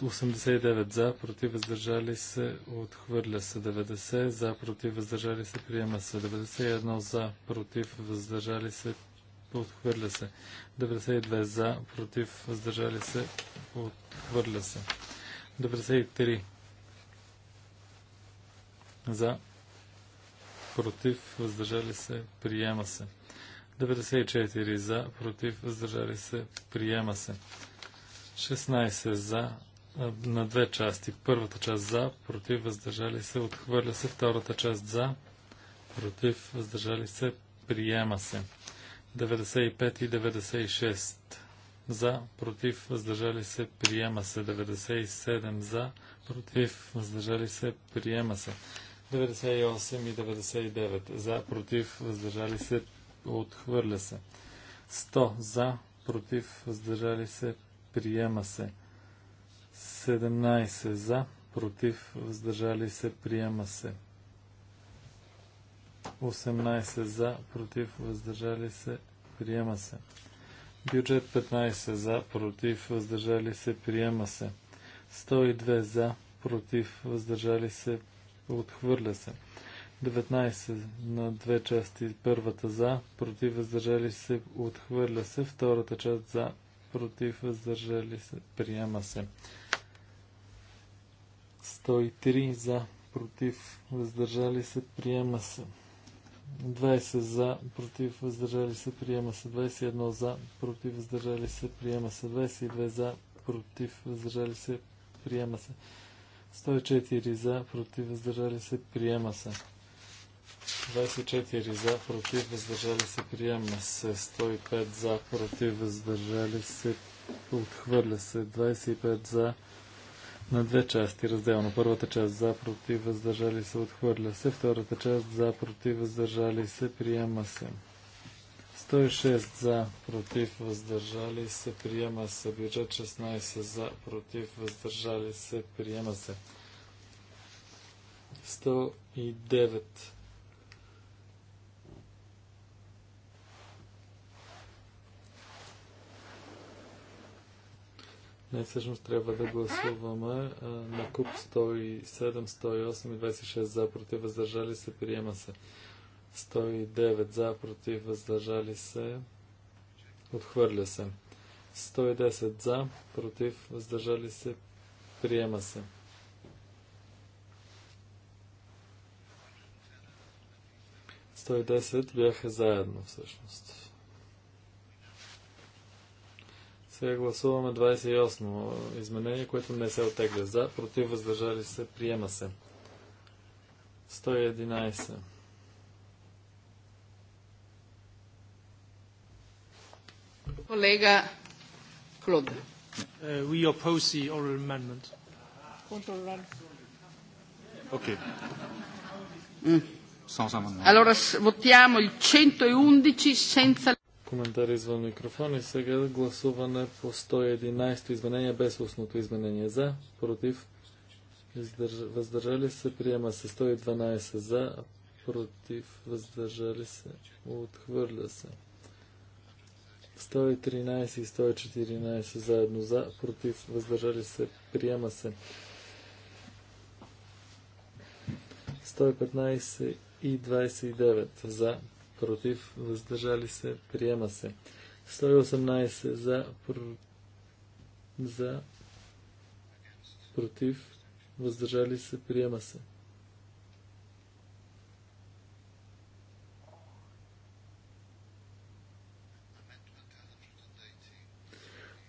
89 за, против въздържали се, отхвърля се 90, за, против въздържали се, приема се 91 за, против въздържали се, отхвърля се 92 за, против въздържали се, отхвърля се 93 за, против въздържали се, приема се 94 за, против въздържали се, приема се 16 за на две части. Първата част за, против, въздържали се, отхвърля се. Втората част за, против, въздържали се, приема се. 95 и 96 за, против, въздържали се, приема се. 97 за, против, въздържали се, приема се. 98 и 99 за, против, въздържали се, отхвърля се. 100 за, против, въздържали се, приема се. 17 за, против, въздържали се, приема се. 18 за, против, въздържали се, приема се. Бюджет 15 за, против, въздържали се, приема се. 102 за, против, въздържали се, отхвърля се. 19 на две части. Първата за, против въздържали се, отхвърля се. Втората част за, против, въздържали се, приема се. 103 за, против, въздържали се, приема се. 20 за, против, въздържали се, приема се. 21 за, против, въздържали се, приема се. 22 за, против, въздържали се, приема се. 104 за, против, въздържали се, приема се. 24 за, против, въздържали се, приема се. 105 за, против, въздържали се, отхвърля се. 25 за, на две части разделно. Първата част за, против, въздържали се, отхвърля се. Втората част за, против, въздържали се, приема се. 106 за, против, въздържали се, приема се. Бюджет 16 за, против, въздържали се, приема се. 109 Не, всъщност трябва да гласуваме а, на куп 107, 108 и 26 за, против, въздържали се, приема се. 109 за, против, въздържали се, отхвърля се. 110 за, против, въздържали се, приема се. 110 бяха заедно всъщност. Сега гласуваме 28 изменение, което не се отегля. За, против, въздържали се, приема се. 111. Колега Клод. Uh, we oppose the oral amendment. Ok. Mm. Allora votiamo il 111 senza коментар извън микрофон и сега гласуване по 111 изменение без устното изменение за, против, въздържали се, приема се 112 за, против, въздържали се, отхвърля се. 113 и 114 заедно за, против, въздържали се, приема се. 115 и 29 за, против, въздържали се, приема се. 118 за, пр... за против, въздържали се, приема се.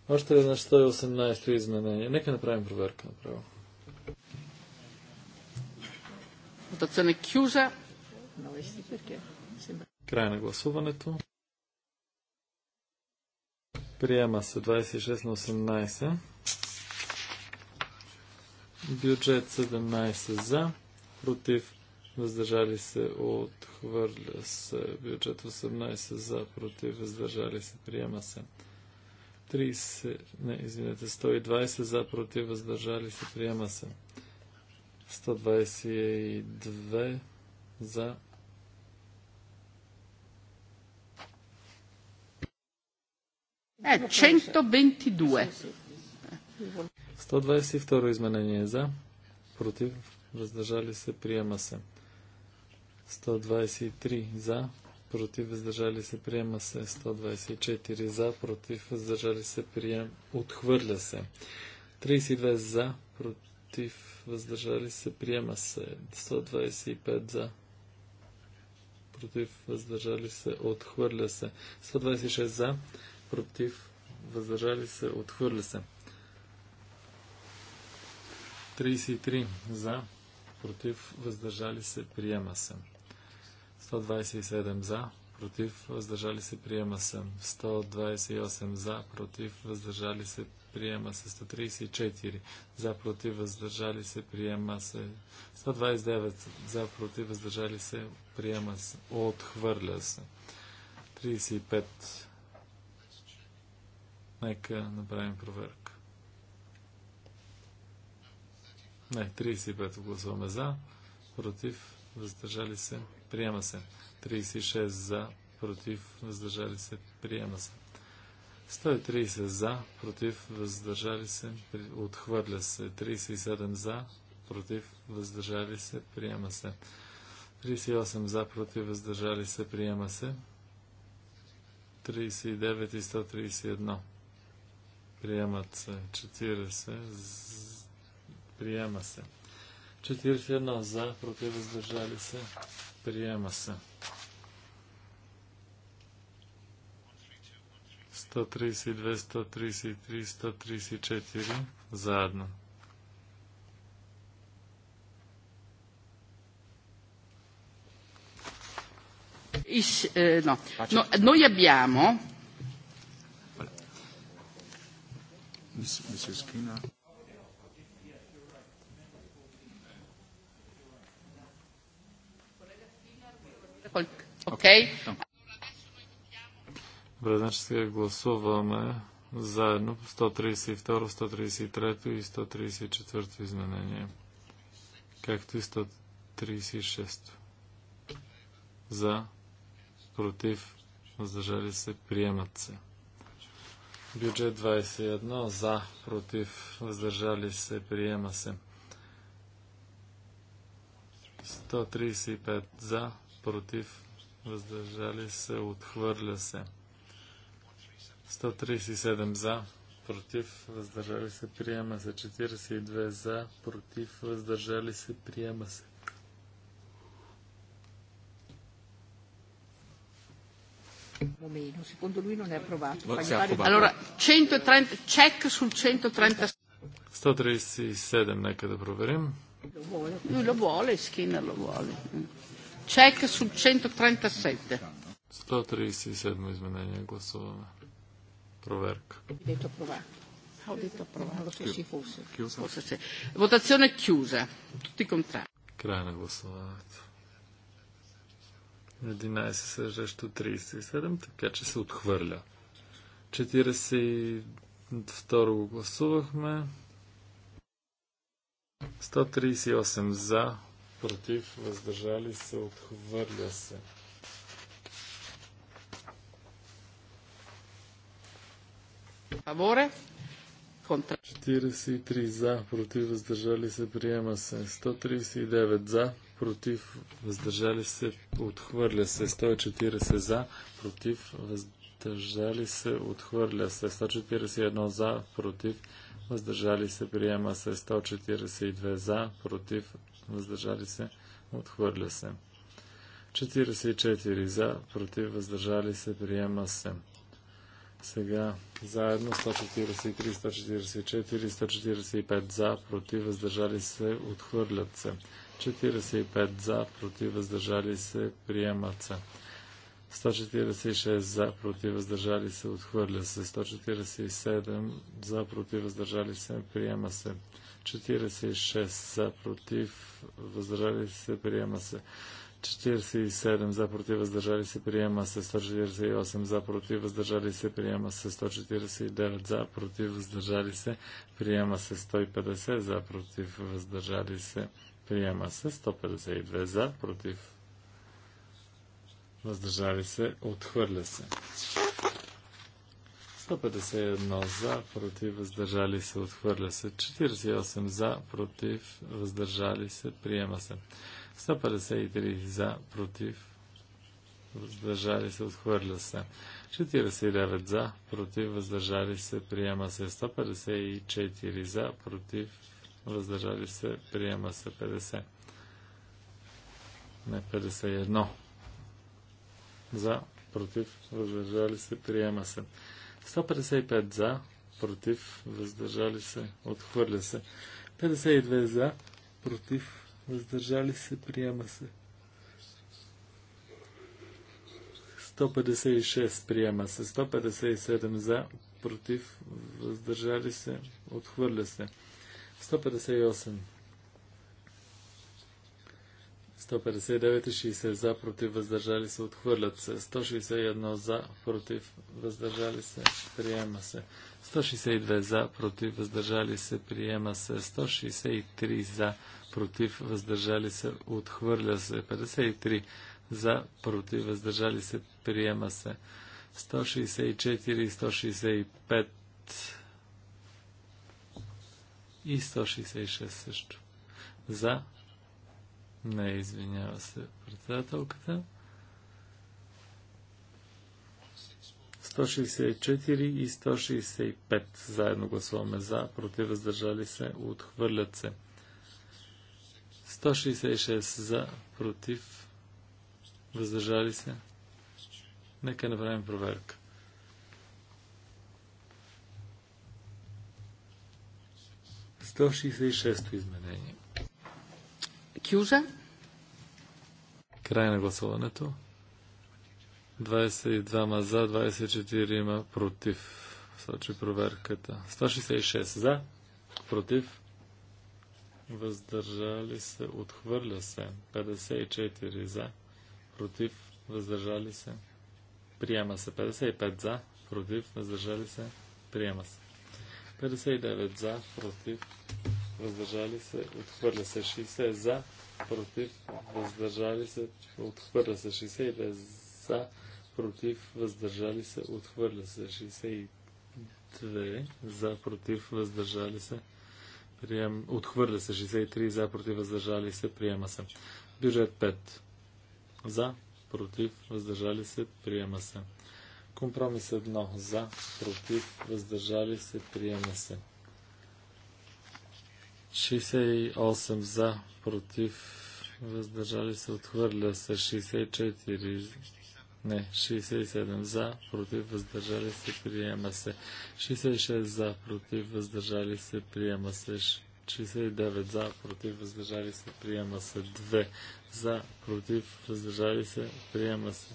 Още веднъж 118 изменение. Нека направим проверка направо. Votazione chiusa. No, perché? Край на гласуването. Приема се 26 на 18. Бюджет 17 за, против, въздържали се, отхвърля се. Бюджет 18 за, против, въздържали се, приема се. 30, не, извинете, 120 за, против, въздържали се, приема се. 122 за, Е, 122. 122 изменение е за, против, въздържали се, приема се. 123 за, против, въздържали се, приема се. 124 за, против, въздържали се, приема, отхвърля се. 32 за, против, въздържали се, приема се. 125 за, против, въздържали се, отхвърля се. 126 за, против, въздържали се, отхвърля се. 33 за, против, въздържали се, приема се. 127 за, против, въздържали се, приема се. 128 за, против, въздържали се, приема се. 134 за, против, въздържали се, приема се. 129 за, против, въздържали се, приема се. Отхвърля се. 35 Нека направим проверка. Не, 35 гласуваме за, против, въздържали се, приема се. 36 за, против, въздържали се, приема се. 130 за, против, въздържали се, отхвърля се. 37 за, против, въздържали се, приема се. 38 за, против, въздържали се, приема се. 39 и 131 Приемат се. 40. Приема се. 41 за, против, въздържали се. Приема се. 132, 133, 134 заедно. Ich, eh, no. No, noi abbiamo Mrs. Kina. Okay. Добре, значи сега гласуваме заедно 132, 133 и 134 изменение, както и 136. За, против, въздържали се, приемат се. Бюджет 21 за, против, въздържали се, приема се. 135 за, против, въздържали се, отхвърля се. 137 за, против, въздържали се, приема се. 42 за, против, въздържали се, приема се. Secondo lui non è approvato. Allora, 130, check sul 137. 137, нека да проверим. Lui lo vuole, Skinner lo vuole. Check sul 137. 137 изменение гласуваме. Проверка. Detto approvato. Ho detto approvato, se ci fosse. Chiusa. Forse se. Votazione chiusa. Tutti contrari. Край на гласуването. 11 срещу 37, така че се отхвърля. 42 го гласувахме. 138 за, против, въздържали се, отхвърля се. Фаворе. 43 за, против, въздържали се, приема се. 139 за, против, въздържали се, отхвърля се. 140 за, против, въздържали се, отхвърля се. 141 за, против, въздържали се, приема се. 142 за, против, въздържали се, отхвърля се. 44 за, против, въздържали се, приема се. Сега заедно 143, 144, 145 за, против, въздържали се, отхвърлят се. 45 за, против, въздържали се, приемат се. 146 за, против, въздържали се, отхвърля се. 147 за, против, въздържали се, приема се. 46 за, против, въздържали се, приема се. 47 за против въздържали се приема се 148 за против въздържали се приема се 149 за против въздържали се приема се 150 за против въздържали се Приема се 152 за, против. Въздържали се, отхвърля се. 151 за, против, въздържали се, отхвърля се. 48 за, против, въздържали се, приема се. 153 за, против, въздържали се, отхвърля се. 49 за, против, въздържали се, приема се. 154 за, против, въздържали се, приема се 50. Не 51. За, против, въздържали се, приема се. 155 за, против, въздържали се, отхвърля се. 52 за, против, въздържали се, приема се. 156 приема се, 157 за, против, въздържали се, отхвърля се. 158. 159 и 60 за, против, въздържали се, отхвърлят се. 161 за, против, въздържали се, приема се. 162 за, против, въздържали се, приема се. 163 за, против, въздържали се, отхвърля се. 53 за, против, въздържали се, приема се. 164 и 165 и 166 също. За. Не, извинява се председателката. 164 и 165. Заедно гласуваме за, против, въздържали се, отхвърлят се. 166 за, против, въздържали се. Нека направим проверка. 166 изменение. Кюжа. Край на гласуването. 22 за, 24 има против. Сочи проверката. 166 за, против. Въздържали се, отхвърля се. 54 за, против, въздържали се. Приема се. 55 за, против, въздържали се. Приема се. 59 за, против, въздържали се, отхвърля се 60 за, против, въздържали се, отхвърля се 62 за, против, въздържали се, отхвърля се 62 за, против, въздържали се, прием... отхвърля се 63 за, против, въздържали се, приема се. Бюджет 5 за, против, въздържали се, приема се. Компромис 1 за, против, въздържали се, приема се. 68 за, против, въздържали се, отхвърля се 64, не, 67 за, против, въздържали се, приема се. 66 за, против, въздържали се, приема се. 69 за, против, въздържали се, приема се. 2 за, против, въздържали се, приема се.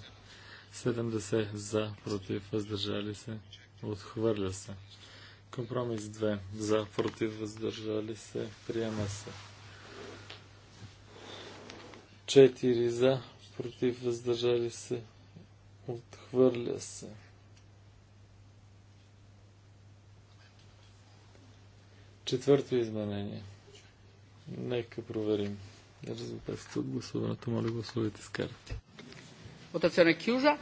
70 за, против, въздържали се, отхвърля се. Компромис 2 за, против, въздържали се, приема се. 4 за, против, въздържали се, отхвърля се. Четвърто изменение. Нека проверим. Резултатите от гласуването, моля гласувайте с карти. Votazione chiusa.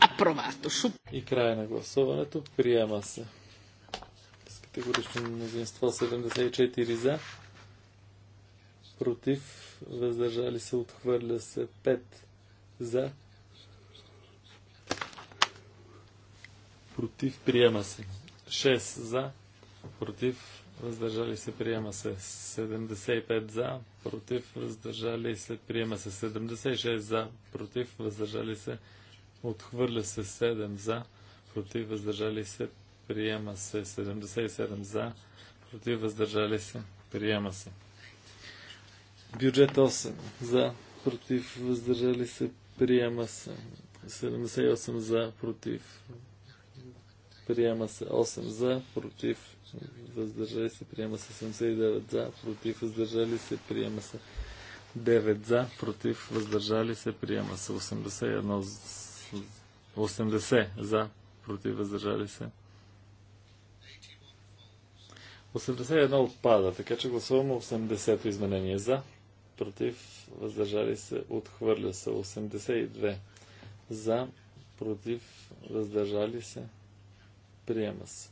Апровато. И край на гласуването. Приема се. С категорично мнозинство 74 за. Против. Въздържали се. Отхвърля се 5 за. Против. Приема се. 6 за. Против въздържали се, приема се 75 за, против, въздържали се, приема се 76 за, против, въздържали се, отхвърля се 7 за, против, въздържали се, приема се 77 за, против, въздържали се, приема се. Бюджет 8 за, против, въздържали се, приема се 78 за, против, приема се 8 за, против, въздържали се, приема се 79 за, против, въздържали се, приема се 9 за, против, въздържали се, приема се 81 80 за, против, въздържали се. 81 отпада, така че гласуваме 80-то изменение за, против, въздържали се, отхвърля се. 82 за, против, въздържали се. Приема се.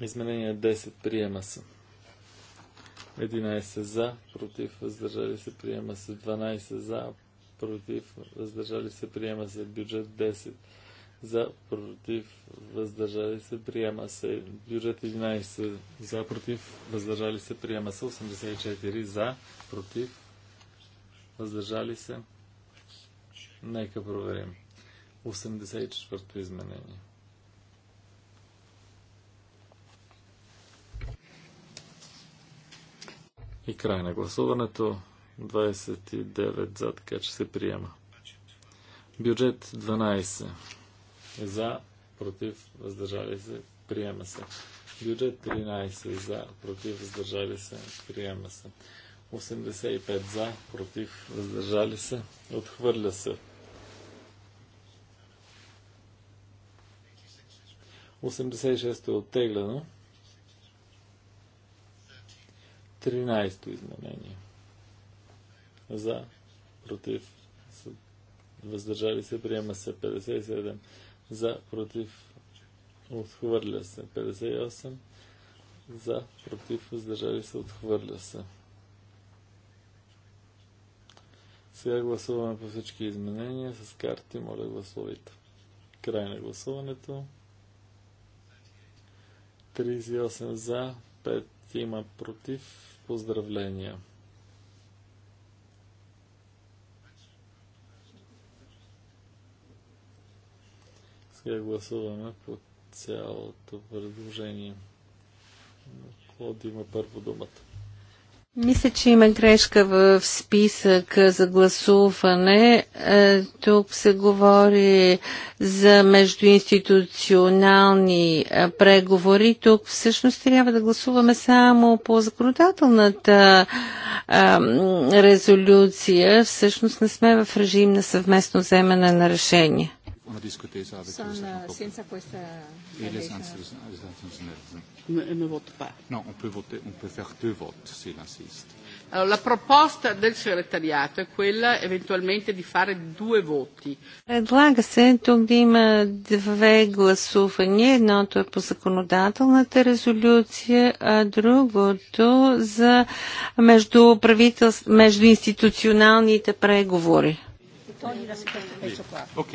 Изменение 10. Приема се. 11 за, против, въздържали се, приема се. 12 за, против, въздържали се, приема се. Бюджет 10 за, против, въздържали се, приема се. Бюджет 11 за, против, въздържали се, приема се. 84 за, против, въздържали се. Нека проверим. 84-то изменение. И край на гласуването. 29 за, така че се приема. Бюджет 12. За, против, въздържали се, приема се. Бюджет 13. За, против, въздържали се, приема се. 85 за, против, въздържали се, отхвърля се. 86 е оттеглено. 13-то изменение. За, против, въздържали се, приема се 57. За, против, отхвърля се 58. За, против, въздържали се, отхвърля се. Сега гласуваме по всички изменения с карти. Моля гласувайте. Край на гласуването. 38 за, 5 има против. Поздравления! Сега гласуваме по цялото предложение. Клод има първо думата. Мисля, че има грешка в списък за гласуване. Е, тук се говори за междуинституционални е, преговори. Тук всъщност трябва да гласуваме само по законодателната е, резолюция. Всъщност не сме в режим на съвместно вземане на решение on a discuté ça avec Sans, le Senza questa Et les Ne, ne vote pas. Non, on peut, voter, on peut faire deux votes s'il insiste. Allora, la proposta del segretariato è quella eventualmente di fare due voti. Предлага се тук да има две гласувания. Едното е по законодателната резолюция, а другото за между, между институционалните преговори. Togli da questo pezzo qua. Ok,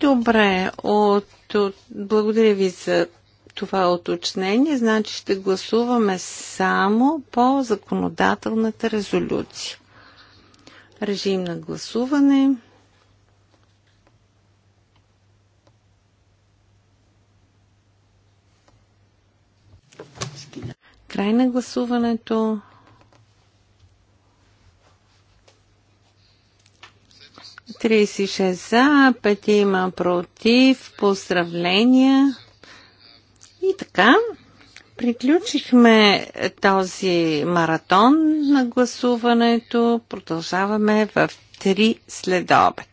Добре, от, от, благодаря ви за това уточнение. Значи ще гласуваме само по законодателната резолюция. Режим на гласуване. Край на гласуването. 36 за, 5 има против, поздравления. И така, приключихме този маратон на гласуването. Продължаваме в 3 следобед.